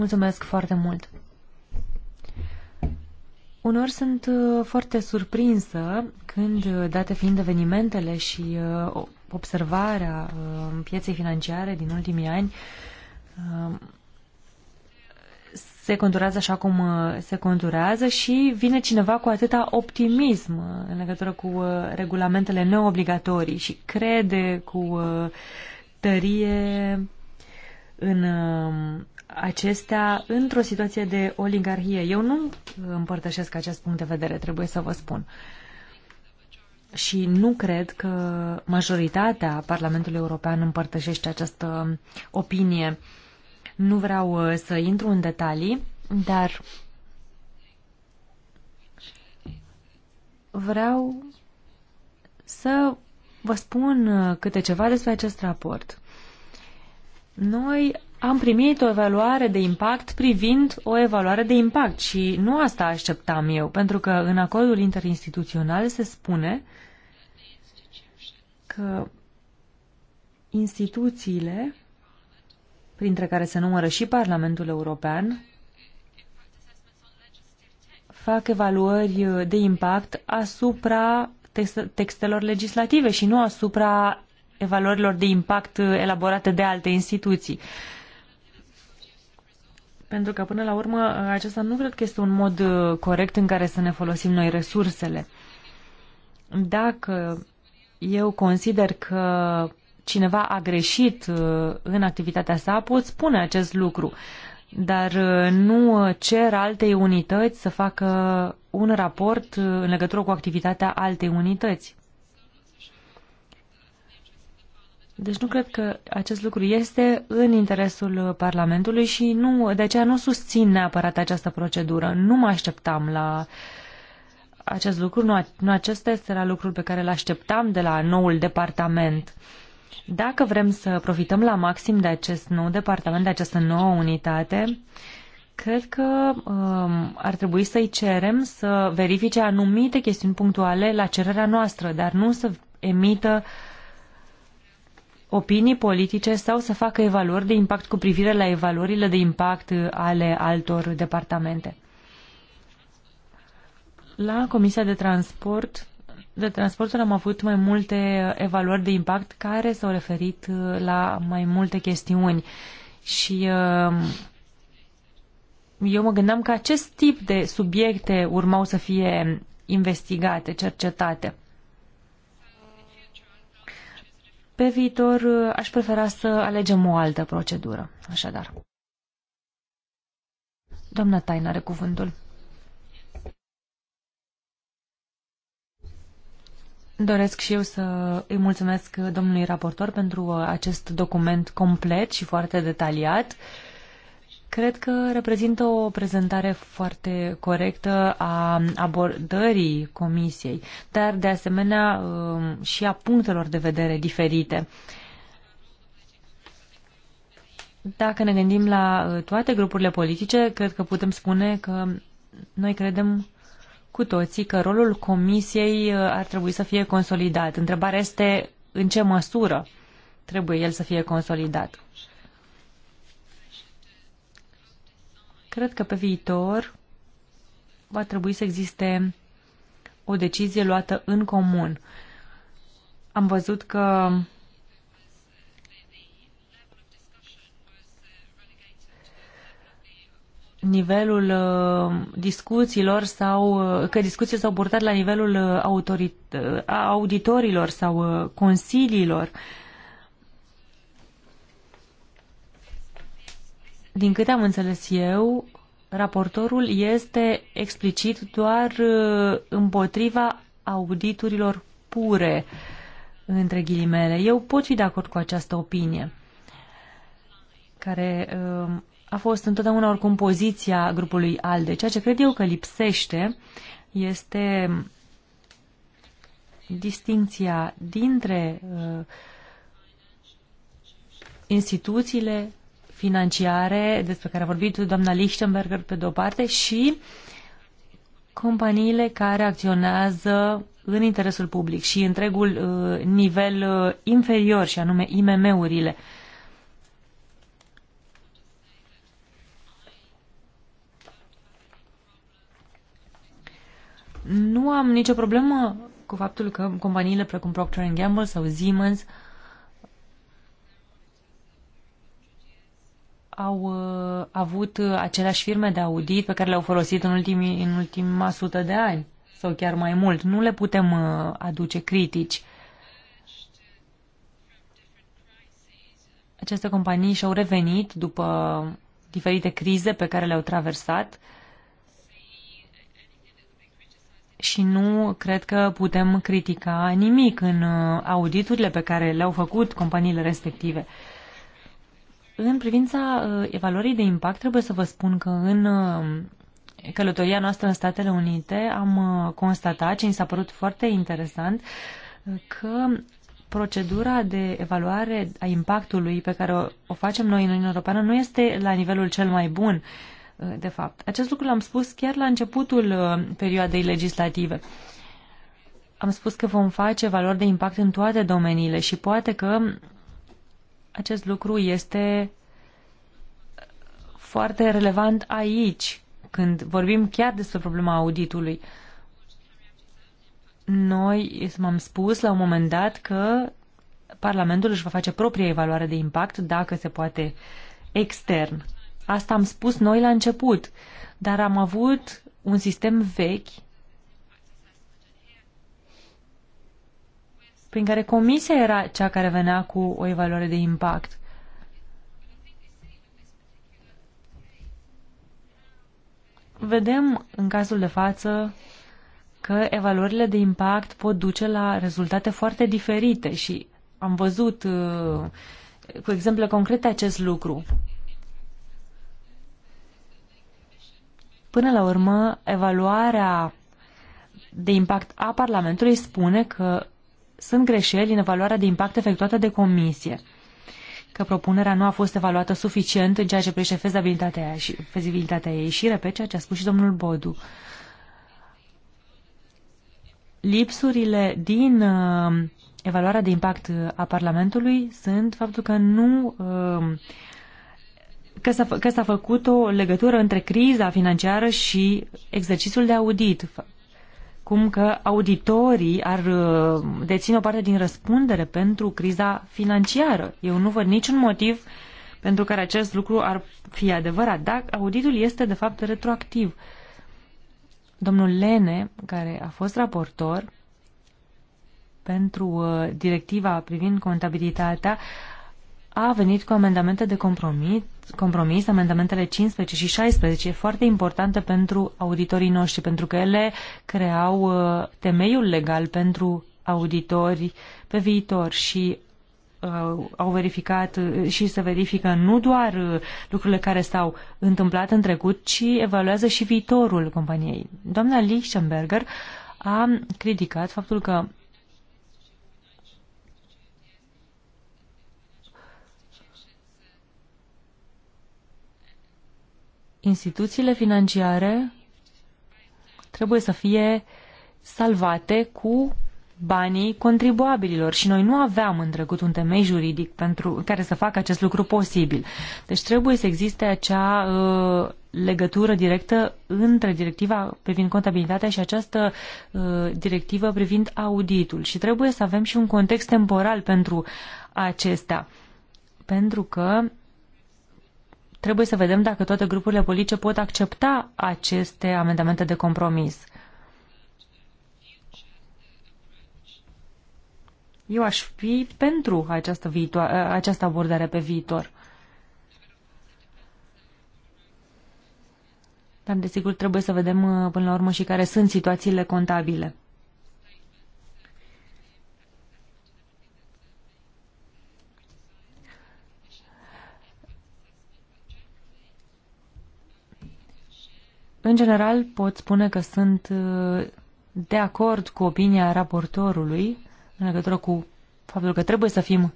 Mulțumesc foarte mult! Unor sunt uh, foarte surprinsă când, uh, date fiind evenimentele și uh, observarea pieței financiare din ultimii ani, se conturează așa cum se conturează și vine cineva cu atâta optimism în legătură cu regulamentele neobligatorii și crede cu tărie în acestea într-o situație de oligarhie. Eu nu împărtășesc acest punct de vedere, trebuie să vă spun. Și nu cred că majoritatea Parlamentului European împărtășește această opinie. Nu vreau uh, să intru în detalii, dar vreau să vă spun uh, câte ceva despre acest raport. Noi am primit o evaluare de impact privind o evaluare de impact și nu asta așteptam eu, pentru că în acordul interinstituțional se spune că instituțiile, printre care se numără și Parlamentul European, fac evaluări de impact asupra textelor legislative și nu asupra evaluărilor de impact elaborate de alte instituții. Pentru că, până la urmă, acesta nu cred că este un mod uh, corect în care să ne folosim noi resursele. Dacă eu consider că cineva a greșit uh, în activitatea sa, pot spune acest lucru, dar uh, nu cer altei unități să facă un raport în legătură cu activitatea altei unități. Deci nu cred că acest lucru este în interesul Parlamentului și nu, de aceea nu susțin neapărat această procedură. Nu mă așteptam la acest lucru, nu, nu acesta este la lucrul pe care îl așteptam de la noul departament. Dacă vrem să profităm la maxim de acest nou departament, de această nouă unitate, cred că um, ar trebui să-i cerem să verifice anumite chestiuni punctuale la cererea noastră, dar nu să emită uh, opinii politice sau să facă evaluări de impact cu privire la evaluările de impact ale altor departamente. La Comisia de Transport de transport am avut mai multe evaluări de impact care s-au referit uh, la mai multe chestiuni și uh, eu mă gândeam că acest tip de subiecte urmau să fie investigate, cercetate. Pe viitor aș prefera să alegem o altă procedură, așadar. Doamna Tain are cuvântul. Doresc și eu să îi mulțumesc domnului raportor pentru uh, acest document complet și foarte detaliat. Uh, Cred că reprezintă o prezentare foarte corectă a abordării comisiei, dar de asemenea um, și a punctelor de vedere diferite. Dacă ne gândim la uh, toate grupurile politice, cred că putem spune că noi credem cu toții că rolul comisiei uh, ar trebui să fie consolidat. Întrebarea este în ce măsură trebuie el să fie consolidat. Cred că pe viitor va trebui să existe o decizie luată în comun. Am văzut că nivelul uh, discuțiilor sau uh, că discuțiile s-au purtat la nivelul uh, autorit, auditorilor sau consiliilor Din câte am înțeles eu, raportorul este explicit doar uh, împotriva auditurilor pure, între ghilimele. Eu pot fi de acord cu această opinie, care um, a fost întotdeauna oricum poziția grupului ALDE. Ceea ce cred eu că lipsește este um, distinția dintre uh, instituțiile financiare despre care a vorbit doamna Lichtenberger pe de-o parte și companiile care acționează în interesul public și întregul uh, nivel uh, inferior și anume IMM-urile. Nu am nicio problemă cu faptul că companiile precum Procter Gamble sau Siemens uh, au uh, avut uh, aceleași firme de audit pe care le-au folosit în, ultimii, în ultima sută de ani sau chiar mai mult. Nu le putem uh, aduce critici. Aceste companii și-au revenit după diferite crize pe care le-au traversat și nu cred că putem critica nimic în auditurile pe care le-au făcut companiile respective. În privința uh, evaluării de impact, trebuie să vă spun că în uh, călătoria noastră în Statele Unite am uh, constatat ce mi s-a părut foarte interesant că procedura de evaluare a impactului pe care o facem noi în Uniunea Europeană nu este la nivelul cel mai bun, de fapt. Acest lucru l-am spus chiar la începutul perioadei legislative. Am spus că vom face valori de impact în toate domeniile și poate că acest lucru este foarte relevant aici, când vorbim chiar despre problema auditului. Noi m-am spus la un moment dat că Parlamentul își va face propria evaluare de impact, dacă se poate, extern. Asta am spus noi la început, dar am avut un sistem vechi prin care comisia era cea care venea cu o evaluare de impact. Vedem în cazul de față că evaluările de impact pot duce la rezultate foarte diferite și am văzut uh, cu exemple concrete acest lucru. Până la urmă, evaluarea de impact a Parlamentului spune că sunt greșeli în evaluarea de impact efectuată de comisie, că propunerea nu a fost evaluată suficient în ceea ce privește fezabilitatea, și, fezabilitatea ei și repet ceea ce a spus și domnul Bodu. Lipsurile din uh, evaluarea de impact uh, a Parlamentului sunt faptul că nu uh, că s-a, că s-a făcut o legătură între criza financiară și exercițiul de audit, acum că auditorii ar uh, deține o parte din răspundere pentru criza financiară. Eu nu văd niciun motiv pentru care acest lucru ar fi adevărat. Dar auditul este, de fapt, retroactiv. Domnul Lene, care a fost raportor pentru uh, directiva privind contabilitatea, a venit cu amendamente de compromis, compromis, amendamentele 15 și 16, foarte importante pentru auditorii noștri, pentru că ele creau uh, temeiul legal pentru auditori pe viitor și uh, au verificat uh, și se verifică nu doar lucrurile care s-au întâmplat în trecut, ci evaluează și viitorul companiei. Doamna Lichtenberger a criticat faptul că instituțiile financiare trebuie să fie salvate cu banii contribuabililor și noi nu aveam în trecut un temei juridic pentru care să facă acest lucru posibil. Deci trebuie să existe acea uh, legătură directă între directiva privind contabilitatea și această uh, directivă privind auditul și trebuie să avem și un context temporal pentru acesta. Pentru că trebuie să vedem dacă toate grupurile politice pot accepta aceste amendamente de compromis. Eu aș fi pentru această, viitoare, această abordare pe viitor. Dar, desigur, trebuie să vedem uh, până la urmă și care sunt situațiile contabile. În general, pot spune că sunt uh, de acord cu opinia raportorului în legătură cu faptul că trebuie să fim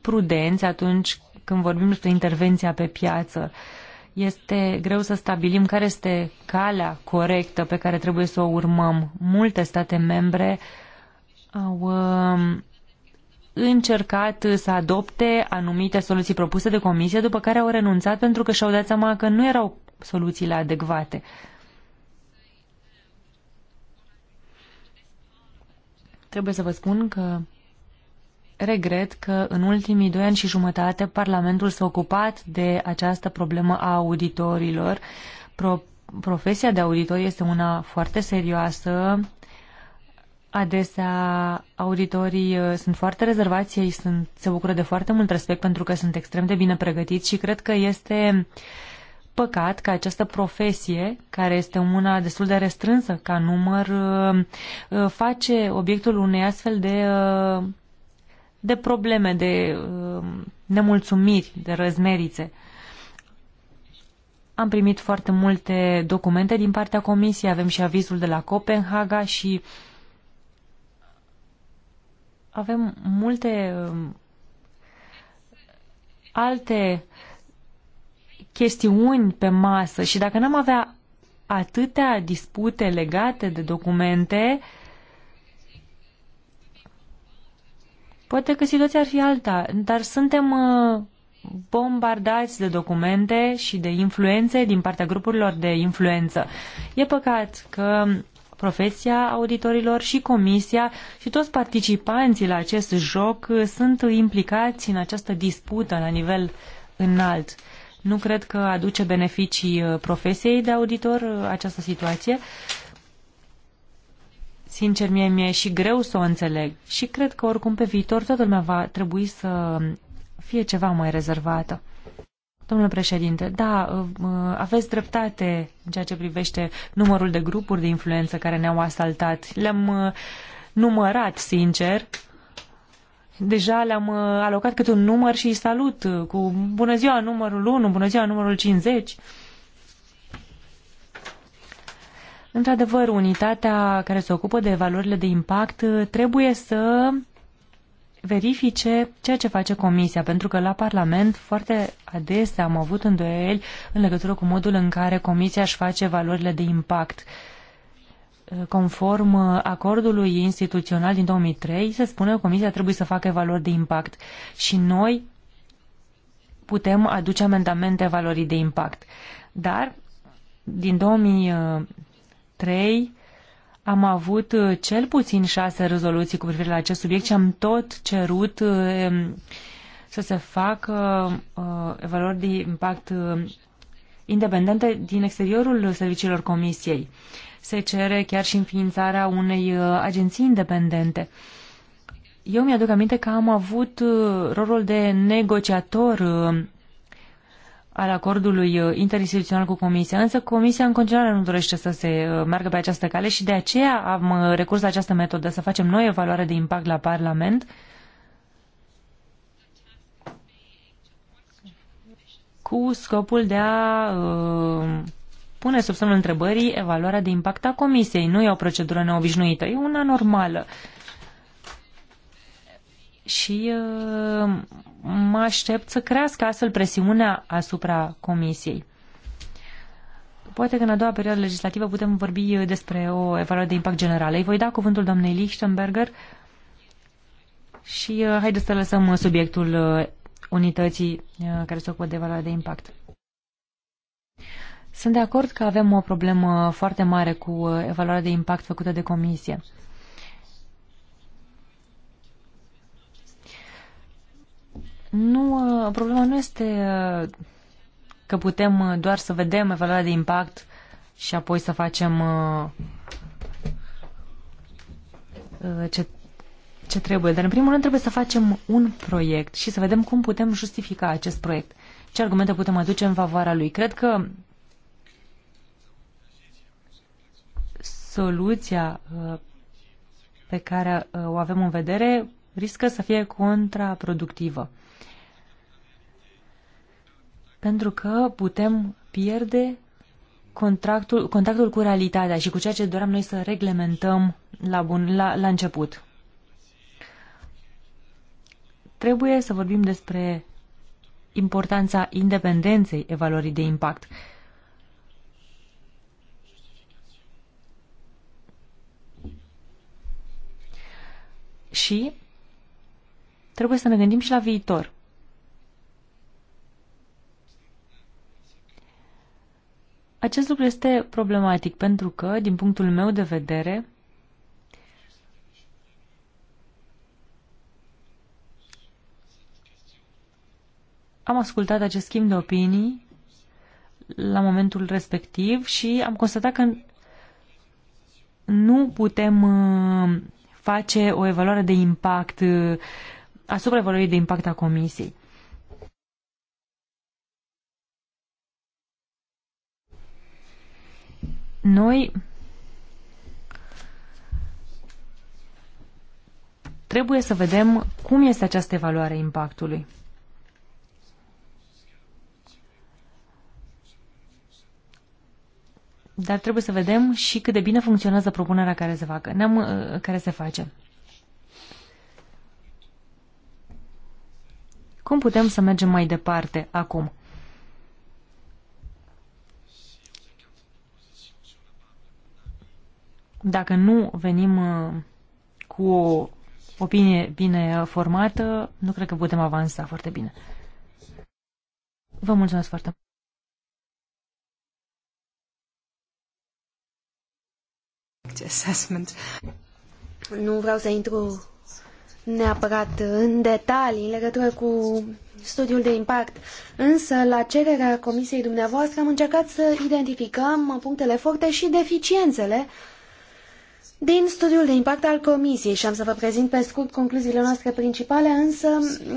prudenți atunci când vorbim despre intervenția pe piață. Este greu să stabilim care este calea corectă pe care trebuie să o urmăm. Multe state membre au um, încercat să adopte anumite soluții propuse de comisie, după care au renunțat pentru că și-au dat seama că nu erau soluțiile adecvate. Trebuie să vă spun că regret că în ultimii doi ani și jumătate Parlamentul s-a ocupat de această problemă a auditorilor. Pro profesia de auditor este una foarte serioasă. Adesea auditorii uh, sunt foarte rezervați, ei sunt, se bucură de foarte mult respect pentru că sunt extrem de bine pregătiți și cred că este uh, păcat că această profesie, care este una destul de restrânsă ca număr, uh, uh, face obiectul unei astfel de, uh, de probleme, de nemulțumiri, de răzmerițe. Am primit foarte multe documente din partea comisiei, avem și avizul de la Copenhaga și avem multe um, alte uh, chestiuni pe masă și dacă n-am avea atâtea dispute legate de documente, poate că situația ar fi alta, dar suntem uh, bombardați de documente și de influențe din partea grupurilor de influență. E păcat că profesia auditorilor și comisia și toți participanții la acest joc sunt implicați în această dispută la nivel înalt. Nu cred că aduce beneficii uh, profesiei de auditor uh, această situație. Sincer, mie mi-e și greu să o înțeleg și cred că oricum pe viitor toată lumea va trebui să fie ceva mai rezervată. Domnule președinte, da, uh, aveți dreptate în ceea ce privește numărul de grupuri de influență care ne-au asaltat. Le-am numărat, sincer, Deja le-am uh, alocat câte un număr și salut uh, cu bună ziua numărul 1, bună ziua numărul 50. Într-adevăr, unitatea care se ocupă de valorile de impact uh, trebuie să verifice ceea ce face Comisia, pentru că la Parlament foarte adesea am avut îndoieli în legătură cu modul în care Comisia își face valorile de impact. Uh, conform acordului instituțional din 2003, se spune că Comisia trebuie să facă evaluări de impact și noi putem aduce amendamente valorii de impact. Dar din 2003 am avut cel puțin șase rezoluții cu privire la acest subiect și am tot cerut eh, să se facă eh, evaluări de impact eh, independente din exteriorul serviciilor comisiei. Se cere chiar și înființarea unei uh, agenții independente. Eu mi-aduc aminte că am avut uh, rolul de negociator uh, al acordului interinstituțional cu Comisia, însă Comisia în continuare nu dorește să se meargă pe această cale și de aceea am recurs la această metodă, să facem noi evaluare de impact la Parlament cu scopul de a uh, pune sub semnul întrebării evaluarea de impact a comisiei. Nu e o procedură neobișnuită, e una normală. Și uh, mă aștept să crească astfel presiunea asupra comisiei. Poate că în a doua perioadă legislativă putem vorbi uh, despre o evaluare de impact generală. Îi voi da cuvântul doamnei Lichtenberger și haideți să lăsăm subiectul unității uh, care se ocupă de evaluarea de impact. Sunt de acord că avem o problemă foarte mare cu uh, evaluarea de impact făcută de comisie. Nu, uh, problema nu este că putem doar să vedem evaluarea de impact și apoi să facem ce ce trebuie, dar în primul rând trebuie să facem un proiect și să vedem cum putem justifica acest proiect. Ce argumente putem aduce în favoarea lui? Cred că soluția uh, pe care uh, o avem în vedere riscă să fie contraproductivă. Pentru că putem pierde contractul, contactul cu realitatea și cu ceea ce doream noi să reglementăm la, bun, la, la început. Trebuie să vorbim despre importanța independenței evaluării de impact. Și trebuie să ne gândim și la viitor. Acest lucru este problematic pentru că, din punctul meu de vedere, Am ascultat acest schimb de opinii la momentul respectiv și am constatat că nu putem uh, face o evaluare de impact uh, asupra evaluării de impact a comisiei. Noi trebuie să vedem cum este această evaluare impactului. dar trebuie să vedem și cât de bine funcționează propunerea care se, facă, neam, uh, care se face. Cum putem să mergem mai departe acum? Dacă nu venim uh, cu o opinie bine formată, nu cred că putem avansa foarte bine. Vă mulțumesc foarte mult. assessment. Nu vreau să intru neapărat în detalii în legătură cu studiul de impact, însă la cererea comisiei dumneavoastră am încercat să identificăm punctele forte și deficiențele din studiul de impact al comisiei și am să vă prezint pe scurt concluziile noastre principale, însă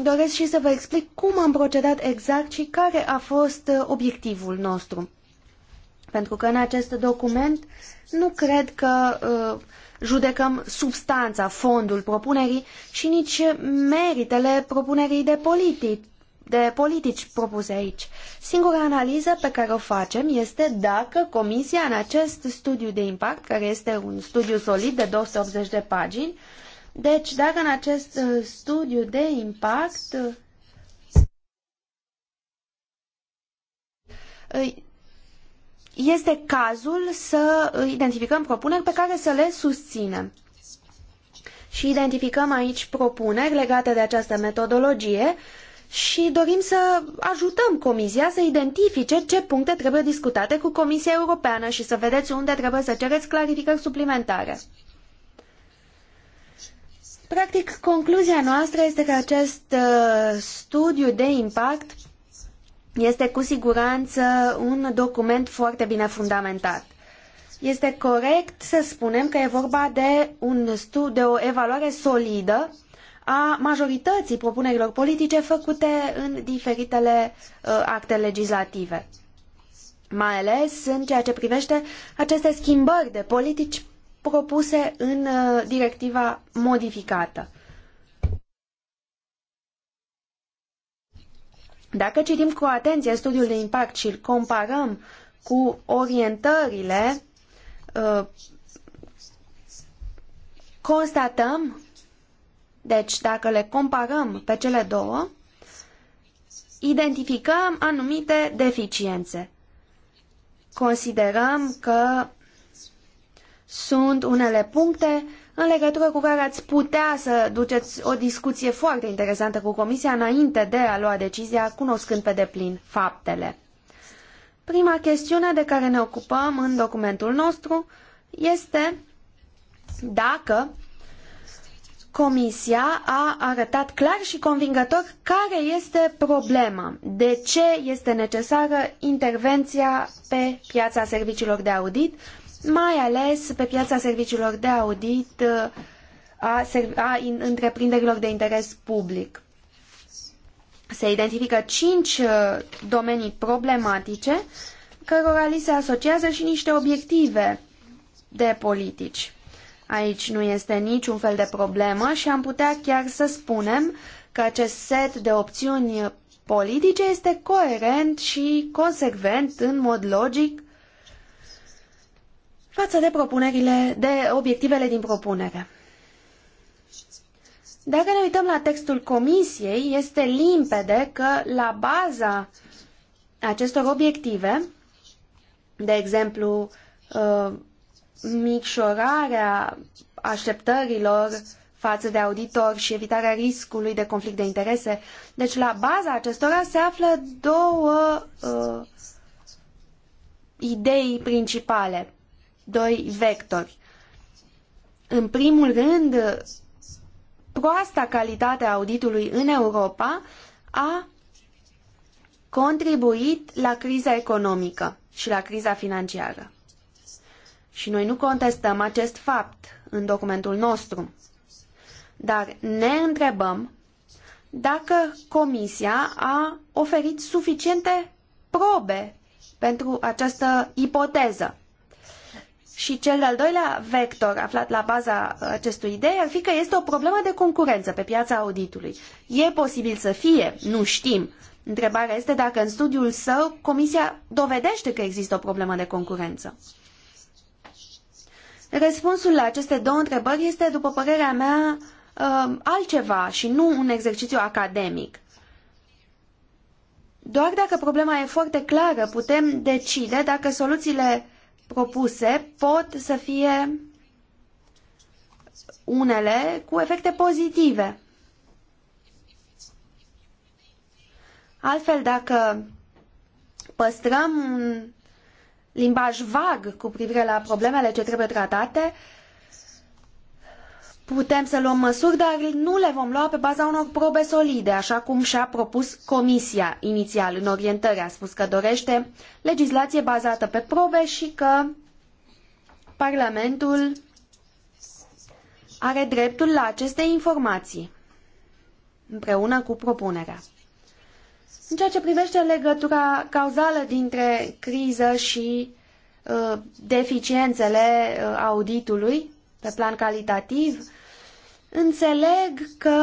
doresc și să vă explic cum am procedat exact și care a fost obiectivul nostru pentru că în acest document nu cred că uh, judecăm substanța, fondul propunerii și nici meritele propunerii de politici, de politici propuse aici. Singura analiză pe care o facem este dacă Comisia în acest studiu de impact, care este un studiu solid de 280 de pagini, deci dacă în acest uh, studiu de impact uh, este cazul să identificăm propuneri pe care să le susținem. Și identificăm aici propuneri legate de această metodologie și dorim să ajutăm Comisia să identifice ce puncte trebuie discutate cu Comisia Europeană și să vedeți unde trebuie să cereți clarificări suplimentare. Practic, concluzia noastră este că acest uh, studiu de impact este cu siguranță un document foarte bine fundamentat. Este corect să spunem că e vorba de, un studiu, de o evaluare solidă a majorității propunerilor politice făcute în diferitele uh, acte legislative. Mai ales în ceea ce privește aceste schimbări de politici propuse în uh, directiva modificată. Dacă citim cu atenție studiul de impact și îl comparăm cu orientările, uh, constatăm, deci dacă le comparăm pe cele două, identificăm anumite deficiențe. Considerăm că sunt unele puncte în legătură cu care ați putea să duceți o discuție foarte interesantă cu Comisia înainte de a lua decizia, cunoscând pe deplin faptele. Prima chestiune de care ne ocupăm în documentul nostru este dacă Comisia a arătat clar și convingător care este problema, de ce este necesară intervenția pe piața serviciilor de audit mai ales pe piața serviciilor de audit uh, a, a întreprinderilor de interes public. Se identifică cinci uh, domenii problematice cărora li se asociază și niște obiective de politici. Aici nu este niciun fel de problemă și am putea chiar să spunem că acest set de opțiuni politice este coerent și consecvent în mod logic față de propunerile, de obiectivele din propunere. Dacă ne uităm la textul comisiei, este limpede că la baza acestor obiective, de exemplu, uh, micșorarea așteptărilor față de auditor și evitarea riscului de conflict de interese. Deci la baza acestora se află două uh, idei principale doi vectori. În primul rând, proasta calitate a auditului în Europa a contribuit la criza economică și la criza financiară. Și noi nu contestăm acest fapt în documentul nostru. Dar ne întrebăm dacă Comisia a oferit suficiente probe pentru această ipoteză. Și cel de-al doilea vector aflat la baza acestui idei ar fi că este o problemă de concurență pe piața auditului. E posibil să fie, nu știm. Întrebarea este dacă în studiul său Comisia dovedește că există o problemă de concurență. Răspunsul la aceste două întrebări este, după părerea mea, um, altceva și nu un exercițiu academic. Doar dacă problema e foarte clară, putem decide dacă soluțiile propuse pot să fie unele cu efecte pozitive. Altfel, dacă păstrăm un limbaj vag cu privire la problemele ce trebuie tratate, Putem să luăm măsuri, dar nu le vom lua pe baza unor probe solide, așa cum și-a propus Comisia inițial în orientări. A spus că dorește legislație bazată pe probe și că Parlamentul are dreptul la aceste informații, împreună cu propunerea. În ceea ce privește legătura cauzală dintre criză și uh, deficiențele uh, auditului, pe plan calitativ, înțeleg că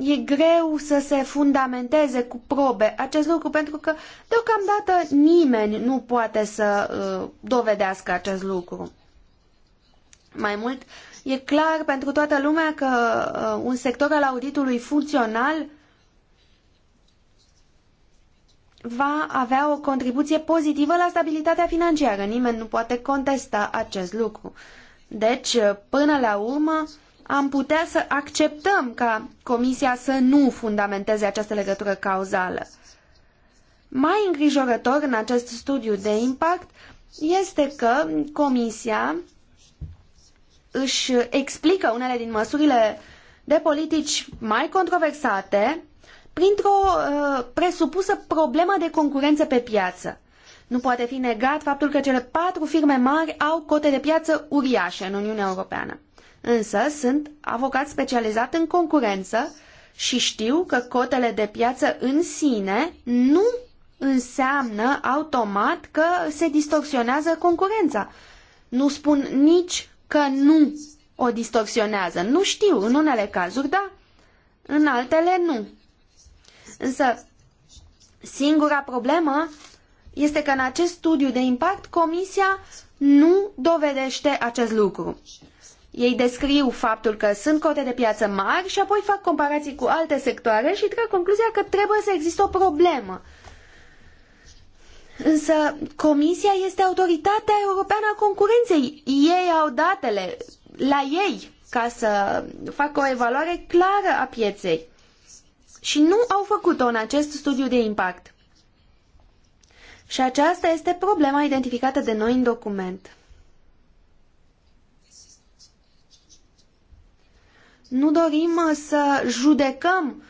e greu să se fundamenteze cu probe acest lucru, pentru că deocamdată nimeni nu poate să uh, dovedească acest lucru. Mai mult, e clar pentru toată lumea că uh, un sector al auditului funcțional va avea o contribuție pozitivă la stabilitatea financiară. Nimeni nu poate contesta acest lucru. Uh, deci, până la urmă, am putea să acceptăm ca Comisia să nu fundamenteze această legătură cauzală. Mai îngrijorător în acest studiu de impact este că Comisia își explică unele din măsurile de politici mai controversate printr-o uh, presupusă problemă de concurență pe piață. Nu poate fi negat faptul că cele patru firme mari au cote de piață uriașe în Uniunea Europeană. Însă sunt avocat specializat în concurență și știu că cotele de piață în sine nu înseamnă automat că se distorsionează concurența. Nu spun nici că nu o distorsionează. Nu știu, în unele cazuri da, în altele nu. Însă, singura problemă este că în acest studiu de impact Comisia nu dovedește acest lucru. Ei descriu faptul că sunt cote de piață mari și apoi fac comparații cu alte sectoare și trag concluzia că trebuie să existe o problemă. Însă Comisia este autoritatea europeană a concurenței. Ei au datele la ei ca să facă o evaluare clară a pieței. Și nu au făcut-o în acest studiu de impact. Și aceasta este problema identificată de noi în document. Nu dorim uh, să judecăm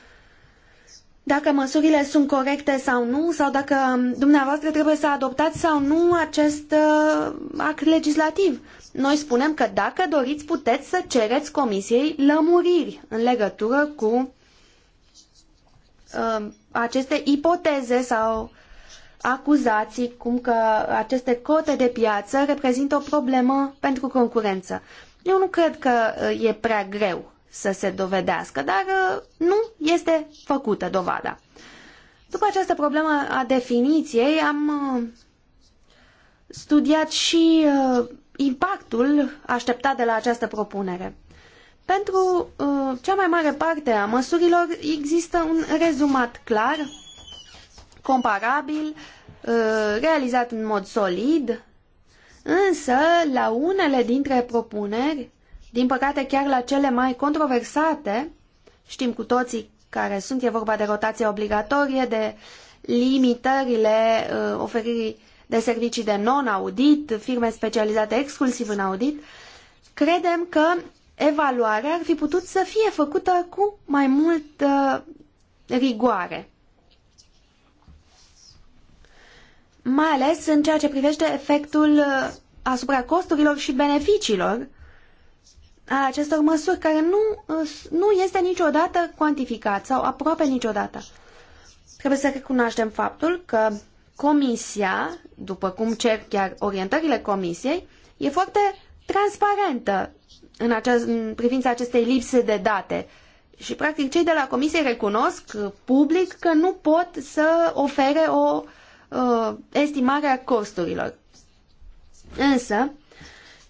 dacă măsurile sunt corecte sau nu, sau dacă um, dumneavoastră trebuie să adoptați sau nu acest uh, act legislativ. Noi spunem că dacă doriți, puteți să cereți Comisiei lămuriri în legătură cu uh, aceste ipoteze sau acuzații cum că aceste cote de piață reprezintă o problemă pentru concurență. Eu nu cred că uh, e prea greu să se dovedească, dar uh, nu este făcută dovada. După această problemă a definiției, am uh, studiat și impactul așteptat de la această propunere. Pentru cea mai mare parte a măsurilor există un rezumat clar comparabil, uh, realizat în mod solid, însă la unele dintre propuneri, din păcate chiar la cele mai controversate, știm cu toții care sunt, e vorba de rotație obligatorie, de limitările uh, oferirii de servicii de non-audit, firme specializate exclusiv în audit, credem că evaluarea ar fi putut să fie făcută cu mai multă rigoare. mai ales în ceea ce privește efectul uh, asupra costurilor și beneficiilor a acestor măsuri, care nu, uh, nu este niciodată cuantificat sau aproape niciodată. Trebuie să recunoaștem faptul că Comisia, după cum cer chiar orientările Comisiei, e foarte transparentă în, acest, în privința acestei lipse de date. Și, practic, cei de la Comisie recunosc uh, public că nu pot să ofere o uh, uh, estimarea costurilor. Însă,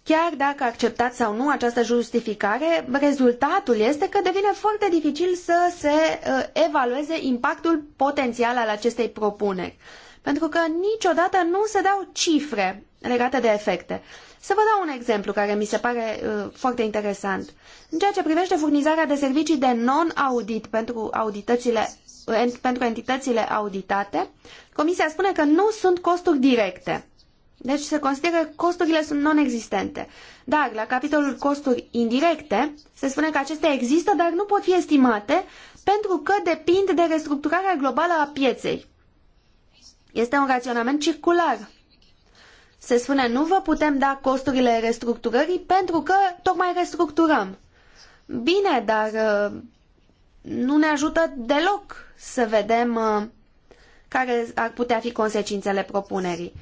Chiar dacă acceptați sau nu această justificare, rezultatul este că devine foarte dificil să se uh, evalueze impactul potențial al acestei propuneri. Pentru că niciodată nu se dau cifre legate de efecte. Să vă dau un exemplu care mi se pare uh, foarte interesant. În ceea ce privește furnizarea de servicii de non-audit pentru, uh, pentru entitățile auditate, Comisia spune că nu sunt costuri directe. Deci se consideră că costurile sunt non-existente. Dar la capitolul costuri indirecte se spune că acestea există, dar nu pot fi estimate pentru că depind de restructurarea globală a pieței. Este un raționament circular. Se spune nu vă putem da costurile restructurării pentru că tocmai restructurăm. Bine, dar uh, nu ne ajută deloc să vedem uh, care ar putea fi consecințele propunerii.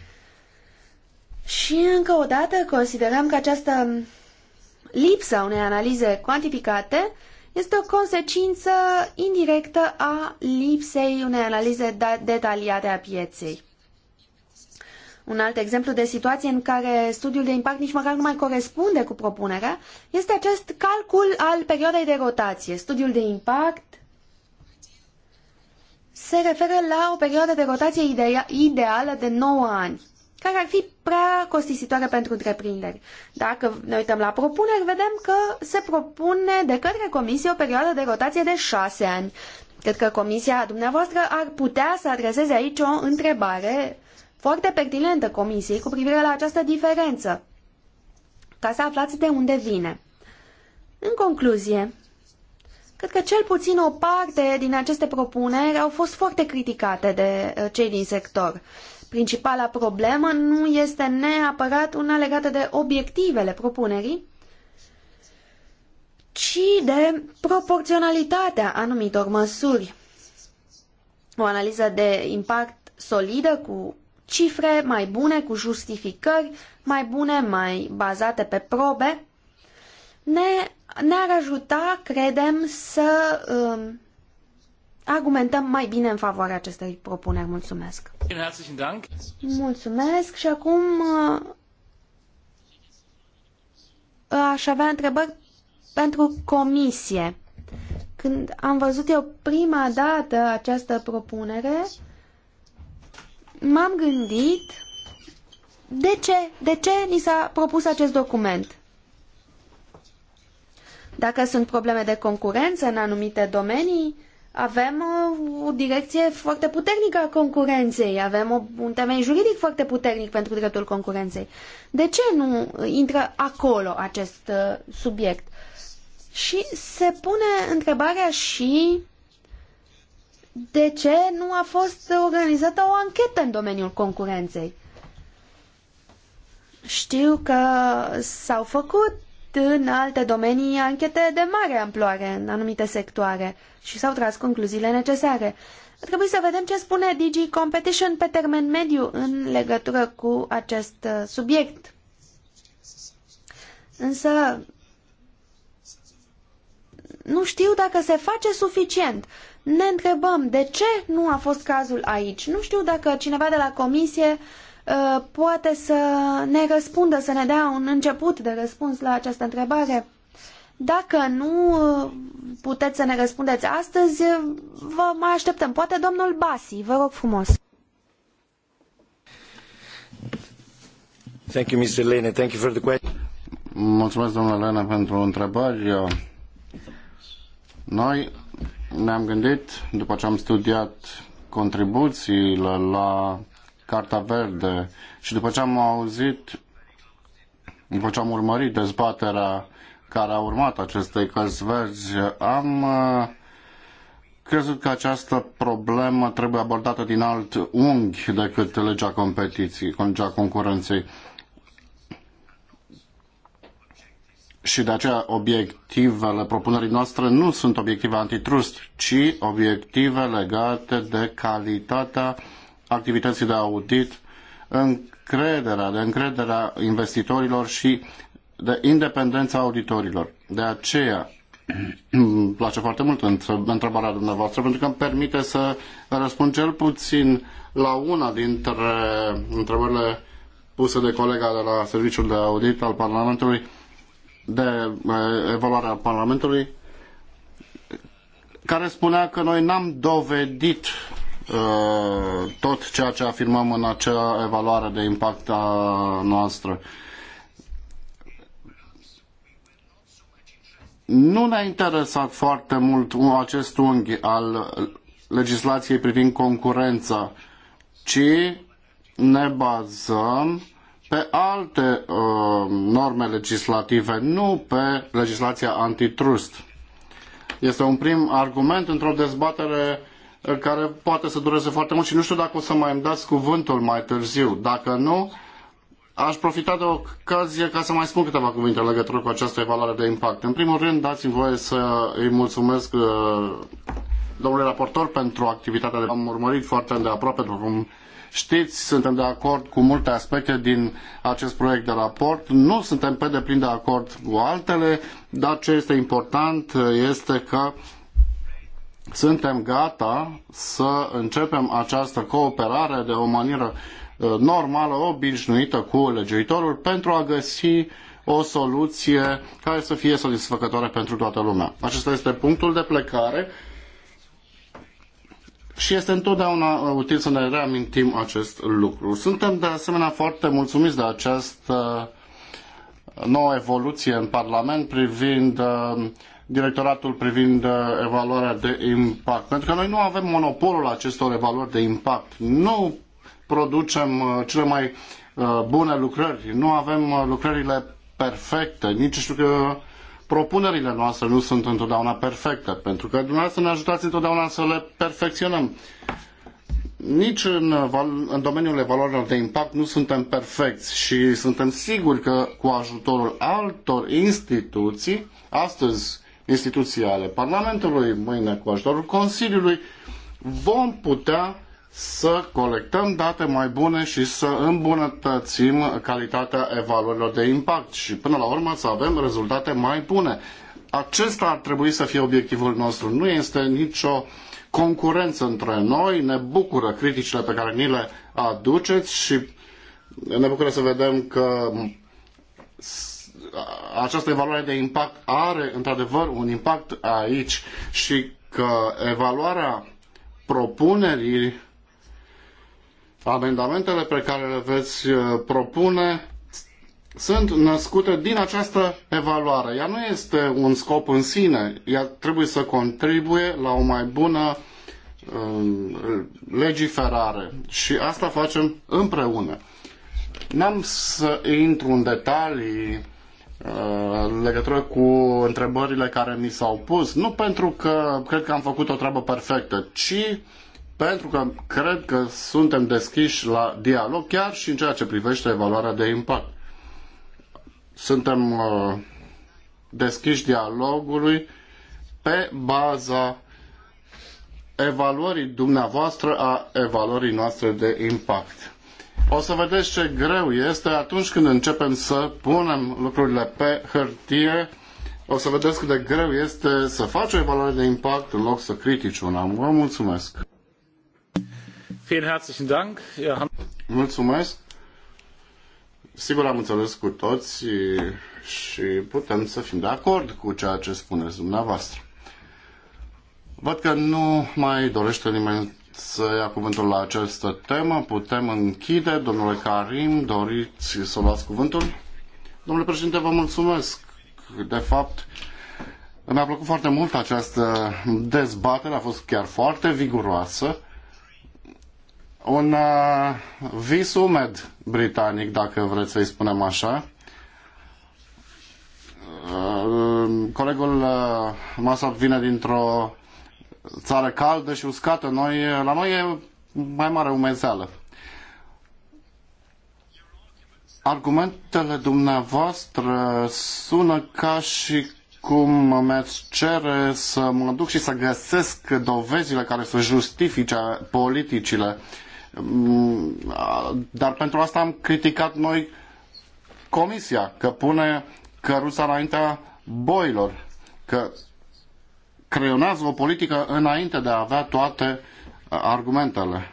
Și încă o dată considerăm că această lipsă unei analize cuantificate este o consecință indirectă a lipsei unei analize da- detaliate a pieței. Un alt exemplu de situație în care studiul de impact nici măcar nu mai corespunde cu propunerea este acest calcul al perioadei de rotație. Studiul de impact se referă la o perioadă de rotație ideală de 9 ani, care ar fi prea costisitoare pentru întreprinderi. Dacă ne uităm la propuneri, vedem că se propune de către Comisie o perioadă de rotație de 6 ani. Cred că Comisia dumneavoastră ar putea să adreseze aici o întrebare foarte pertinentă Comisiei cu privire la această diferență, ca să aflați de unde vine. În concluzie, Cred că cel puțin o parte din aceste propuneri au fost foarte criticate de uh, cei din sector. Principala problemă nu este neapărat una legată de obiectivele propunerii, ci de proporționalitatea anumitor măsuri. O analiză de impact solidă cu cifre mai bune, cu justificări mai bune, mai bazate pe probe, ne, ne-ar ajuta, credem, să um, argumentăm mai bine în favoarea acestei propuneri. Mulțumesc! Mulțumesc și acum uh, aș avea întrebări pentru comisie. Când am văzut eu prima dată această propunere, m-am gândit de ce, de ce ni s-a propus acest document. Dacă sunt probleme de concurență în anumite domenii, avem uh, o direcție foarte puternică a concurenței, avem o, un temei juridic foarte puternic pentru dreptul concurenței. De ce nu intră acolo acest uh, subiect? Și se pune întrebarea și de ce nu a fost organizată o anchetă în domeniul concurenței. Știu că s-au făcut în alte domenii anchete de mare amploare în anumite sectoare și s-au tras concluziile necesare. Trebuie să vedem ce spune DG Competition pe termen mediu în legătură cu acest uh, subiect. Însă, nu știu dacă se face suficient. Ne întrebăm de ce nu a fost cazul aici. Nu știu dacă cineva de la comisie uh, Uh, poate să ne răspundă, să ne dea un început de răspuns la această întrebare. Dacă nu uh, puteți să ne răspundeți astăzi, uh, vă mai așteptăm. Poate domnul Basi, vă rog frumos. Thank you, Mr. Lene. Thank you for the question. Mulțumesc, domnule Lene, pentru întrebări. Noi ne-am gândit, după ce am studiat contribuțiile la Carta Verde și după ce am auzit, după ce am urmărit dezbaterea care a urmat acestei cărți verzi, am uh, crezut că această problemă trebuie abordată din alt unghi decât legea competiției, legea concurenței. Și de aceea obiectivele propunerii noastre nu sunt obiective antitrust, ci obiective legate de calitatea uh, activității de audit, încrederea, de încrederea investitorilor și de independența auditorilor. De aceea îmi place foarte mult întrebarea dumneavoastră, pentru că îmi permite să răspund cel puțin la una dintre întrebările puse de colega de la Serviciul de Audit al Parlamentului, de uh, evaluare a Parlamentului, care spunea că noi n-am dovedit Uh, tot ceea ce afirmăm în acea evaluare de impact a noastră. Nu ne-a interesat foarte mult acest unghi al legislației privind concurența, ci ne bazăm pe alte uh, norme legislative, nu pe legislația antitrust. Este un prim argument într-o dezbatere Eh, care poate să dureze foarte mult și nu știu dacă o să mai îmi dați cuvântul mai târziu. Dacă nu, aș profita de ocazie ca să mai spun câteva cuvinte în legătură cu această evaluare de impact. În primul rând, dați-mi voie să îi mulțumesc eh, domnului raportor pentru activitatea de am urmărit foarte îndeaproape, după cum știți, suntem de acord cu multe aspecte din acest proiect de raport. Nu suntem pe deplin de acord cu altele, dar ce este important eh, este că suntem gata să începem această cooperare de o manieră normală, obișnuită cu legiuitorul pentru a găsi o soluție care să fie satisfăcătoare pentru toată lumea. Acesta este punctul de plecare și este întotdeauna util să ne reamintim acest lucru. Suntem de asemenea foarte mulțumiți de această nouă evoluție în Parlament privind directoratul privind uh, evaluarea de impact. Pentru că noi nu avem monopolul acestor evaluări de impact. Nu producem uh, cele mai uh, bune lucrări, nu avem lucrările perfecte, nici propunerile noastre nu sunt întotdeauna perfecte, pentru că dumneavoastră ne ajutați întotdeauna să le perfecționăm. Nici în, în domeniul evaluărilor de impact nu suntem perfecți și suntem siguri că cu ajutorul altor instituții, astăzi instituții ale Parlamentului, mâine cu ajutorul Consiliului, vom putea să colectăm date mai bune și să îmbunătățim calitatea evaluărilor de impact și până la urmă să avem rezultate mai bune. Acesta ar trebui să fie obiectivul nostru. Nu este nicio concurență între noi, ne bucură criticile pe care ni le aduceți și ne bucură să vedem că această evaluare de impact are într-adevăr un impact aici și că evaluarea propunerii, amendamentele pe care le veți uh, propune sunt născute din această evaluare. Ea nu este un scop în sine, ea trebuie să contribuie la o mai bună um, legiferare și asta facem împreună. N-am să intru în detalii Uh, în legătură cu întrebările care mi s-au pus, nu pentru că cred că am făcut o treabă perfectă, ci pentru că cred că suntem deschiși la dialog chiar și în ceea ce privește evaluarea de impact. Suntem uh, deschiși dialogului pe baza evaluării dumneavoastră a evaluării noastre de impact o să vedeți ce greu este atunci când începem să punem lucrurile pe hârtie. O să vedeți cât de greu este să faci o evaluare de impact în loc să critici una. Vă mulțumesc! Mulțumesc! Sigur am înțeles cu toți și putem să fim de acord cu ceea ce spuneți dumneavoastră. Văd că nu mai dorește nimeni să ia cuvântul la această temă. Putem închide. Domnule Karim, doriți să luați cuvântul? Domnule președinte, vă mulțumesc. De fapt, mi-a plăcut foarte mult această dezbatere, a fost chiar foarte viguroasă. Un uh, vis umed britanic, dacă vreți să-i spunem așa. Uh, colegul uh, Masop vine dintr-o țară caldă și uscată, noi, la noi e mai mare umezeală. Argumentele dumneavoastră sună ca și cum mi-ați cere să mă duc și să găsesc dovezile care să justifice politicile. Mm, dar pentru asta am criticat noi Comisia, că pune căruța înaintea boilor, că creionează o politică înainte de a avea toate uh, argumentele.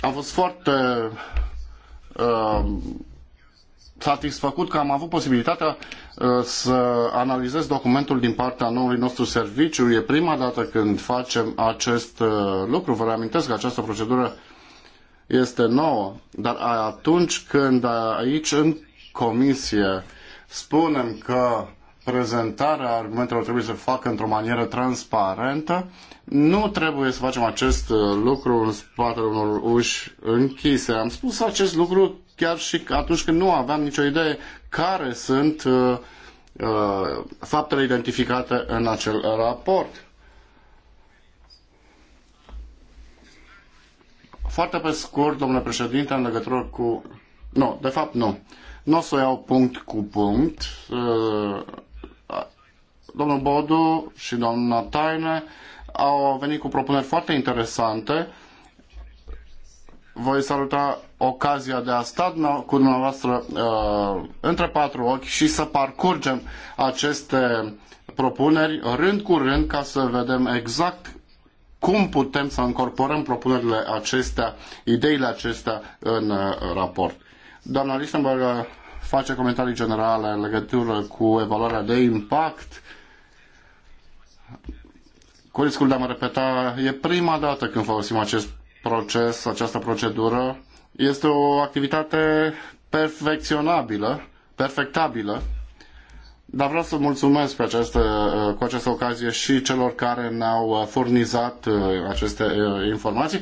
Am fost foarte uh, satisfăcut că am avut posibilitatea uh, să analizez documentul din partea noului nostru serviciu. E prima dată când facem acest uh, lucru. Vă reamintesc că această procedură este nouă, dar atunci când aici în comisie spunem că prezentarea argumentelor trebuie să facă într-o manieră transparentă, nu trebuie să facem acest uh, lucru în spatele unor uși închise. Am spus acest lucru chiar și atunci când nu aveam nicio idee care sunt uh, uh faptele identificate în acel raport. Foarte pe scurt, domnule președinte, în legătură cu... Nu, de fapt nu. Nu o să o iau punct cu punct. Uh, domnul Bodu și doamna Taine au venit cu propuneri foarte interesante. Voi saluta ocazia de a sta cu dumneavoastră uh, între patru ochi și să parcurgem aceste propuneri rând cu rând ca să vedem exact cum putem să încorporăm propunerile acestea, ideile acestea în uh, raport. Doamna Lichtenberg uh, face comentarii generale în legătură cu evaluarea de impact. Cu riscul de a mă repeta, e prima dată când folosim acest proces, această procedură. Este o activitate perfecționabilă, perfectabilă dar vreau să mulțumesc pe această, cu această ocazie și celor care ne-au uh, furnizat uh, aceste uh, informații.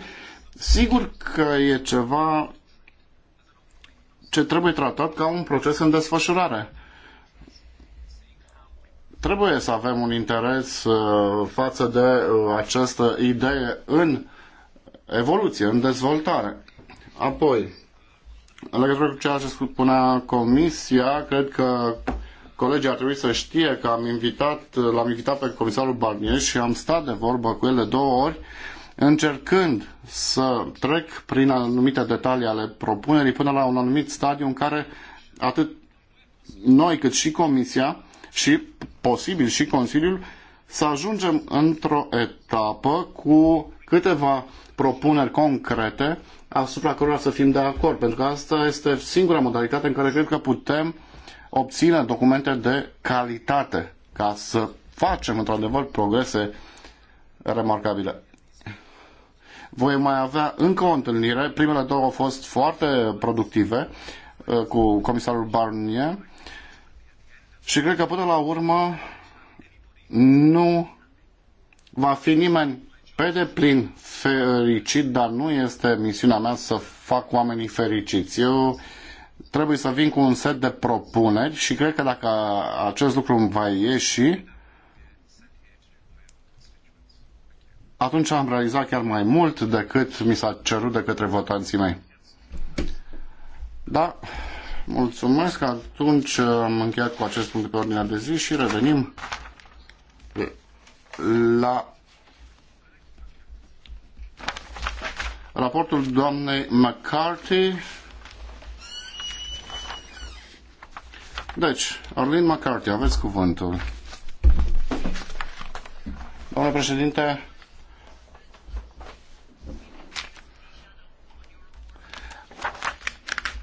Sigur că e ceva ce trebuie tratat ca un proces în desfășurare. Trebuie să avem un interes față de această idee în evoluție, în dezvoltare. Apoi, în legătură cu ceea ce spunea Comisia, cred că Colegii ar trebui să știe că am invitat, l-am invitat pe comisarul Barnier și am stat de vorbă cu el de două ori încercând să trec prin anumite detalii ale propunerii până la un anumit stadiu în care atât noi cât și Comisia și posibil și Consiliul să ajungem într-o etapă cu câteva propuneri concrete asupra cărora să fim de acord, pentru că asta este singura modalitate în care cred că putem obține documente de calitate ca să facem într-adevăr progrese remarcabile. Voi mai avea încă o întâlnire. Primele două au fost foarte productive uh, cu comisarul Barnier și cred că până la urmă nu va fi nimeni pe deplin fericit, dar nu este misiunea mea să fac oamenii fericiți. Eu trebuie să vin cu un set de propuneri și cred că dacă acest lucru îmi va ieși, atunci am realizat chiar mai mult decât mi s-a cerut de către votanții mei. Da, mulțumesc. Atunci am încheiat cu acest punct de pe ordinea de zi și revenim la raportul doamnei McCarthy Deci, Arlene McCarthy, aveți cuvântul. Domnule președinte,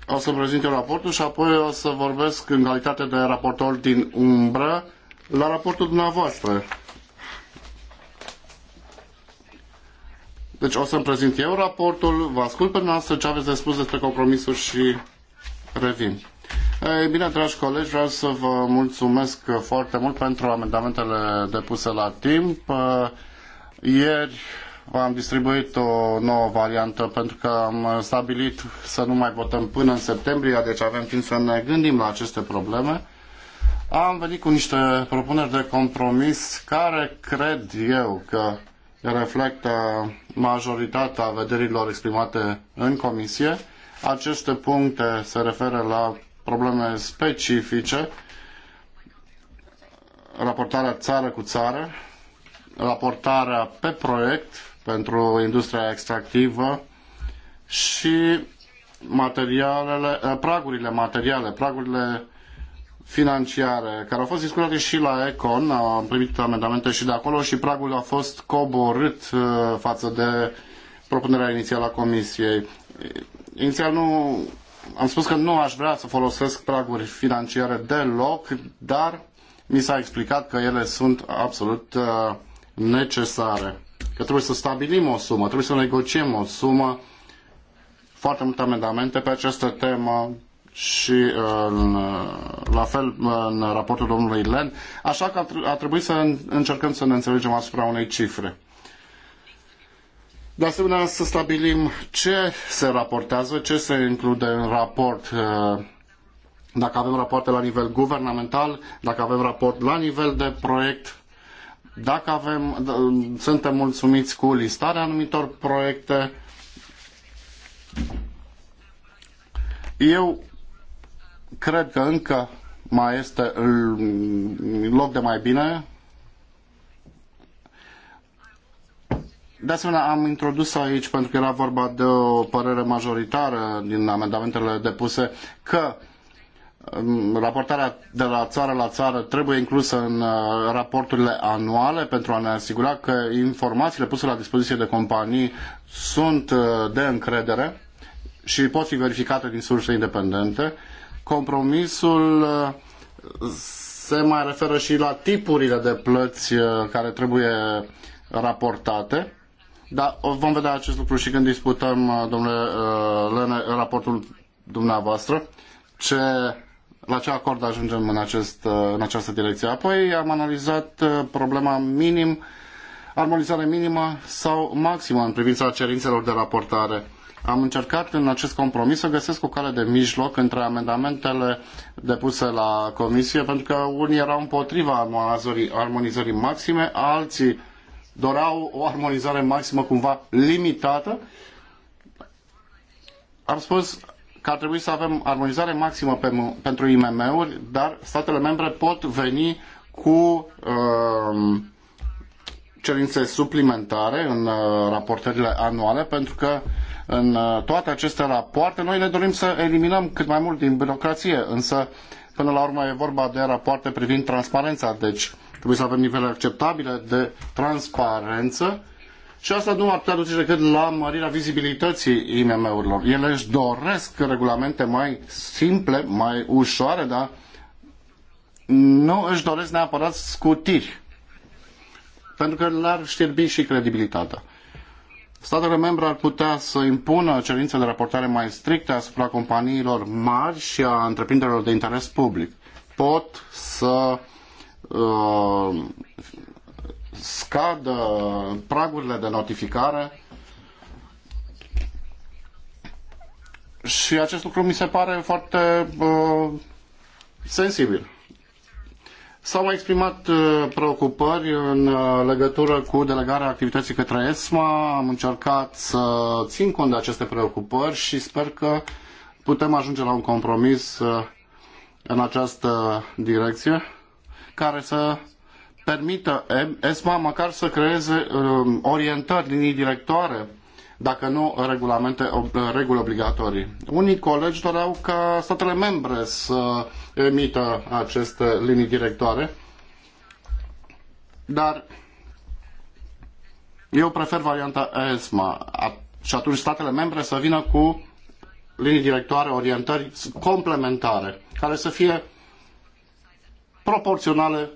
o să prezint eu raportul și apoi o să vorbesc în calitate de raportor din umbră la raportul dumneavoastră. Deci o să-mi prezint eu raportul, vă ascult pe noastră ce aveți de spus despre compromisuri și revin bine, dragi colegi, vreau să vă mulțumesc foarte mult pentru amendamentele depuse la timp. Ieri v-am distribuit o nouă variantă pentru că am stabilit să nu mai votăm până în septembrie, deci avem timp să ne gândim la aceste probleme. Am venit cu niște propuneri de compromis care cred eu că reflectă majoritatea vederilor exprimate în comisie. Aceste puncte se referă la probleme specifice, raportarea țară cu țară, raportarea pe proiect pentru industria extractivă și materialele, eh, pragurile materiale, pragurile financiare, care au fost discutate și la Econ, am primit amendamente și de acolo și pragul a fost coborât eh, față de propunerea inițială a Comisiei. Inițial nu am spus că nu aș vrea să folosesc praguri financiare deloc, dar mi s-a explicat că ele sunt absolut uh, necesare. Că trebuie să stabilim o sumă, trebuie să negociem o sumă, foarte multe amendamente pe această temă și uh, uh, la fel în raportul domnului Len, așa că a trebuit să încercăm să ne înțelegem asupra unei cifre. De asemenea, să stabilim ce se raportează, ce se include în raport, uh, dacă avem rapoarte la nivel guvernamental, dacă avem raport la nivel de proiect, dacă avem, uh, suntem mulțumiți cu listarea anumitor proiecte. Eu cred că încă mai este loc de mai bine De asemenea, am introdus aici, pentru că era vorba de o părere majoritară din amendamentele depuse, că um, raportarea de la țară la țară trebuie inclusă în uh, raporturile anuale pentru a ne asigura că informațiile puse la dispoziție de companii sunt uh, de încredere și pot fi verificate din surse independente. Compromisul uh, se mai referă și la tipurile de plăți care trebuie raportate da, vom vedea acest lucru și când discutăm, uh, domnule uh, Lene, raportul dumneavoastră, ce, la ce acord ajungem în, acest, uh, în această direcție. Apoi am analizat problema minim, armonizare minimă sau maximă în privința cerințelor de raportare. Am încercat în acest compromis să găsesc o cale de mijloc între amendamentele depuse la comisie, pentru că unii erau împotriva armonizării maxime, alții doreau o armonizare maximă cumva limitată. Am spus că ar trebui să avem armonizare maximă pe, pentru IMM-uri, dar statele membre pot veni cu uh, cerințe suplimentare în uh, raportările anuale, pentru că în uh, toate aceste rapoarte noi ne dorim să eliminăm cât mai mult din birocrație, însă până la urmă e vorba de rapoarte privind transparența, deci Trebuie să avem nivele acceptabile de transparență și asta nu ar putea duce decât la mărirea vizibilității IMM-urilor. Ele își doresc regulamente mai simple, mai ușoare, dar nu își doresc neapărat scutiri, pentru că le-ar știrbi și credibilitatea. Statele membre ar putea să impună cerințe de raportare mai stricte asupra companiilor mari și a întreprinderilor de interes public. Pot să uh, pragurile de notificare și acest lucru mi se pare foarte uh, sensibil. S-au mai exprimat uh, preocupări în uh, legătură cu delegarea activității către ESMA. Am încercat să țin cont de aceste preocupări și sper că putem ajunge la un compromis uh, în această direcție care să permită ESMA măcar să creeze um, orientări, linii directoare, dacă nu regulamente, uh, reguli obligatorii. Unii colegi doreau ca statele membre să emită aceste linii directoare, dar eu prefer varianta ESMA și atunci statele membre să vină cu linii directoare, orientări complementare, care să fie proporționale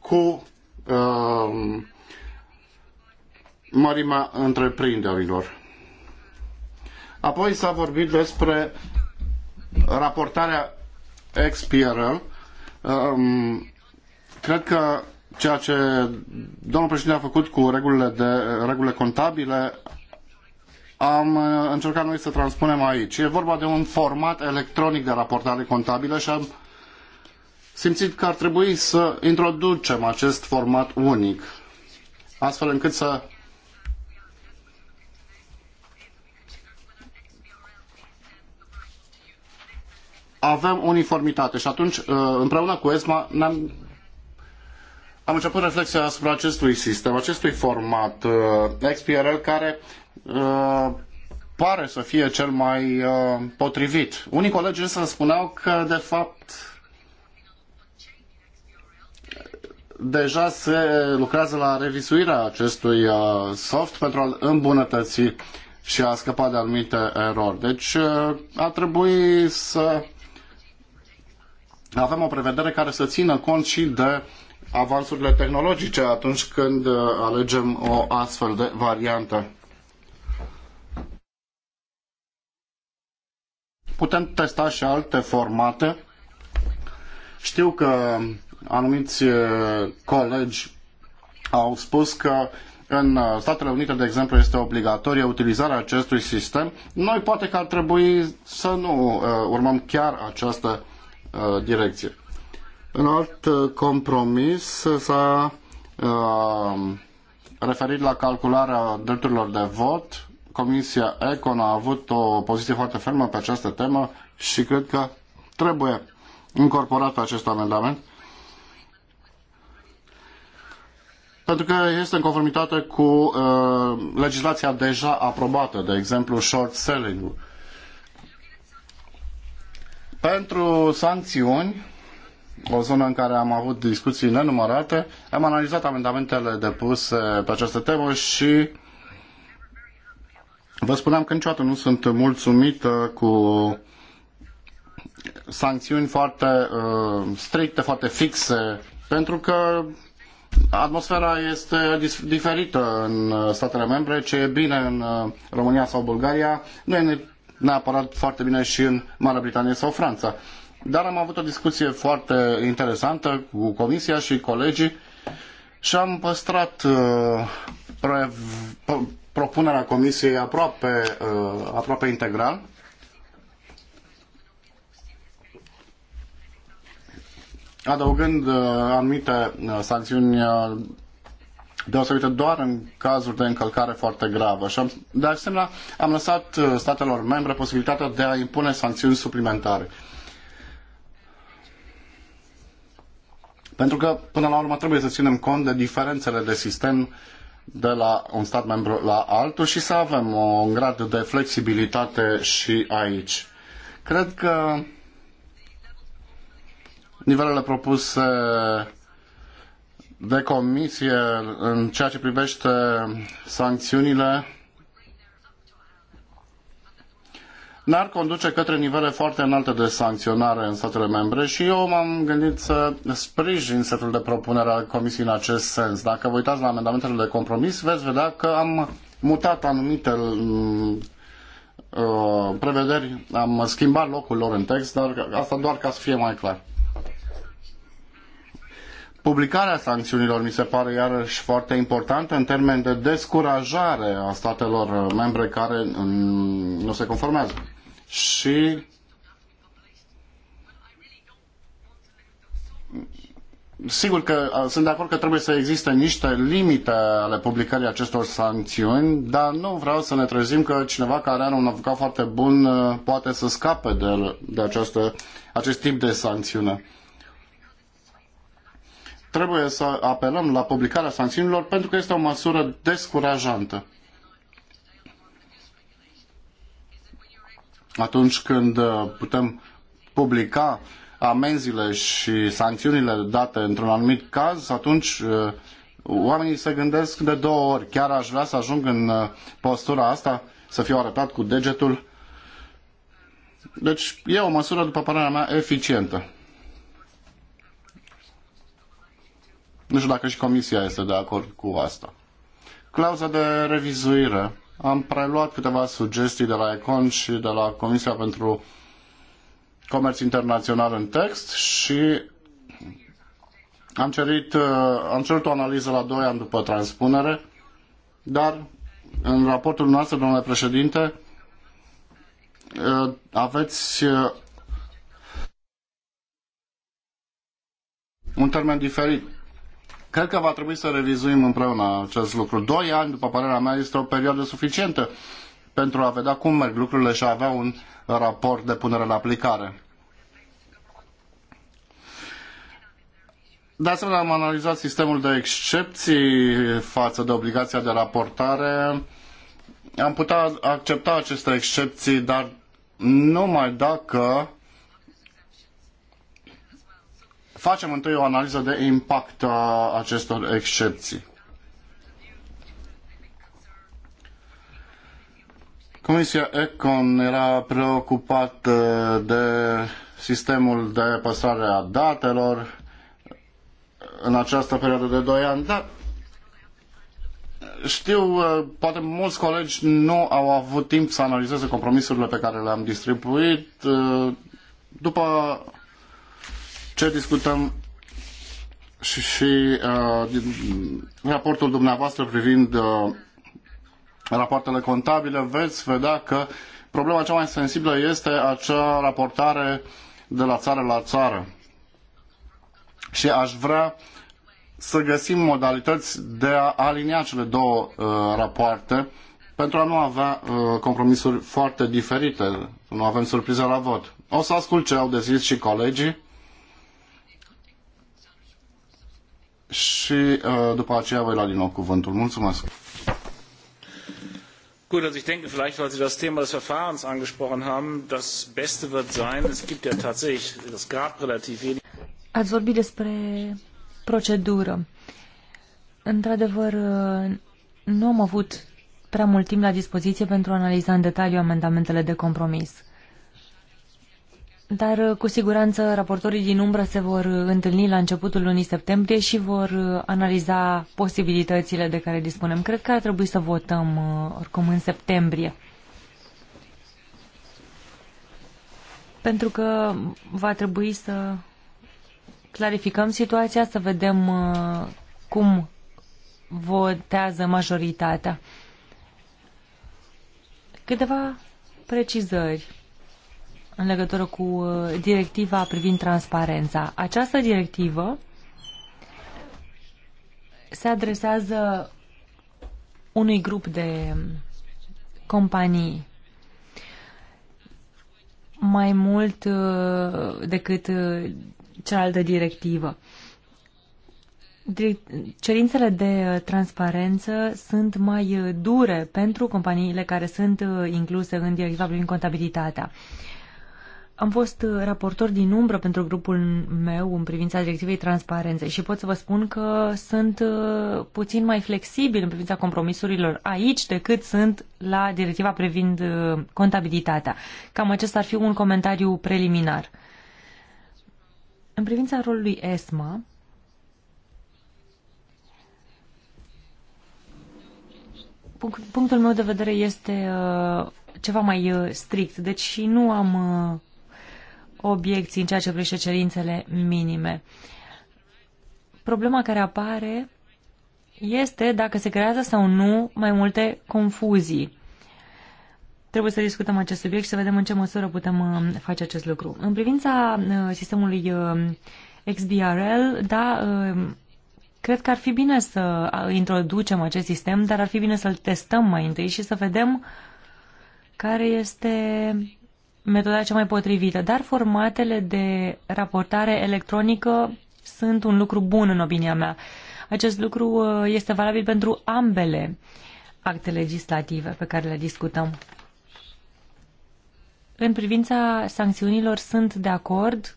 cu uh, mărimea întreprinderilor. Apoi s-a vorbit despre raportarea expiră. Um, cred că ceea ce domnul președinte a făcut cu regulile, de, regulile contabile am uh, încercat noi să transpunem aici. E vorba de un format electronic de raportare contabilă și am simțit că ar trebui să introducem acest format unic, astfel încât să avem uniformitate și atunci uh, împreună cu ESMA ne-am am început reflexia asupra acestui sistem, acestui format uh, XPRL care uh, pare să fie cel mai uh, potrivit. Unii colegi însă spuneau că de fapt deja se lucrează la revizuirea acestui uh, soft pentru a-l îmbunătăți și a scăpa de anumite erori. Deci uh, a trebui să avem o prevedere care să țină cont și de avansurile tehnologice atunci când uh, alegem o astfel de variantă. Putem testa și alte formate. Știu că anumiți uh, colegi au spus că în uh, Statele Unite, de exemplu, este obligatorie utilizarea acestui sistem. Noi poate că ar trebui să nu uh, urmăm chiar această direcție. În alt compromis s-a referit la calcularea drepturilor de vot. Comisia Econ a avut o poziție foarte fermă pe această temă și cred că trebuie incorporat acest amendament. pentru că este în conformitate cu uh, legislația deja aprobată, de exemplu short selling-ul. Pentru sancțiuni, o zonă în care am avut discuții nenumărate, am analizat amendamentele depuse pe această temă și vă spuneam că niciodată nu sunt mulțumită cu sancțiuni foarte uh, stricte, foarte fixe, pentru că Atmosfera este diferită în uh, statele membre, ce e bine în uh, România sau Bulgaria, nu e neapărat foarte bine și în Marea Britanie sau Franța. Dar am avut o discuție foarte interesantă cu comisia și colegii și am păstrat uh, propunerea comisiei aproape, aproape integral adăugând uh, anumite uh, sancțiuni uh, deosebite doar în cazuri de încălcare foarte gravă. Și am, de asemenea, am lăsat statelor membre posibilitatea de a impune sancțiuni suplimentare. Pentru că, până la urmă, trebuie să ținem cont de diferențele de sistem de la un stat membru la altul și să avem un grad de flexibilitate și aici. Cred că nivelele propuse uh, de comisie în ceea ce privește sancțiunile n-ar conduce către nivele foarte înalte de sancționare în statele membre și eu m-am gândit să sprijin setul de propunere al Comisiei în acest sens. Dacă vă uitați la amendamentele de compromis, veți vedea că am mutat anumite mm, uh, prevederi, am schimbat locul lor în text, dar asta doar ca să fie mai clar. Publicarea sancțiunilor mi se pare iarăși foarte importantă în termen de descurajare a statelor membre care mm, nu se conformează. Și sigur că sunt de acord că trebuie să existe niște limite ale publicării acestor sancțiuni, dar nu vreau să ne trezim că cineva care are un avocat foarte bun uh, poate să scape de, de această, acest tip de sancțiune trebuie să apelăm la publicarea sancțiunilor pentru că este o măsură descurajantă. Atunci când uh, putem publica amenziile și sancțiunile date într-un anumit caz, atunci uh, oamenii se gândesc de două ori. Chiar aș vrea să ajung în uh, postura asta, să fiu arătat cu degetul. Deci e o măsură, după părerea mea, eficientă. Nu știu dacă și Comisia este de acord cu asta. Clauza de revizuire. Am preluat câteva sugestii de la Econ și de la Comisia pentru Comerț Internațional în text și am, cerit, uh, am cerut o analiză la 2 ani după transpunere, dar în raportul noastră, domnule președinte, uh, aveți uh, un termen diferit. Cred că va trebui să revizuim împreună acest lucru. Doi ani, după părerea mea, este o perioadă suficientă pentru a vedea cum merg lucrurile și a avea un raport de punere la aplicare. De asemenea, am analizat sistemul de excepții față de obligația de raportare. Am putea accepta aceste excepții, dar numai dacă facem întâi o analiză de impact a acestor excepții. Comisia Econ era preocupată de sistemul de păstrare a datelor în această perioadă de doi ani, dar știu, poate mulți colegi nu au avut timp să analizeze compromisurile pe care le-am distribuit. După ce discutăm și, și uh, raportul dumneavoastră privind uh, rapoartele contabile, veți vedea că problema cea mai sensibilă este acea raportare de la țară la țară. Și aș vrea să găsim modalități de a alinia cele două uh, rapoarte pentru a nu avea uh, compromisuri foarte diferite, nu avem surprize la vot. O să ascult ce au de zis și colegii și uh, după aceea voi lua din nou cuvântul. Mulțumesc! Gut, also ich denke vielleicht, weil Sie das Thema des Verfahrens angesprochen haben, das Beste wird sein, es gibt ja tatsächlich, das gab relativ wenig. Ați vorbit despre procedură. Într-adevăr, uh, nu am avut prea mult timp la dispoziție pentru a analiza în detaliu amendamentele de compromis. Dar uh, cu siguranță raportorii din umbră se vor uh, întâlni la începutul lunii septembrie și vor uh, analiza posibilitățile de care dispunem. Cred că ar trebui să votăm oricum în septembrie. Pentru că va trebui să clarificăm situația, să vedem cum votează majoritatea. Câteva precizări în legătură cu uh, directiva privind transparența. Această directivă se adresează unui grup de companii mai mult uh, decât uh, cealaltă directivă. Cerințele de transparență sunt mai dure pentru companiile care sunt incluse în directiva privind contabilitatea. Am fost uh, raportor din umbră pentru grupul meu în privința directivei transparenței și pot să vă spun că sunt uh, puțin mai flexibil în privința compromisurilor aici decât sunt la directiva privind uh, contabilitatea. Cam acesta ar fi un comentariu preliminar. În privința rolului ESMA, punctul meu de vedere este ceva mai strict, deci nu am obiecții în ceea ce privește cerințele minime. Problema care apare este dacă se creează sau nu mai multe confuzii. Trebuie să discutăm acest subiect și să vedem în ce măsură putem uh, face acest lucru. În privința uh, sistemului uh, XBRL, da, cred că ar fi bine să introducem acest sistem, dar ar fi bine să-l testăm mai întâi și să vedem care este metoda cea mai potrivită, dar formatele de raportare electronică sunt un lucru bun în opinia mea. Acest lucru uh, este valabil pentru ambele acte legislative pe care le discutăm. În privința sancțiunilor sunt de acord.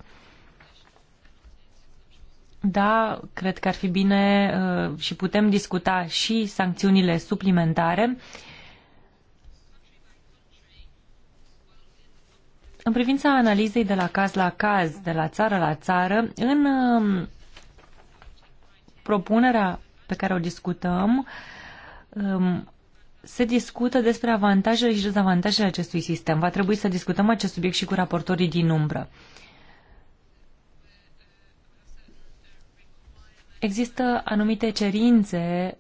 Da, cred că ar fi bine uh, și putem discuta și sancțiunile suplimentare. În privința analizei de la caz la caz, de la țară la țară, în um, propunerea pe care o discutăm, um, se discută despre avantajele și dezavantajele acestui sistem. Va trebui să discutăm acest subiect și cu raportorii din umbră. Există anumite cerințe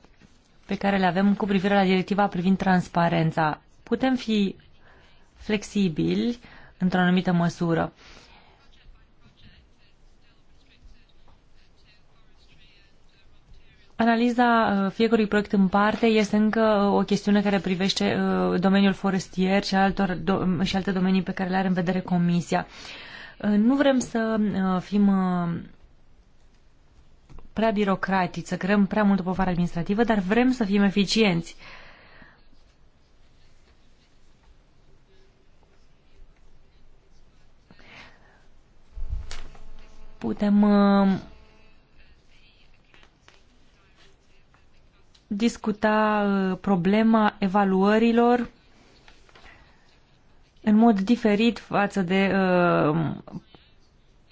pe care le avem cu privire la directiva privind transparența. Putem fi flexibili într-o anumită măsură. Analiza uh, fiecărui proiect în parte este încă uh, o chestiune care privește uh, domeniul forestier și, altor, și alte domenii pe care le are în vedere Comisia. Nu vrem să fim prea birocratici, să creăm prea multă povară administrativă, dar vrem să fim eficienți. putem uh, discuta uh, problema evaluărilor în mod diferit față de uh,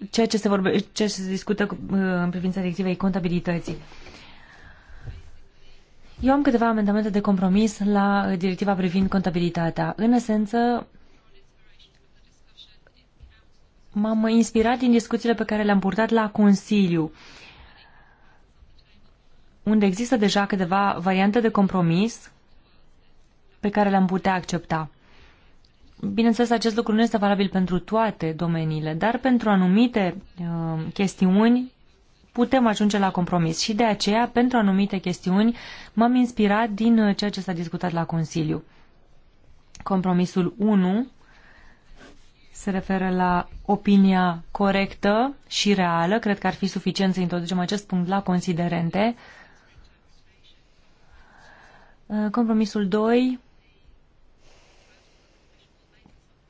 ceea ce se, vorbe, ceea ce se discută în privința directivei contabilității. Eu am câteva amendamente de compromis la directiva privind contabilitatea. În esență, m-am inspirat din discuțiile pe care le-am purtat la Consiliu, unde există deja câteva variante de compromis pe care le-am putea accepta. Bineînțeles, acest lucru nu este valabil pentru toate domeniile, dar pentru anumite uh, chestiuni putem ajunge la compromis și de aceea, pentru anumite chestiuni, m-am inspirat din uh, ceea ce s-a discutat la Consiliu. Compromisul 1 se referă la opinia corectă și reală. Cred că ar fi suficient să introducem acest punct la considerente. Uh, compromisul 2,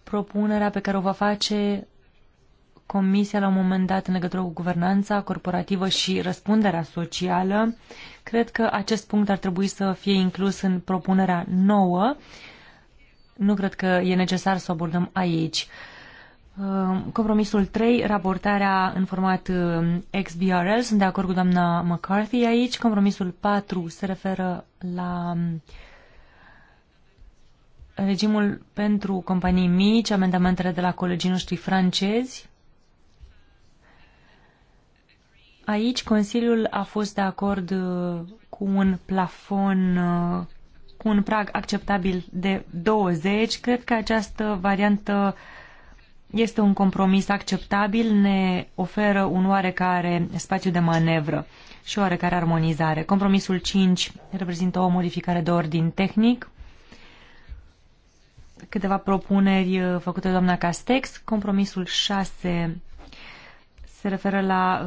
propunerea pe care o va face Comisia la un moment dat în legătură cu guvernanța corporativă și răspunderea socială. Cred că acest punct ar trebui să fie inclus în propunerea nouă. Nu cred că e necesar să o abordăm aici. Uh, compromisul 3, raportarea în format uh, XBRL, sunt de acord cu doamna McCarthy aici. Compromisul 4 se referă la um, regimul pentru companii mici, amendamentele de la colegii noștri francezi. Aici Consiliul a fost de acord uh, cu un plafon cu un prag acceptabil de 20. Cred că această variantă uh, este un compromis acceptabil, ne oferă un oarecare spațiu de manevră și oarecare armonizare. Compromisul 5 reprezintă o modificare de ordin tehnic, câteva propuneri uh, făcute doamna Castex. Compromisul 6 se referă la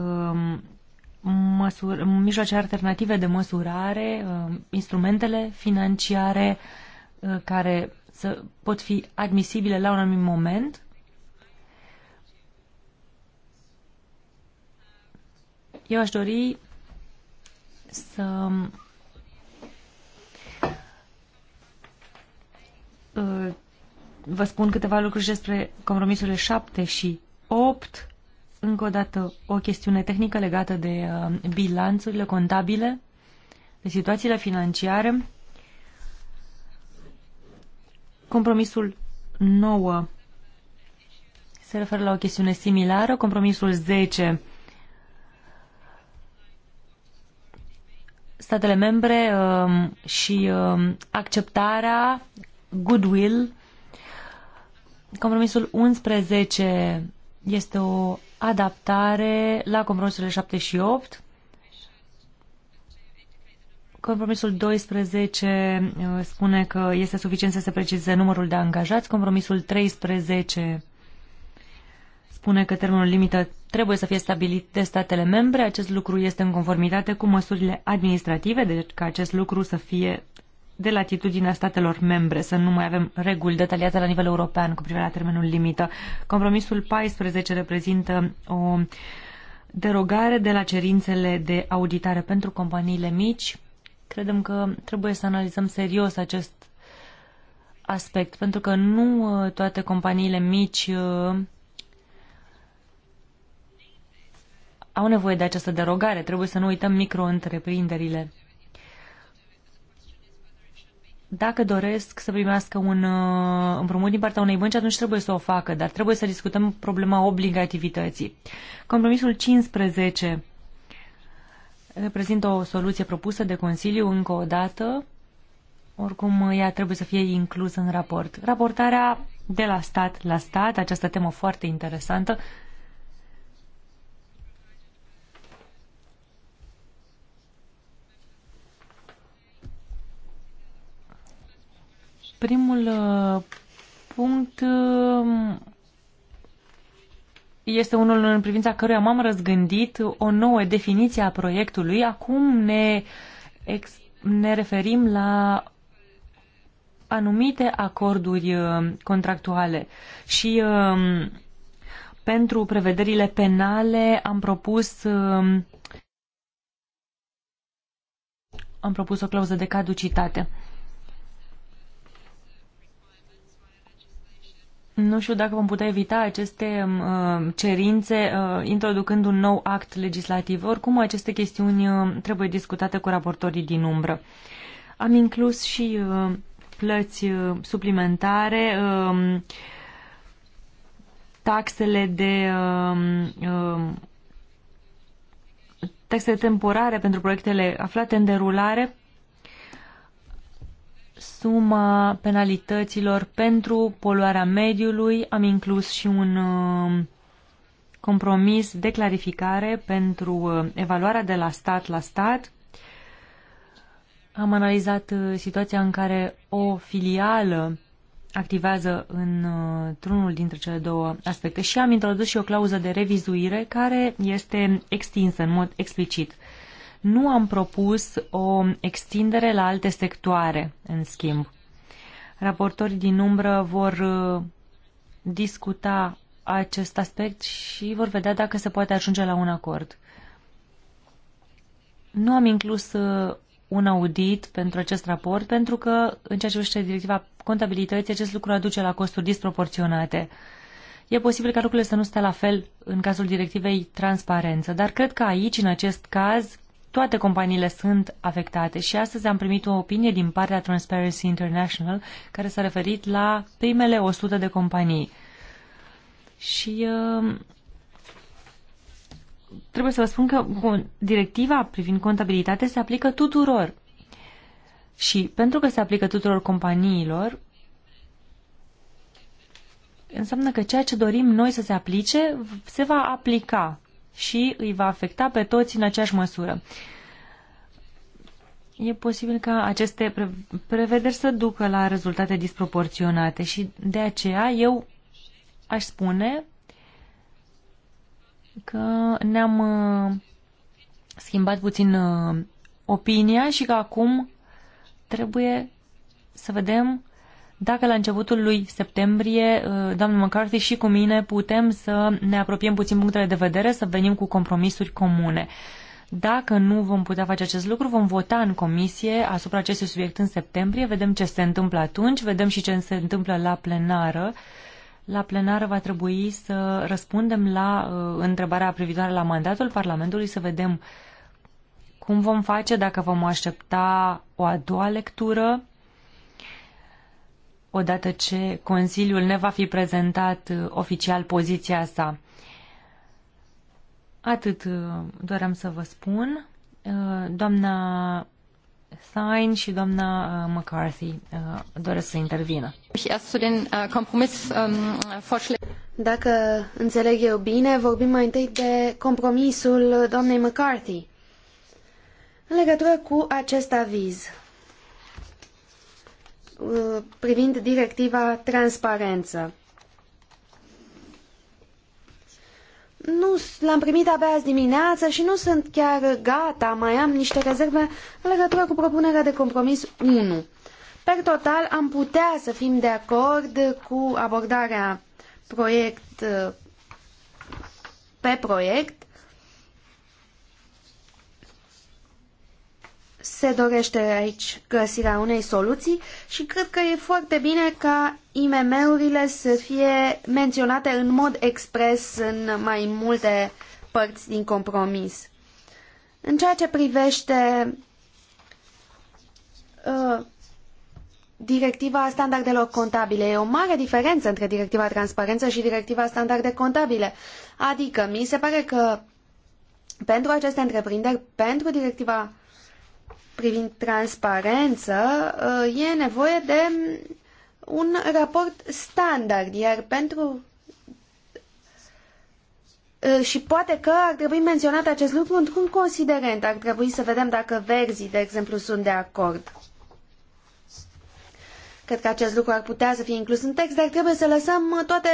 um, măsur, mijloace alternative de măsurare, um, instrumentele financiare uh, care să, pot fi admisibile la un anumit moment Eu aș dori să uh, vă spun câteva lucruri despre compromisurile 7 și 8. Încă o dată, o chestiune tehnică legată de uh, bilanțurile contabile, de situațiile financiare. Compromisul 9 se referă la o chestiune similară. Compromisul 10 statele membre um, și um, acceptarea, goodwill. Compromisul 11 este o adaptare la compromisurile 7 și 8. Compromisul 12 uh, spune că este suficient să se precize numărul de angajați. Compromisul 13 spune că termenul limită trebuie să fie stabilit de statele membre. Acest lucru este în conformitate cu măsurile administrative, deci ca acest lucru să fie de latitudinea statelor membre, să nu mai avem reguli detaliate la nivel european cu privire la termenul limită. Compromisul 14 reprezintă o derogare de la cerințele de auditare pentru companiile mici. Credem că trebuie să analizăm serios acest aspect, pentru că nu uh, toate companiile mici uh, au nevoie de această derogare. Trebuie să nu uităm micro-întreprinderile. Dacă doresc să primească un uh, împrumut din partea unei bănci, atunci trebuie să o facă, dar trebuie să discutăm problema obligativității. Compromisul 15 reprezintă o soluție propusă de Consiliu încă o dată. Oricum, ea trebuie să fie inclusă în raport. Raportarea de la stat la stat, această temă foarte interesantă, Primul uh, punct um, este unul în privința căruia m-am răzgândit o nouă definiție a proiectului. Acum ne, ex, ne referim la anumite acorduri uh, contractuale și um, pentru prevederile penale am propus um, am propus o clauză de caducitate. Nu știu dacă vom putea evita aceste um, uh, cerințe uh, introducând un nou act legislativ. Oricum, aceste chestiuni uh, trebuie discutate cu raportorii din umbră. Am inclus și uh, plăți uh, suplimentare, uh, taxele de uh, um, uh, taxe temporare pentru proiectele aflate în derulare suma penalităților pentru poluarea mediului. Am inclus și un um, compromis de clarificare pentru uh, evaluarea de la stat la stat. Am analizat uh, situația în care o filială activează în uh, trunul dintre cele două aspecte și am introdus și o clauză de revizuire care este extinsă în mod explicit. Nu am propus o extindere la alte sectoare, în schimb. Raportorii din umbră vor uh, discuta acest aspect și vor vedea dacă se poate ajunge la un acord. Nu am inclus uh, un audit pentru acest raport, pentru că, în ceea ce privește directiva contabilității, acest lucru aduce la costuri disproporționate. E posibil ca lucrurile să nu stea la fel în cazul directivei transparență, dar cred că aici, în acest caz, toate companiile sunt afectate și astăzi am primit o opinie din partea Transparency International care s-a referit la primele 100 de companii. Și uh, trebuie să vă spun că bun, directiva privind contabilitate se aplică tuturor. Și pentru că se aplică tuturor companiilor, înseamnă că ceea ce dorim noi să se aplice se va aplica și îi va afecta pe toți în aceeași măsură. E posibil ca aceste prevederi să ducă la rezultate disproporționate și de aceea eu aș spune că ne-am uh, schimbat puțin uh, opinia și că acum trebuie să vedem dacă la începutul lui septembrie, uh, doamnă McCarthy și cu mine, putem să ne apropiem puțin punctele de vedere, să venim cu compromisuri comune. Dacă nu vom putea face acest lucru, vom vota în comisie asupra acestui subiect în septembrie, vedem ce se întâmplă atunci, vedem și ce se întâmplă la plenară. La plenară va trebui să răspundem la uh, întrebarea privitoare la mandatul Parlamentului, să vedem cum vom face, dacă vom aștepta o a doua lectură odată ce Consiliul ne va fi prezentat uh, oficial poziția sa. Atât uh, doream să vă spun. Uh, doamna Sain și doamna McCarthy doresc să intervină. Äh, ähm, Dacă înțeleg eu bine, vorbim mai întâi de compromisul doamnei McCarthy. În legătură cu acest aviz, Uh, privind directiva transparență. Nu, l-am primit abia azi dimineață și nu sunt chiar gata, mai am niște rezerve în legătură cu propunerea de compromis 1. Per total, am putea să fim de acord cu abordarea proiect uh, pe proiect, se dorește aici găsirea unei soluții și cred că e foarte bine ca IMM-urile să fie menționate în mod expres în mai multe părți din compromis. În ceea ce privește uh, directiva standardelor contabile, e o mare diferență între directiva transparență și directiva standarde contabile. Adică, mi se pare că pentru aceste întreprinderi, pentru directiva privind transparență, uh, e nevoie de un raport standard, iar pentru uh, și poate că ar trebui menționat acest lucru într-un considerent. Ar trebui să vedem dacă verzii, de exemplu, sunt de acord. Cred că acest lucru ar putea să fie inclus în text, dar trebuie să lăsăm uh, toate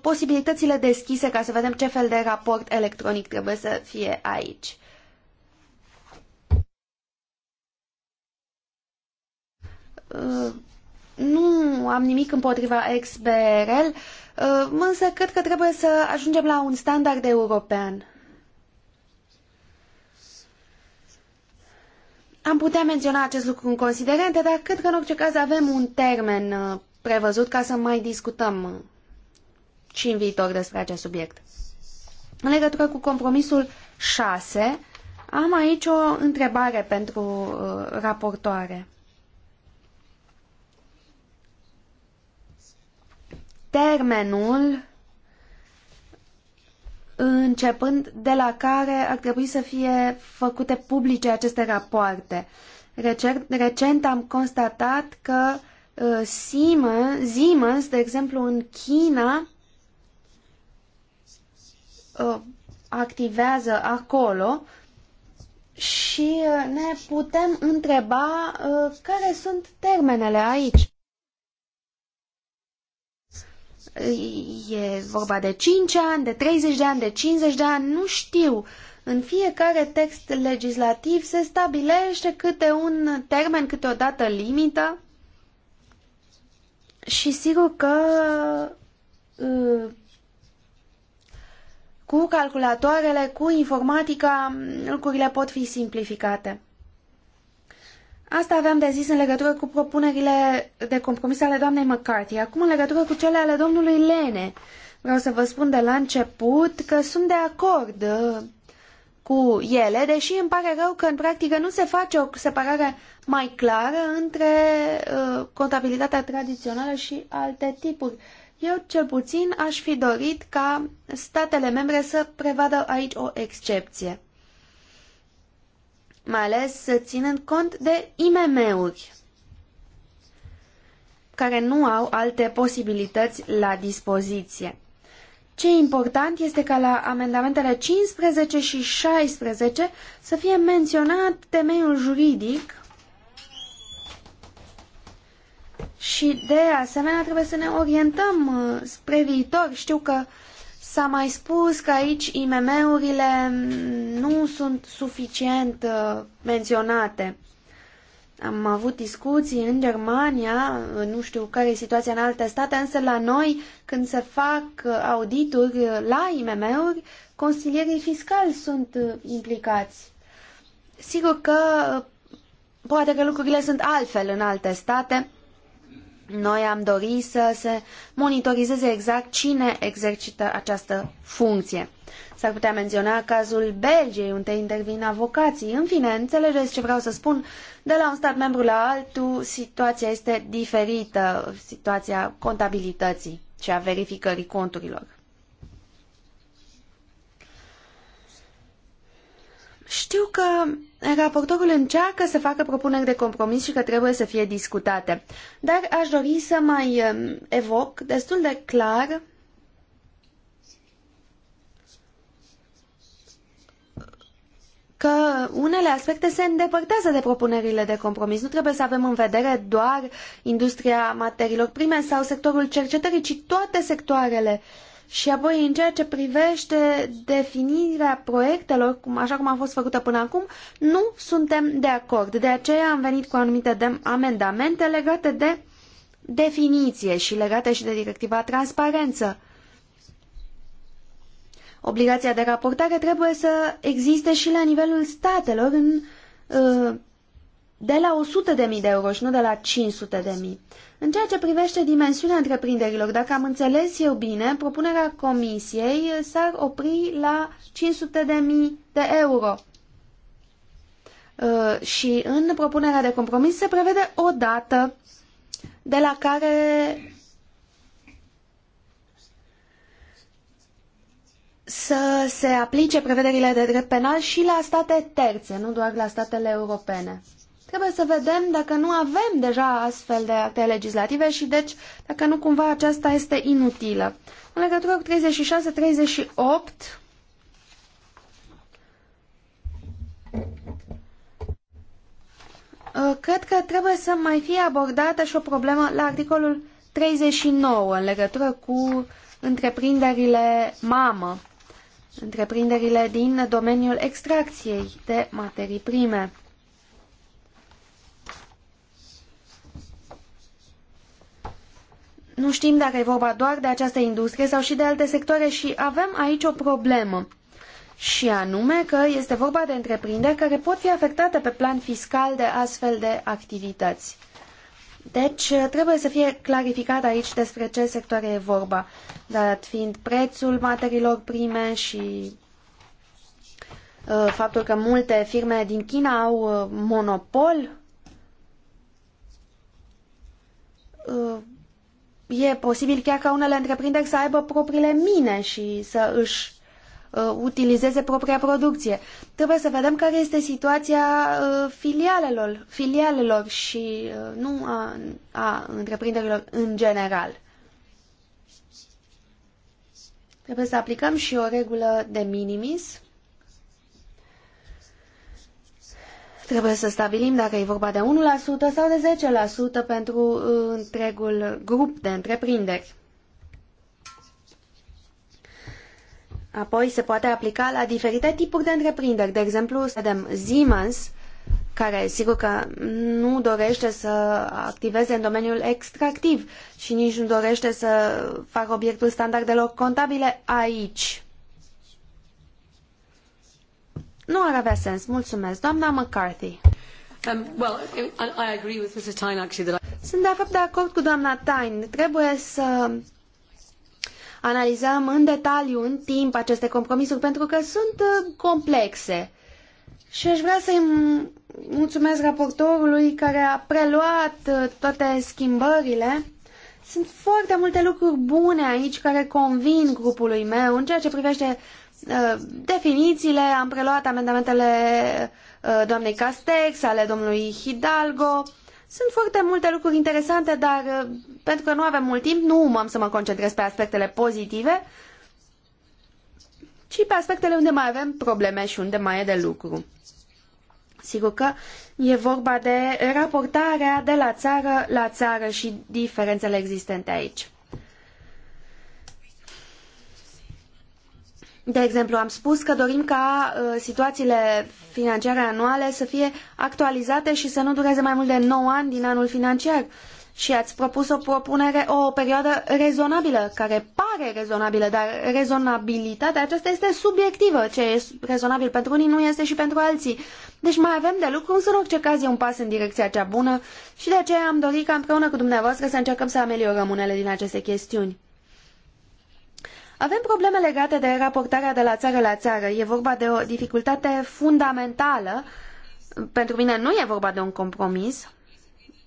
posibilitățile deschise ca să vedem ce fel de raport electronic trebuie să fie aici. Uh, nu am nimic împotriva ex-BRL, uh, însă cred că trebuie să ajungem la un standard european. Am putea menționa acest lucru în considerente, dar cred că în orice caz avem un termen uh, prevăzut ca să mai discutăm și în viitor despre acest subiect. În legătură cu compromisul 6, am aici o întrebare pentru raportoare. termenul începând de la care ar trebui să fie făcute publice aceste rapoarte. Recent am constatat că uh, Siemens, de exemplu, în China, uh, activează acolo și uh, ne putem întreba care sunt termenele aici. E vorba de 5 ani, de 30 de ani, de 50 de ani, nu știu. În fiecare text legislativ se stabilește câte un termen, câte o dată limită și sigur că uh, cu calculatoarele, cu informatica, lucrurile pot fi simplificate. Asta aveam de zis în legătură cu propunerile de compromis ale doamnei McCarthy. Acum, în legătură cu cele ale domnului Lene, vreau să vă spun de la început că sunt de acord uh, cu ele, deși îmi pare rău că în practică nu se face o separare mai clară între uh, contabilitatea tradițională și alte tipuri. Eu, cel puțin, aș fi dorit ca statele membre să prevadă aici o excepție mai ales ținând cont de IMM-uri care nu au alte posibilități la dispoziție. Ce important este ca la amendamentele 15 și 16 să fie menționat temeiul juridic și de asemenea trebuie să ne orientăm uh, spre viitor. Știu că uh, S-a mai spus că aici IMM-urile nu sunt suficient uh, menționate. Am avut discuții în Germania, uh, nu știu care e situația în alte state, însă la noi, când se fac uh, audituri la IMM-uri, consilierii fiscali sunt implicați. Sigur că poate că lucrurile sunt altfel în alte state, noi am dorit să se monitorizeze exact cine exercită această funcție. S-ar putea menționa cazul Belgiei, unde intervin avocații. În fine, înțelegeți ce vreau să spun. De la un stat membru la altul, situația este diferită, situația contabilității și a verificării conturilor. Știu că Raportorul încearcă să facă propuneri de compromis și că trebuie să fie discutate. Dar aș dori să mai um, evoc destul de clar că unele aspecte se îndepărtează de propunerile de compromis. Nu trebuie să avem în vedere doar industria materiilor prime sau sectorul cercetării, ci toate sectoarele uh, și apoi, în ceea ce privește definirea proiectelor, cum, așa cum a fost făcută până acum, nu suntem de acord. De aceea am venit cu anumite amendamente legate de definiție și legate și de directiva transparență. Obligația de raportare trebuie să existe și la nivelul statelor în uh, de la 100.000 de euro și nu de la 500.000. În ceea ce privește dimensiunea întreprinderilor, dacă am înțeles eu bine, propunerea comisiei s-ar opri la 500.000 de euro. Uh, și în propunerea de compromis se prevede o dată de la care să se aplice prevederile de drept penal și la state terțe, nu doar la statele europene. Trebuie să vedem dacă nu avem deja astfel de acte legislative și deci dacă nu cumva aceasta este inutilă. În legătură cu 36-38 ă, cred că trebuie să mai fie abordată și o problemă la articolul 39 în legătură cu întreprinderile mamă, întreprinderile din domeniul extracției de materii prime. Nu știm dacă e vorba doar de această industrie sau și de alte sectoare și avem aici o problemă. Și anume că este vorba de întreprinderi care pot fi afectate pe plan fiscal de astfel de activități. Deci trebuie să fie clarificat aici despre ce sectoare e vorba, dat fiind prețul materiilor prime și uh, faptul că multe firme din China au uh, monopol uh, e posibil chiar ca unele întreprinderi să aibă propriile mine și să își uh, utilizeze propria producție. Trebuie să vedem care este situația uh, filialelor, filialelor și uh, nu a, a întreprinderilor în general. Trebuie să aplicăm și o regulă de minimis Trebuie să stabilim dacă e vorba de 1% sau de 10% pentru uh, întregul grup de întreprinderi. Apoi se poate aplica la diferite tipuri de întreprinderi. De exemplu, să vedem Siemens, care sigur că nu dorește să activeze în domeniul extractiv și nici nu dorește să facă obiectul standardelor contabile aici. Nu ar avea sens. Mulțumesc. Doamna McCarthy. Um, well, I agree with Mrs. Tyne, actually, that I... Sunt de fapt de acord cu doamna Tyne. Trebuie să analizăm în detaliu, în timp, aceste compromisuri, pentru că sunt uh, complexe. Și aș vrea să-i mulțumesc raportorului care a preluat uh, toate schimbările. Sunt foarte multe lucruri bune aici care convin grupului meu în ceea ce privește Uh, definițiile, am preluat amendamentele uh, doamnei Castex, ale domnului Hidalgo. Sunt foarte multe lucruri interesante, dar uh, pentru că nu avem mult timp, nu am să mă concentrez pe aspectele pozitive, ci pe aspectele unde mai avem probleme și unde mai e de lucru. Sigur că e vorba de raportarea de la țară la țară și diferențele existente aici. De exemplu, am spus că dorim ca uh, situațiile financiare anuale să fie actualizate și să nu dureze mai mult de 9 ani din anul financiar. Și ați propus o propunere, o perioadă rezonabilă, care pare rezonabilă, dar rezonabilitatea aceasta este subiectivă. Ce e rezonabil pentru unii nu este și pentru alții. Deci mai avem de lucru, însă în orice caz e un pas în direcția cea bună și de aceea am dorit ca împreună cu dumneavoastră să încercăm să ameliorăm unele din aceste chestiuni. Avem probleme legate de raportarea de la țară la țară. E vorba de o dificultate fundamentală. Pentru mine nu e vorba de un compromis.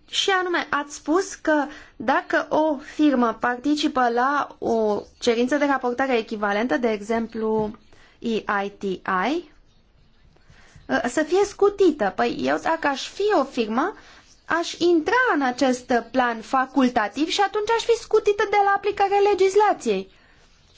Și anume, ați spus că dacă o firmă participă la o cerință de raportare echivalentă, de exemplu EITI, să fie scutită. Păi eu dacă aș fi o firmă, aș intra în acest plan facultativ și atunci aș fi scutită de la aplicarea legislației.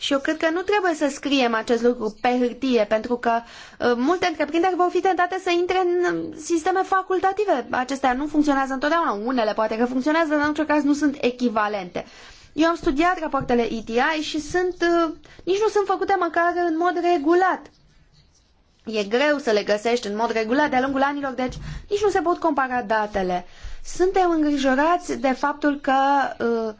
Și eu cred că nu trebuie să scriem acest lucru pe hârtie, pentru că uh, multe întreprinderi vor fi tentate să intre în uh, sisteme facultative. Acestea nu funcționează întotdeauna. Unele poate că funcționează, dar în orice caz nu sunt echivalente. Eu am studiat rapoartele ETI și sunt, uh, nici nu sunt făcute măcar în mod regulat. E greu să le găsești în mod regulat de-a lungul anilor, deci nici nu se pot compara datele. Suntem îngrijorați de faptul că uh,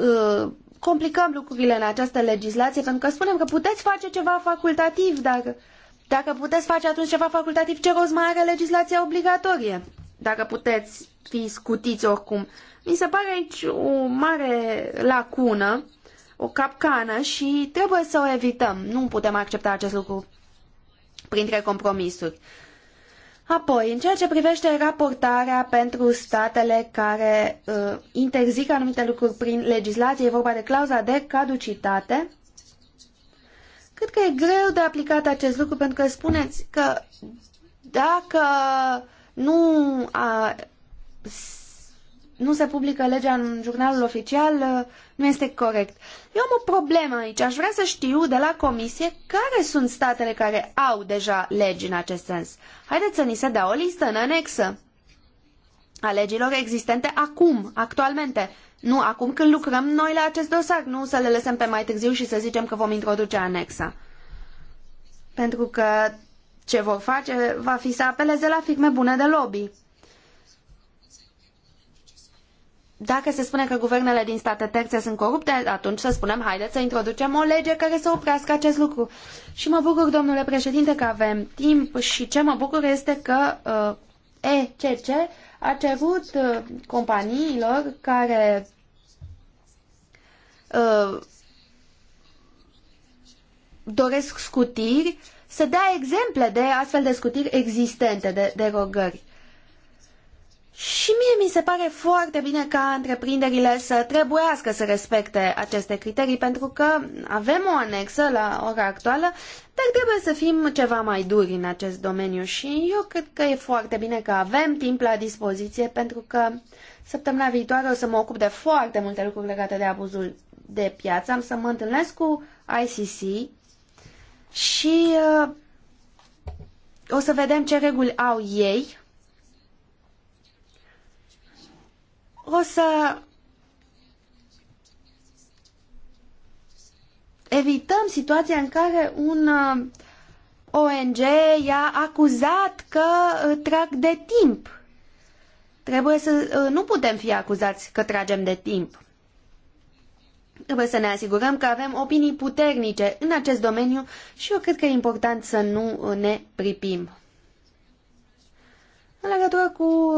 uh complicăm lucrurile în această legislație, pentru că spunem că puteți face ceva facultativ, dar dacă puteți face atunci ceva facultativ, ce rost mai are legislația obligatorie? Dacă puteți fi scutiți oricum. Mi se pare aici o mare lacună, o capcană și trebuie să o evităm. Nu putem accepta acest lucru printre compromisuri. Apoi, în ceea ce privește raportarea pentru statele care uh, interzic anumite lucruri prin legislație, e vorba de clauza de caducitate, cred că e greu de aplicat acest lucru pentru că spuneți că dacă nu a, nu se publică legea în jurnalul oficial uh, nu este corect. Eu am o problemă aici. Aș vrea să știu de la Comisie care sunt statele care au deja legi în acest sens. Haideți să ni se dea o listă în anexă a legilor existente acum, actualmente. Nu acum când lucrăm noi la acest dosar, nu să le lăsăm pe mai târziu și să zicem că vom introduce anexa. Pentru că ce vor face va fi să apeleze la firme bune de lobby. dacă se spune că guvernele din state terțe sunt corupte, atunci să spunem, haideți să introducem o lege care să oprească acest lucru. Și mă bucur, domnule președinte, că avem timp și ce mă bucur este că uh, ECC a cerut uh, companiilor care uh, doresc scutiri să dea exemple de astfel de scutiri existente, de derogări. Și mie mi se pare foarte bine ca întreprinderile să trebuiască să respecte aceste criterii, pentru că avem o anexă la ora actuală, dar trebuie să fim ceva mai duri în acest domeniu și eu cred că e foarte bine că avem timp la dispoziție, pentru că săptămâna viitoare o să mă ocup de foarte multe lucruri legate de abuzul de piață. Am să mă întâlnesc cu ICC și uh, o să vedem ce reguli au ei o să evităm situația în care un uh, ONG i-a acuzat că uh, trag de timp. Trebuie să uh, nu putem fi acuzați că tragem de timp. Trebuie să ne asigurăm că avem opinii puternice în acest domeniu și eu cred că e important să nu ne pripim. În legătură cu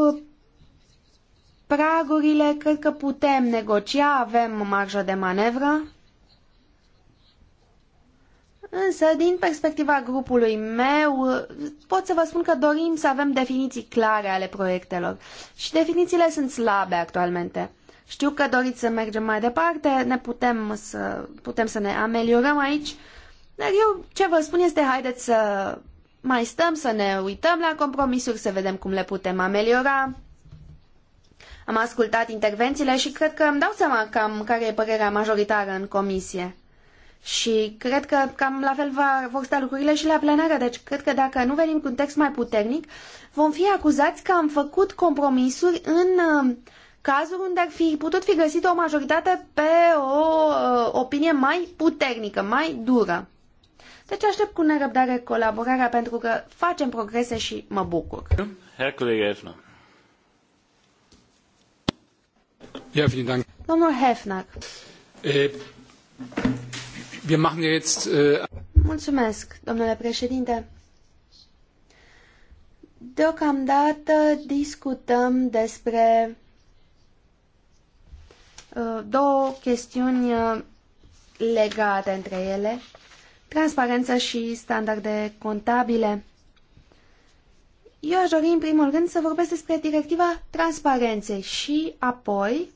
pragurile cred că putem negocia, avem marjă de manevră. Însă, din perspectiva grupului meu, pot să vă spun că dorim să avem definiții clare ale proiectelor. Și definițiile sunt slabe actualmente. Știu că doriți să mergem mai departe, ne putem să, putem să ne ameliorăm aici, dar eu ce vă spun este haideți să mai stăm, să ne uităm la compromisuri, să vedem cum le putem ameliora am ascultat intervențiile și cred că îmi dau seama cam care e părerea majoritară în comisie. Și cred că cam la fel va, vor sta lucrurile și la plenară, deci cred că dacă nu venim cu un text mai puternic, vom fi acuzați că am făcut compromisuri în uh, cazuri unde ar fi putut fi găsită o majoritate pe o uh, opinie mai puternică, mai dură. Deci aștept cu nerăbdare colaborarea pentru că facem progrese și mă bucur. Herr Kollege Elfner. Domnul Hefnack. Eh, wir machen jetzt, äh, Mulțumesc, domnule președinte. Deocamdată discutăm despre uh, două chestiuni uh, legate între ele, transparență și standarde contabile. Eu aș dori în primul rând să vorbesc despre directiva transparenței și apoi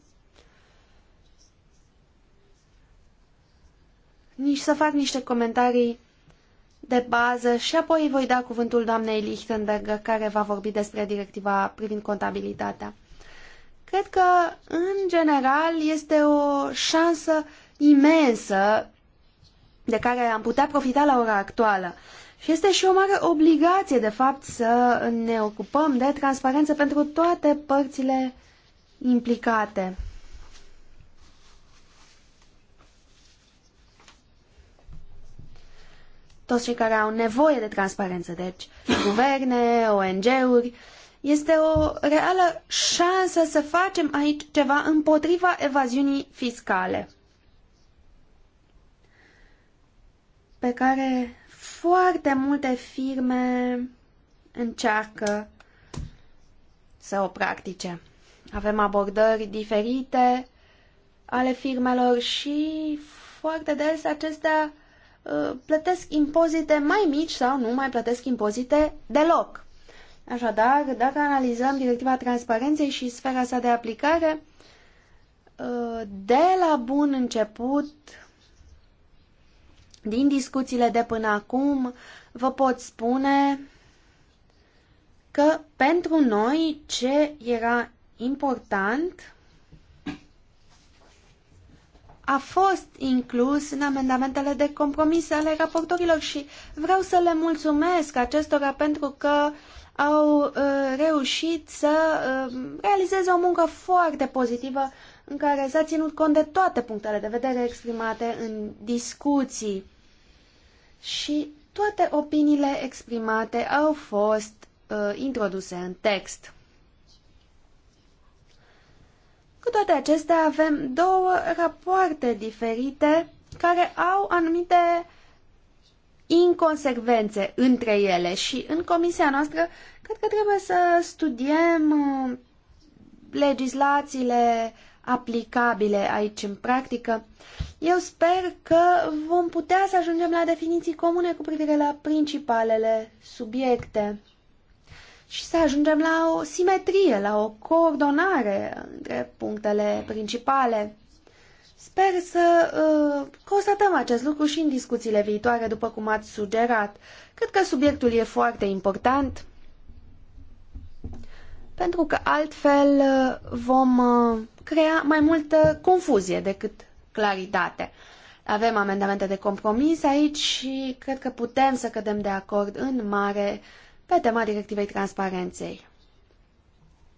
nici să fac niște comentarii de bază și apoi voi da cuvântul doamnei Lichtenberger care va vorbi despre directiva privind contabilitatea. Cred că, în general, este o șansă imensă de care am putea profita la ora actuală. Și este și o mare obligație, de fapt, să ne ocupăm de transparență pentru toate părțile implicate. toți cei care au nevoie de transparență, deci guverne, ONG-uri. Este o reală șansă să facem aici ceva împotriva evaziunii fiscale, pe care foarte multe firme încearcă să o practice. Avem abordări diferite ale firmelor și foarte des acestea Uh, plătesc impozite mai mici sau nu mai plătesc impozite deloc. Așadar, dacă analizăm directiva transparenței și sfera sa de aplicare, uh, de la bun început, din discuțiile de până acum, vă pot spune că pentru noi ce era important a fost inclus în amendamentele de compromis ale raportorilor și vreau să le mulțumesc acestora pentru că au uh, reușit să uh, realizeze o muncă foarte pozitivă în care s-a ținut cont de toate punctele de vedere exprimate în discuții. Și toate opiniile exprimate au fost uh, introduse în text. Cu toate acestea, avem două rapoarte diferite care au anumite inconsecvențe între ele și în comisia noastră cred că trebuie să studiem uh, legislațiile aplicabile aici în practică. Eu sper că vom putea să ajungem la definiții comune cu privire la principalele subiecte și să ajungem la o simetrie, la o coordonare între punctele principale. Sper să uh, constatăm acest lucru și în discuțiile viitoare, după cum ați sugerat. Cred că subiectul e foarte important, pentru că altfel uh, vom uh, crea mai multă confuzie decât claritate. Avem amendamente de compromis aici și cred că putem să cădem de acord în mare uh, pe tema directivei transparenței.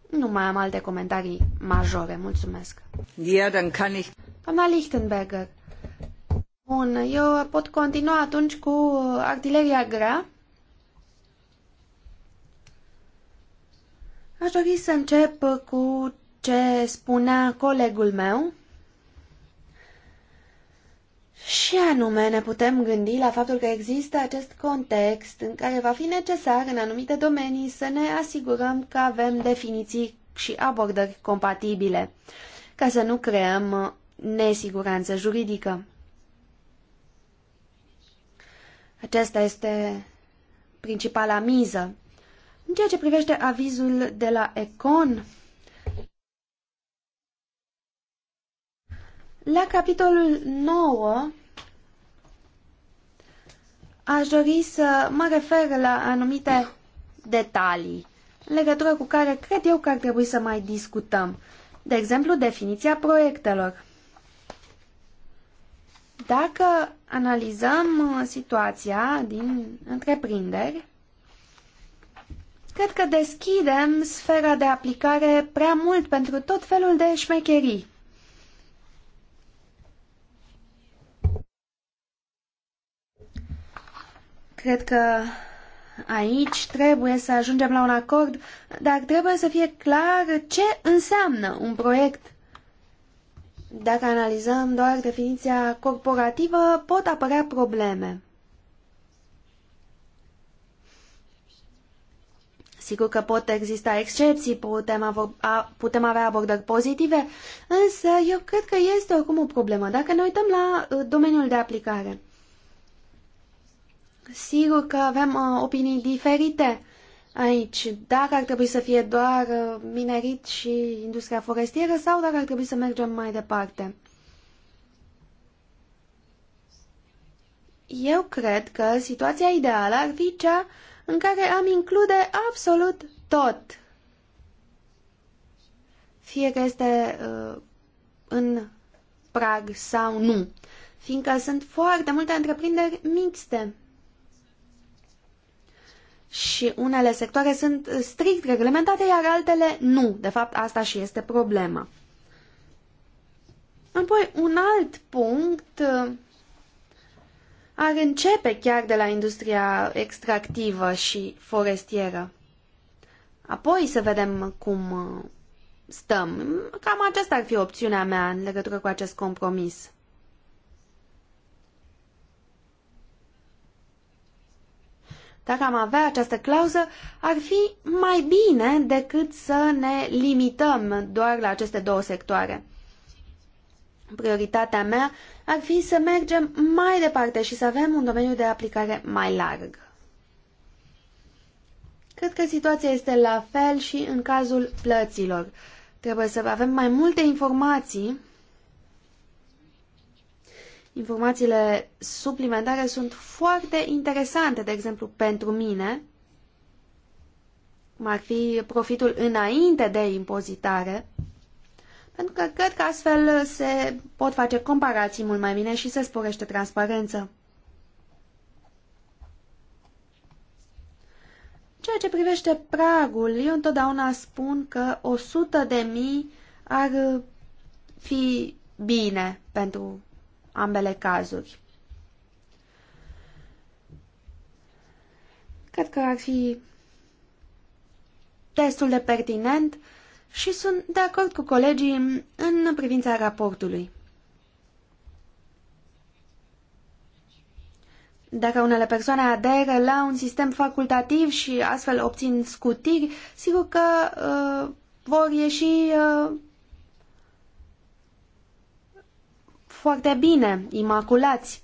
Nu mai am alte comentarii majore, mulțumesc. Ja, dann kann ich... Doamna Lichtenberger. Bun, eu pot continua atunci cu artileria grea. Aș dori să încep cu ce spunea colegul meu. Și anume, ne putem gândi la faptul că există acest context în care va fi necesar în anumite domenii să ne asigurăm că avem definiții și abordări compatibile, ca să nu creăm nesiguranță juridică. Aceasta este principala miză. În ceea ce privește avizul de la Econ, la capitolul 9 Aș dori să mă refer la anumite detalii în legătură cu care cred eu că ar trebui să mai discutăm. De exemplu, definiția proiectelor. Dacă analizăm uh, situația din întreprinderi, cred că deschidem sfera de aplicare prea mult pentru tot felul de șmecherii. Cred că aici trebuie să ajungem la un acord, dar trebuie să fie clar ce înseamnă un proiect. Dacă analizăm doar definiția corporativă, pot apărea probleme. Sigur că pot exista excepții, putem, putem avea abordări pozitive, însă eu cred că este oricum o problemă dacă ne uităm la uh, domeniul de aplicare. Sigur că avem uh, opinii diferite aici. Dacă ar trebui să fie doar uh, minerit și industria forestieră sau dacă ar trebui să mergem mai departe. Eu cred că situația ideală ar fi cea în care am include absolut tot. Fie că este uh, în prag sau nu, fiindcă sunt foarte multe întreprinderi mixte și unele sectoare sunt strict reglementate, iar altele nu. De fapt, asta și este problema. Apoi, un alt punct uh, ar începe chiar de la industria extractivă și forestieră. Apoi să vedem cum uh, stăm. Cam aceasta ar fi opțiunea mea în legătură cu acest compromis. Dacă am avea această clauză, ar fi mai bine decât să ne limităm doar la aceste două sectoare. Prioritatea mea ar fi să mergem mai departe și să avem un domeniu de aplicare mai larg. Cred că situația este la fel și în cazul plăților. Trebuie să avem mai multe informații Informațiile suplimentare sunt foarte interesante, de exemplu, pentru mine, cum ar fi profitul înainte de impozitare, pentru că cred că astfel se pot face comparații mult mai bine și se sporește transparența. Ceea ce privește pragul, eu întotdeauna spun că 100 de mii ar fi bine pentru ambele cazuri. Cred că ar fi destul de pertinent și sunt de acord cu colegii în privința raportului. Dacă unele persoane aderă la un sistem facultativ și astfel obțin scutiri, sigur că uh, vor ieși uh, foarte bine, imaculați.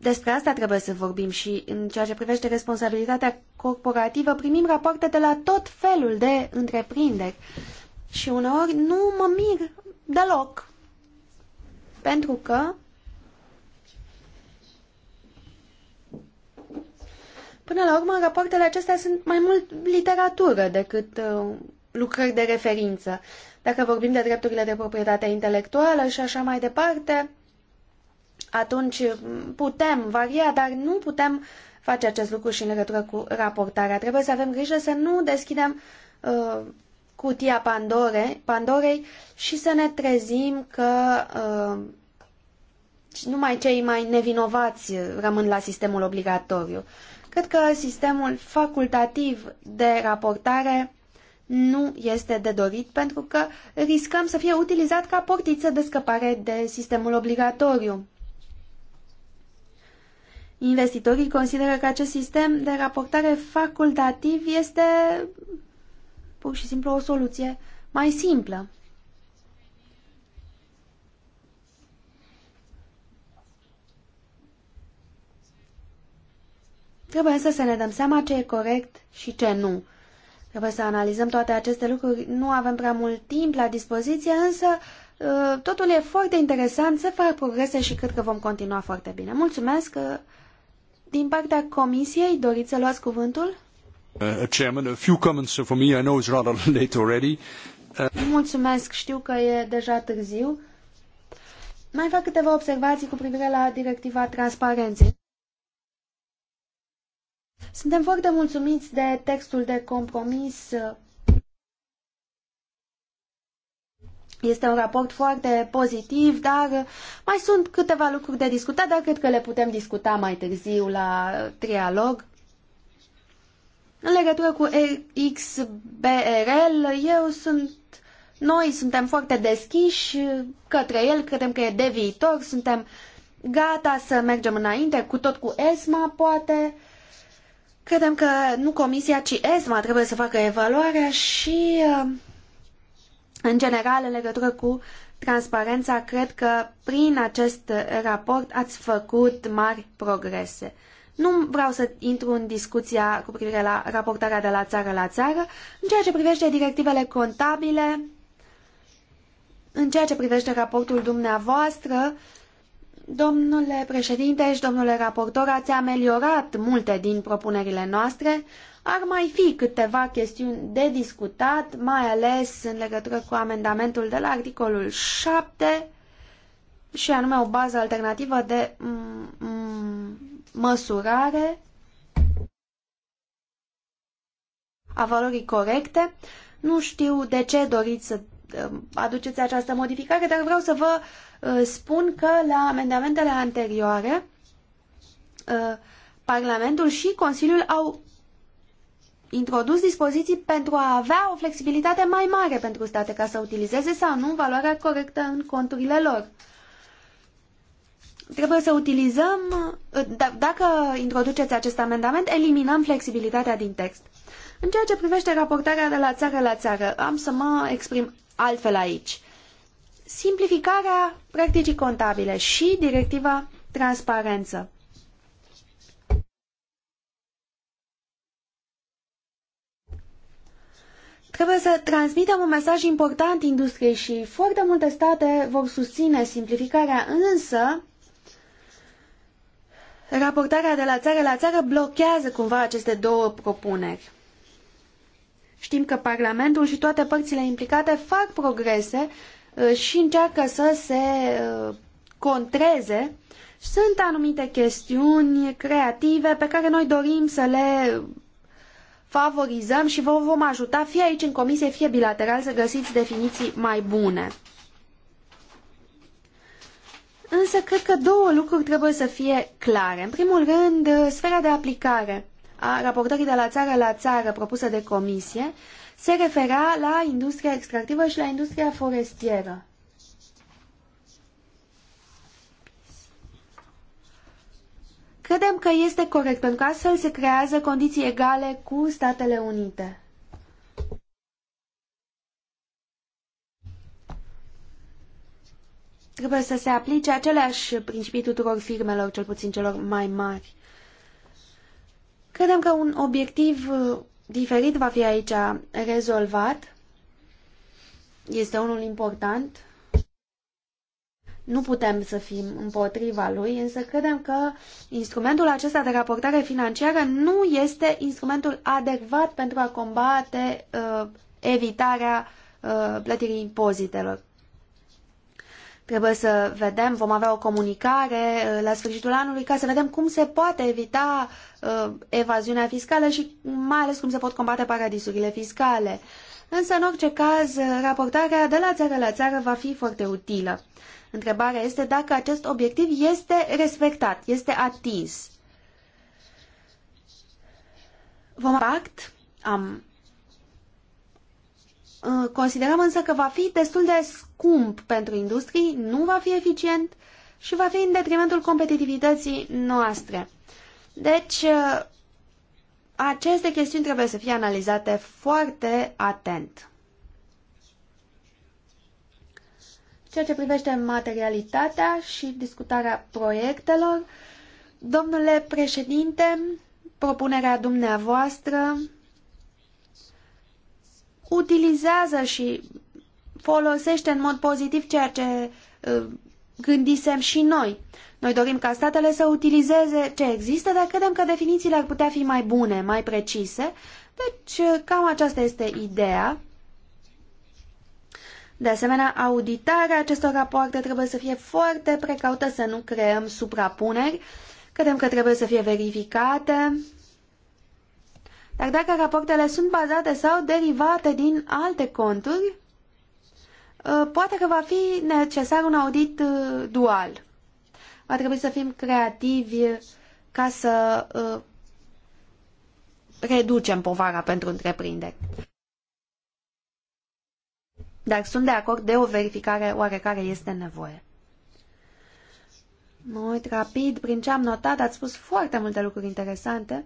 Despre asta trebuie să vorbim și în ceea ce privește responsabilitatea corporativă primim rapoarte de la tot felul de întreprinderi și uneori nu mă mir deloc pentru că Până la urmă, rapoartele acestea sunt mai mult literatură decât uh, lucrări de referință dacă vorbim de drepturile de proprietate intelectuală și așa mai departe, atunci putem varia, dar nu putem face acest lucru și în legătură cu raportarea. Trebuie să avem grijă să nu deschidem uh, cutia Pandore, Pandorei și să ne trezim că uh, numai cei mai nevinovați rămân la sistemul obligatoriu. Cred că sistemul facultativ de raportare nu este de dorit pentru că riscăm să fie utilizat ca portiță de scăpare de sistemul obligatoriu. Investitorii consideră că acest sistem de raportare facultativ este pur și simplu o soluție mai simplă. Trebuie să ne dăm seama ce e corect și ce nu. Trebuie să analizăm toate aceste lucruri. Nu avem prea mult timp la dispoziție, însă uh, totul e foarte interesant, se fac progrese și cred că vom continua foarte bine. Mulțumesc! Uh, din partea Comisiei, doriți să luați cuvântul? Uh, chairman, a few comments for me. I know it's rather late already. Uh... Mulțumesc, știu că e deja târziu. Mai fac câteva observații cu privire la directiva transparenței. Suntem foarte mulțumiți de textul de compromis. Este un raport foarte pozitiv, dar mai sunt câteva lucruri de discutat, dar cred că le putem discuta mai târziu la trialog. În legătură cu XBRL, eu sunt noi suntem foarte deschiși către el, credem că e de viitor, suntem gata să mergem înainte, cu tot cu ESMA, poate, Credem că nu Comisia, ci ESMA trebuie să facă evaluarea și, uh, în general, în legătură cu transparența, cred că prin acest raport ați făcut mari progrese. Nu vreau să intru în discuția cu privire la raportarea de la țară la țară. În ceea ce privește directivele contabile, în ceea ce privește raportul dumneavoastră, Domnule președinte și domnule raportor, ați ameliorat multe din propunerile noastre. Ar mai fi câteva chestiuni de discutat, mai ales în legătură cu amendamentul de la articolul 7 și anume o bază alternativă de mm, mm, măsurare a valorii corecte. Nu știu de ce doriți să mm, aduceți această modificare, dar vreau să vă uh, Uh, spun că la amendamentele anterioare uh, Parlamentul și Consiliul au introdus dispoziții pentru a avea o flexibilitate mai mare pentru state ca să utilizeze sau nu valoarea corectă în conturile lor. Trebuie să utilizăm, uh, da, dacă introduceți acest amendament, eliminăm flexibilitatea din text. În ceea ce privește raportarea de la țară la țară, am să mă exprim altfel aici simplificarea practicii contabile și directiva transparență. Trebuie să transmitem un mesaj important industriei și foarte multe state vor susține simplificarea, însă raportarea de la țară la țară blochează cumva aceste două propuneri. Știm că Parlamentul și toate părțile implicate fac progrese Uh, și încearcă să se uh, contreze. Sunt anumite chestiuni creative pe care noi dorim să le favorizăm și vă vom ajuta fie aici în comisie, fie bilateral să găsiți definiții mai bune. Însă cred că două lucruri trebuie să fie clare. În primul rând, sfera de aplicare a raportării de la țară la țară propusă de comisie se refera la industria extractivă și la industria forestieră. Credem că este corect, pentru că astfel se creează condiții egale cu Statele Unite. Trebuie să se aplice aceleași principii tuturor firmelor, cel puțin celor mai mari. Credem că un obiectiv diferit va fi aici rezolvat. Este unul important. Nu putem să fim împotriva lui, însă credem că instrumentul acesta de raportare financiară nu este instrumentul adecvat pentru a combate uh, evitarea uh, plătirii impozitelor. Trebuie să vedem, vom avea o comunicare uh, la sfârșitul anului ca să vedem cum se poate evita uh, evaziunea fiscală și mai ales cum se pot combate paradisurile fiscale. Însă, în orice caz, uh, raportarea de la țară la țară va fi foarte utilă. Întrebarea este dacă acest obiectiv este respectat, este atins. Vom act. am Uh, considerăm însă că va fi destul de scump pentru industrii, nu va fi eficient și va fi în detrimentul competitivității noastre. Deci, uh, aceste chestiuni trebuie să fie analizate foarte atent. Ceea ce privește materialitatea și discutarea proiectelor, domnule președinte, propunerea dumneavoastră utilizează și folosește în mod pozitiv ceea ce ă, gândisem și noi. Noi dorim ca statele să utilizeze ce există, dar credem că definițiile ar putea fi mai bune, mai precise. Deci, ă, cam aceasta este ideea. De asemenea, auditarea acestor rapoarte trebuie să fie foarte precaută să nu creăm suprapuneri. Credem că trebuie să fie verificate dar dacă rapoartele sunt bazate sau derivate din alte conturi, ă, poate că va fi necesar un audit ă, dual. Va trebui să fim creativi ca să ă, reducem povara pentru întreprinderi. Dar sunt de acord de o verificare oarecare este nevoie. Mă uit rapid prin ce am notat, ați spus foarte multe lucruri interesante.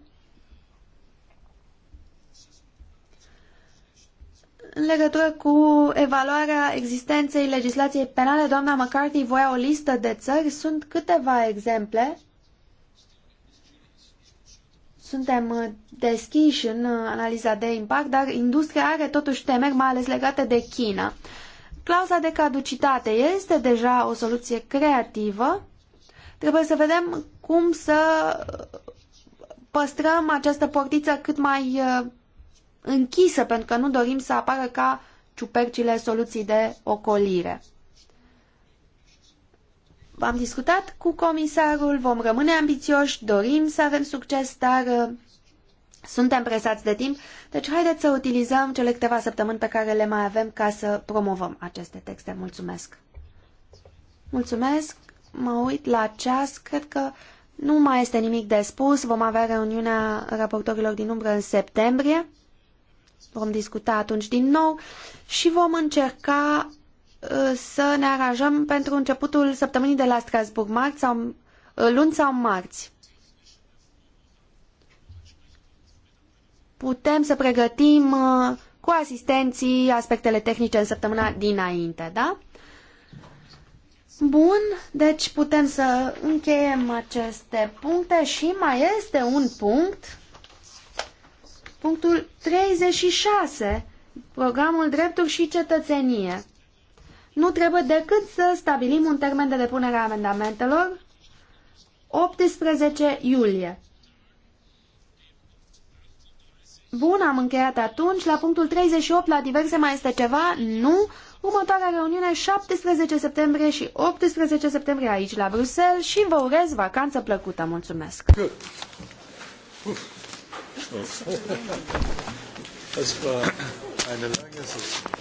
În legătură cu evaluarea existenței legislației penale, doamna McCarthy voia o listă de țări. Sunt câteva exemple. Suntem uh, deschiși în uh, analiza de impact, dar industria are totuși temeri, mai ales legate de China. Clauza de caducitate este deja o soluție creativă. Trebuie să vedem cum să uh, păstrăm această portiță cât mai închisă, pentru că nu dorim să apară ca ciupercile soluții de ocolire. Am discutat cu comisarul, vom rămâne ambițioși, dorim să avem succes, dar uh, suntem presați de timp, deci haideți să utilizăm cele câteva săptămâni pe care le mai avem ca să promovăm aceste texte. Mulțumesc! Mulțumesc! Mă uit la ceas, cred că nu mai este nimic de spus. Vom avea reuniunea raportorilor din umbră în septembrie. Vom discuta atunci din nou și vom încerca uh, să ne aranjăm pentru începutul săptămânii de la Strasburg, marți sau, uh, luni sau marți. Putem să pregătim uh, cu asistenții aspectele tehnice în săptămâna dinainte, da? Bun, deci putem să încheiem aceste puncte și mai este un punct Punctul 36, programul dreptul și Cetățenie. Nu trebuie decât să stabilim un termen de depunere a amendamentelor, 18 iulie. Bun, am încheiat atunci. La punctul 38, la diverse mai este ceva? Nu. Următoarea reuniune 17 septembrie și 18 septembrie aici la Bruxelles și vă urez vacanță plăcută. Mulțumesc! Das war eine lange Sitzung.